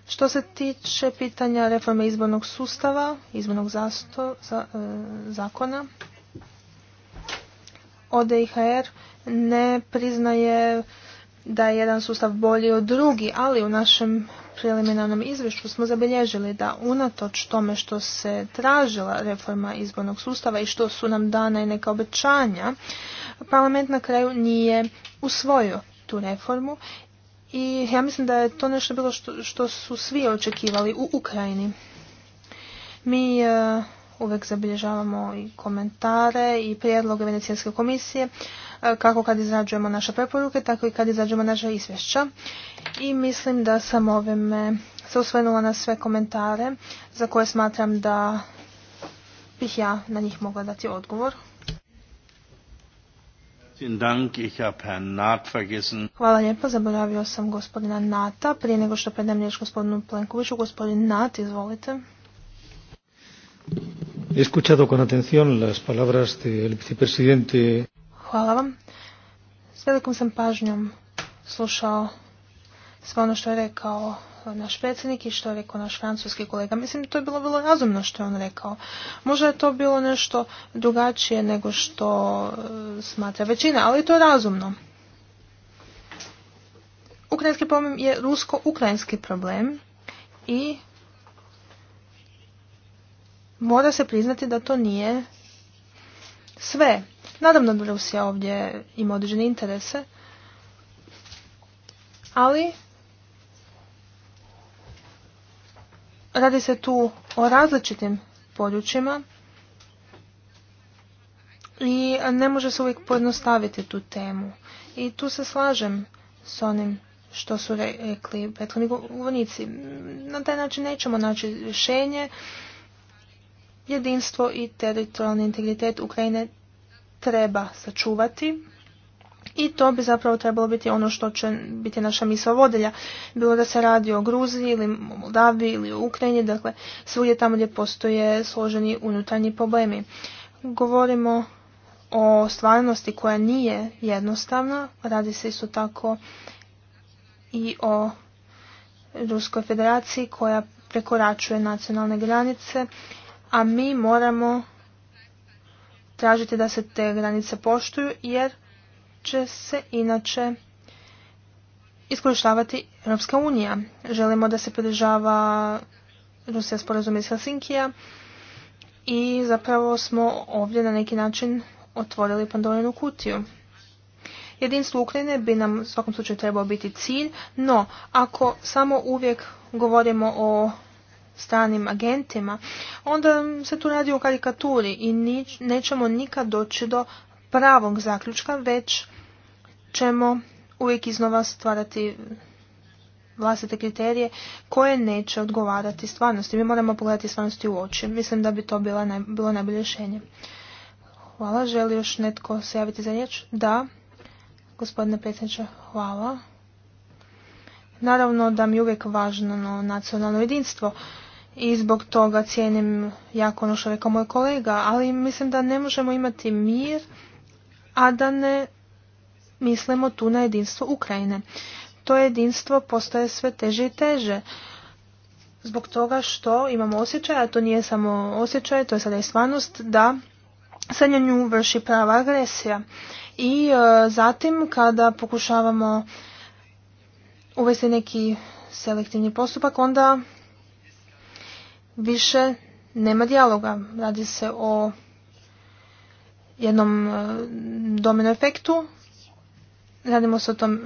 Što se tiče pitanja reforme izbornog sustava, izbornog zasto, za, e, zakona, ODIHR ne priznaje da je jedan sustav bolji od drugi, ali u našem preliminarnom izvješću smo zabilježili da unatoč tome što se tražila reforma izbornog sustava i što su nam dana i neka obećanja, parlament na kraju nije usvojio tu reformu i ja mislim da je to nešto bilo što, što su svi očekivali u Ukrajini. Mi uh, uvek zabilježavamo i komentare i prijedloge Venecijanske komisije, E, kako kad izrađujemo naše preporuke, tako i kad izrađujemo naše izvješća. I mislim da sam ovime se osvrnula na sve komentare za koje smatram da bih ja na njih mogla dati odgovor. Hvala lijepa, zaboravio sam gospodina Nata. Prije nego što predam riječ gospodinu Plenkoviću, gospodin Nat, izvolite. He escuchado con atención las palabras del vicepresidente. Hvala vam. S velikom sam pažnjom slušao sve ono što je rekao naš predsjednik i što je rekao naš francuski kolega. Mislim to je bilo vrlo razumno što je on rekao. Možda je to bilo nešto drugačije nego što e, smatra većina, ali to je razumno. Ukrajinski problem je rusko-ukrajinski problem i mora se priznati da to nije sve. Naravno da Rusija ovdje ima određene interese, ali radi se tu o različitim područjima i ne može se uvijek pojednostaviti tu temu. I tu se slažem s onim što su rekli prethodni govornici. Na taj način nećemo naći rješenje. Jedinstvo i teritorijalni integritet Ukrajine treba sačuvati i to bi zapravo trebalo biti ono što će biti naša misla vodilja. Bilo da se radi o Gruziji ili Moldavi ili Ukrajini, dakle svugdje tamo gdje postoje složeni unutarnji problemi. Govorimo o stvarnosti koja nije jednostavna, radi se isto tako i o Ruskoj federaciji koja prekoračuje nacionalne granice, a mi moramo Tražite da se te granice poštuju jer će se inače iskorištavati Europska unija. Želimo da se pridržava Rusija sporazum iz Helsinkija i zapravo smo ovdje na neki način otvorili Pandorinu kutiju. Jedinstvo Ukrajine bi nam u svakom slučaju trebao biti cilj, no ako samo uvijek govorimo o stranim agentima, onda se tu radi o karikaturi i nič, nećemo nikad doći do pravog zaključka, već ćemo uvijek iznova stvarati vlastite kriterije koje neće odgovarati stvarnosti. Mi moramo pogledati stvarnosti u oči. Mislim da bi to bilo najbolje rješenje. Hvala. Želi još netko se javiti za riječ? Da. Gospodine predsjedniče, hvala. Naravno da mi je uvijek važno nacionalno jedinstvo i zbog toga cijenim jako ono što rekao moj kolega, ali mislim da ne možemo imati mir, a da ne mislimo tu na jedinstvo Ukrajine. To jedinstvo postaje sve teže i teže. Zbog toga što imamo osjećaj, a to nije samo osjećaj, to je sada i stvarnost, da se na nju vrši prava agresija. I e, zatim kada pokušavamo uvesti neki selektivni postupak, onda više nema dijaloga. Radi se o jednom e, domino efektu.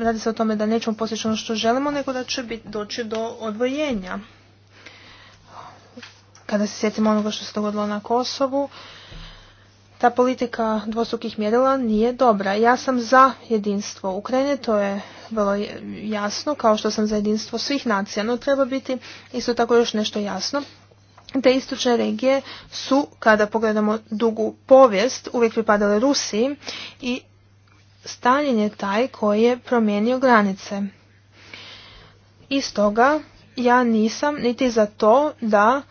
radi se o tome da nećemo postići ono što želimo, nego da će biti, doći do odvojenja. Kada se sjetimo onoga što se dogodilo na Kosovu, ta politika dvostrukih mjerila nije dobra. Ja sam za jedinstvo Ukrajine, to je vrlo jasno, kao što sam za jedinstvo svih nacija, no treba biti isto tako još nešto jasno te istočne regije su, kada pogledamo dugu povijest, uvijek pripadale Rusiji i Stalin je taj koji je promijenio granice. I stoga ja nisam niti za to da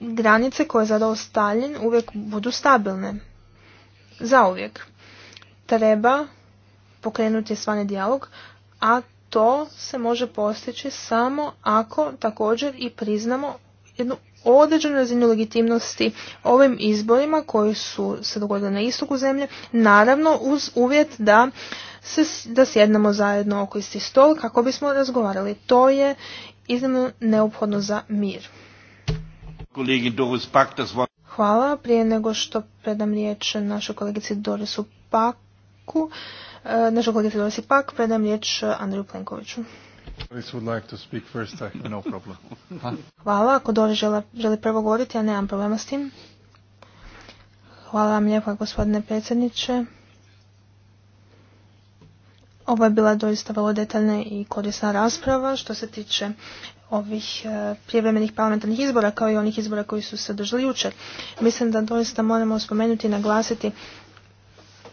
granice koje je zadao Stalin uvijek budu stabilne. Zauvijek. Treba pokrenuti svani dijalog, a to se može postići samo ako također i priznamo jednu određenu razinu legitimnosti ovim izborima koji su se dogodili na istoku zemlje, naravno uz uvjet da da sjednemo zajedno oko isti stol kako bismo razgovarali. To je iznimno neophodno za mir. Hvala. Prije nego što predam riječ našoj kolegici Dorisu Paku, e, našoj kolegici Dorisi Pak, predam riječ Andriju Plenkoviću. Hvala, ako Doris želi, prvo govoriti, ja nemam problema s tim. Hvala vam lijepa gospodine predsjedniče. Ovo je bila doista vrlo detaljna i korisna rasprava što se tiče ovih e, prijevremenih parlamentarnih izbora kao i onih izbora koji su se održali jučer. Mislim da doista moramo spomenuti i naglasiti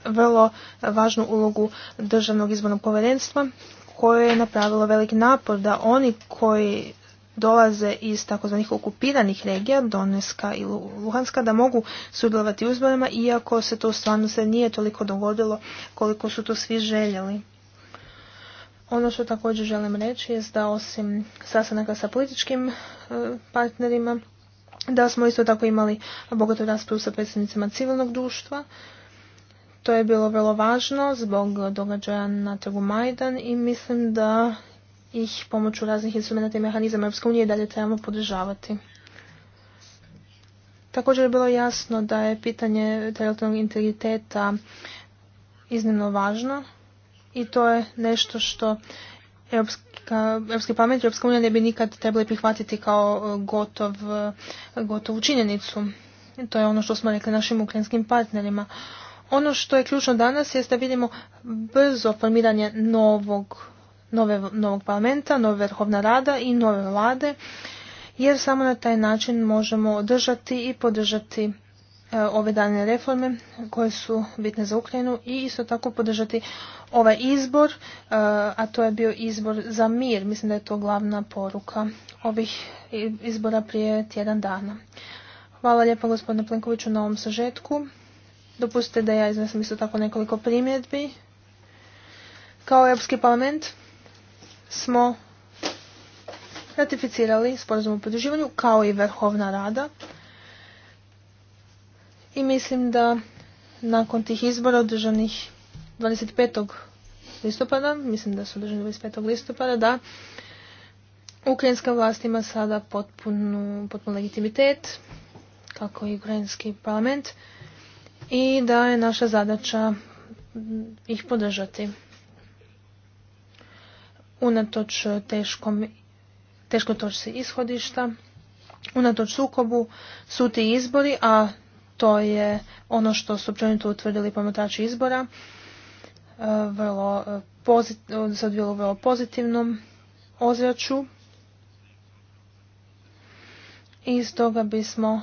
vrlo važnu ulogu Državnog izbornog povjerenstva koje je napravilo velik napor da oni koji dolaze iz takozvanih okupiranih regija, Doneska i Luhanska, da mogu sudjelovati u izborima, iako se to stvarno se nije toliko dogodilo koliko su to svi željeli. Ono što također želim reći je da osim sastanaka sa političkim e, partnerima, da smo isto tako imali bogatu raspravu sa predstavnicima civilnog društva, to je bilo vrlo važno zbog događaja na trgu Majdan i mislim da ih pomoću raznih instrumenta i mehanizama EU unije dalje trebamo podržavati. Također je bilo jasno da je pitanje teritorijalnog integriteta iznimno važno i to je nešto što Europski parlament i Europska unija ne bi nikad trebali prihvatiti kao e, gotov, e, gotovu činjenicu. To je ono što smo rekli našim ukrajinskim partnerima. Ono što je ključno danas je da vidimo brzo formiranje novog, nove, novog parlamenta, nove vrhovna rada i nove vlade, jer samo na taj način možemo održati i podržati e, ove dane reforme koje su bitne za Ukrajinu i isto tako podržati ovaj izbor, e, a to je bio izbor za mir. Mislim da je to glavna poruka ovih izbora prije tjedan dana. Hvala lijepo gospodine Plenkoviću na ovom sažetku. Dopustite da ja iznesem isto tako nekoliko primjedbi. Kao Europski parlament smo ratificirali sporazum o podruživanju kao i Vrhovna rada. I mislim da nakon tih izbora održanih 25. listopada, mislim da su održani 25. listopada, da ukrajinska vlast ima sada potpunu, potpun legitimitet, kako i ukrajinski parlament i da je naša zadaća ih podržati. Unatoč teškom, teškoj točci ishodišta, unatoč sukobu su ti izbori, a to je ono što su općenito utvrdili pomotači izbora, e, vrlo e, pozit, se odvijelo u vrlo pozitivnom ozraču. I stoga bismo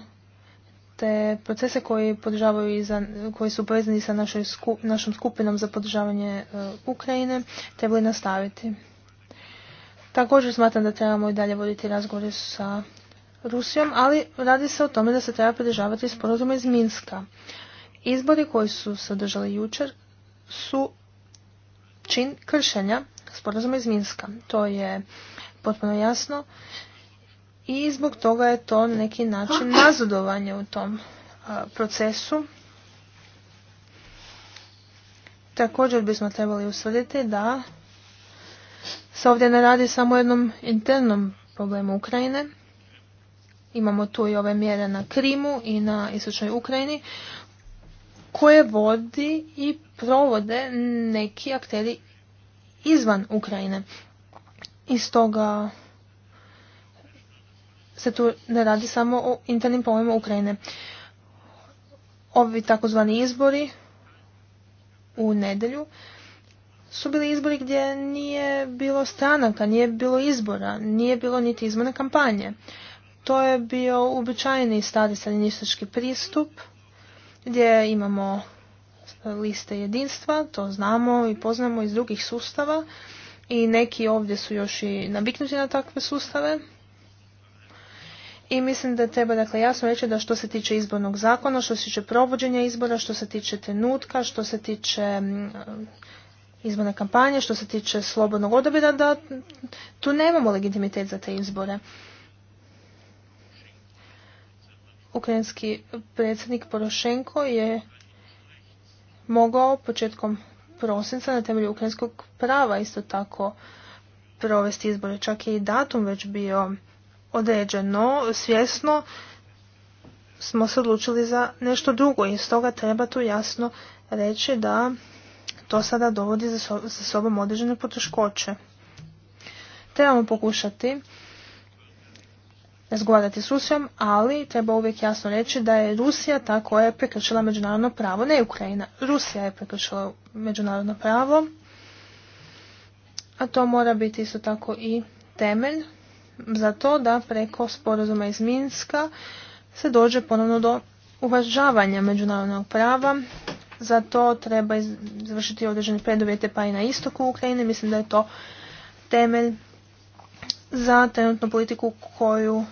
te procese koji, podržavaju i koji su povezani sa našom skupinom za podržavanje e, Ukrajine trebali nastaviti. Također smatram da trebamo i dalje voditi razgovore sa Rusijom, ali radi se o tome da se treba pridržavati sporazuma iz Minska. Izbori koji su se održali jučer su čin kršenja sporazuma iz Minska. To je potpuno jasno i zbog toga je to neki način nazadovanje u tom procesu. Također bismo trebali usvrditi da se ovdje ne radi samo o jednom internom problemu Ukrajine. Imamo tu i ove mjere na Krimu i na istočnoj Ukrajini koje vodi i provode neki akteri izvan Ukrajine. I toga se tu ne radi samo o internim problemima Ukrajine. Ovi takozvani izbori u nedelju su bili izbori gdje nije bilo stranaka, nije bilo izbora, nije bilo niti izborne kampanje. To je bio uobičajeni stari stalinistički pristup gdje imamo liste jedinstva, to znamo i poznamo iz drugih sustava i neki ovdje su još i naviknuti na takve sustave i mislim da treba dakle jasno reći da što se tiče izbornog zakona, što se tiče provođenja izbora, što se tiče trenutka, što se tiče mm, izborne kampanje, što se tiče slobodnog odabira, da tu nemamo legitimitet za te izbore. Ukrajinski predsjednik Porošenko je mogao početkom prosinca na temelju ukrajinskog prava isto tako provesti izbore. Čak je i datum već bio određeno, svjesno smo se odlučili za nešto drugo i stoga treba tu jasno reći da to sada dovodi za sobom određene poteškoće. Trebamo pokušati razgovarati s Rusijom, ali treba uvijek jasno reći da je Rusija ta koja je prekršila međunarodno pravo, ne Ukrajina. Rusija je prekršila međunarodno pravo, a to mora biti isto tako i temelj za to da preko sporazuma iz Minska se dođe ponovno do uvažavanja međunarodnog prava. Za to treba izvršiti određene preduvjete pa i na istoku Ukrajine. Mislim da je to temelj za trenutnu politiku koju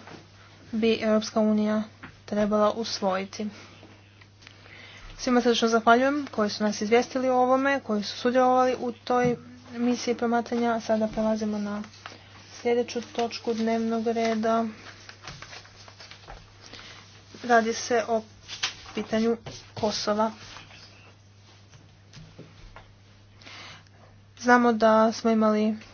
bi Europska unija trebala usvojiti. Svima srdečno zahvaljujem koji su nas izvijestili o ovome, koji su sudjelovali u toj misiji promatranja. Sada prelazimo na sljedeću točku dnevnog reda. Radi se o pitanju Kosova. Znamo da smo imali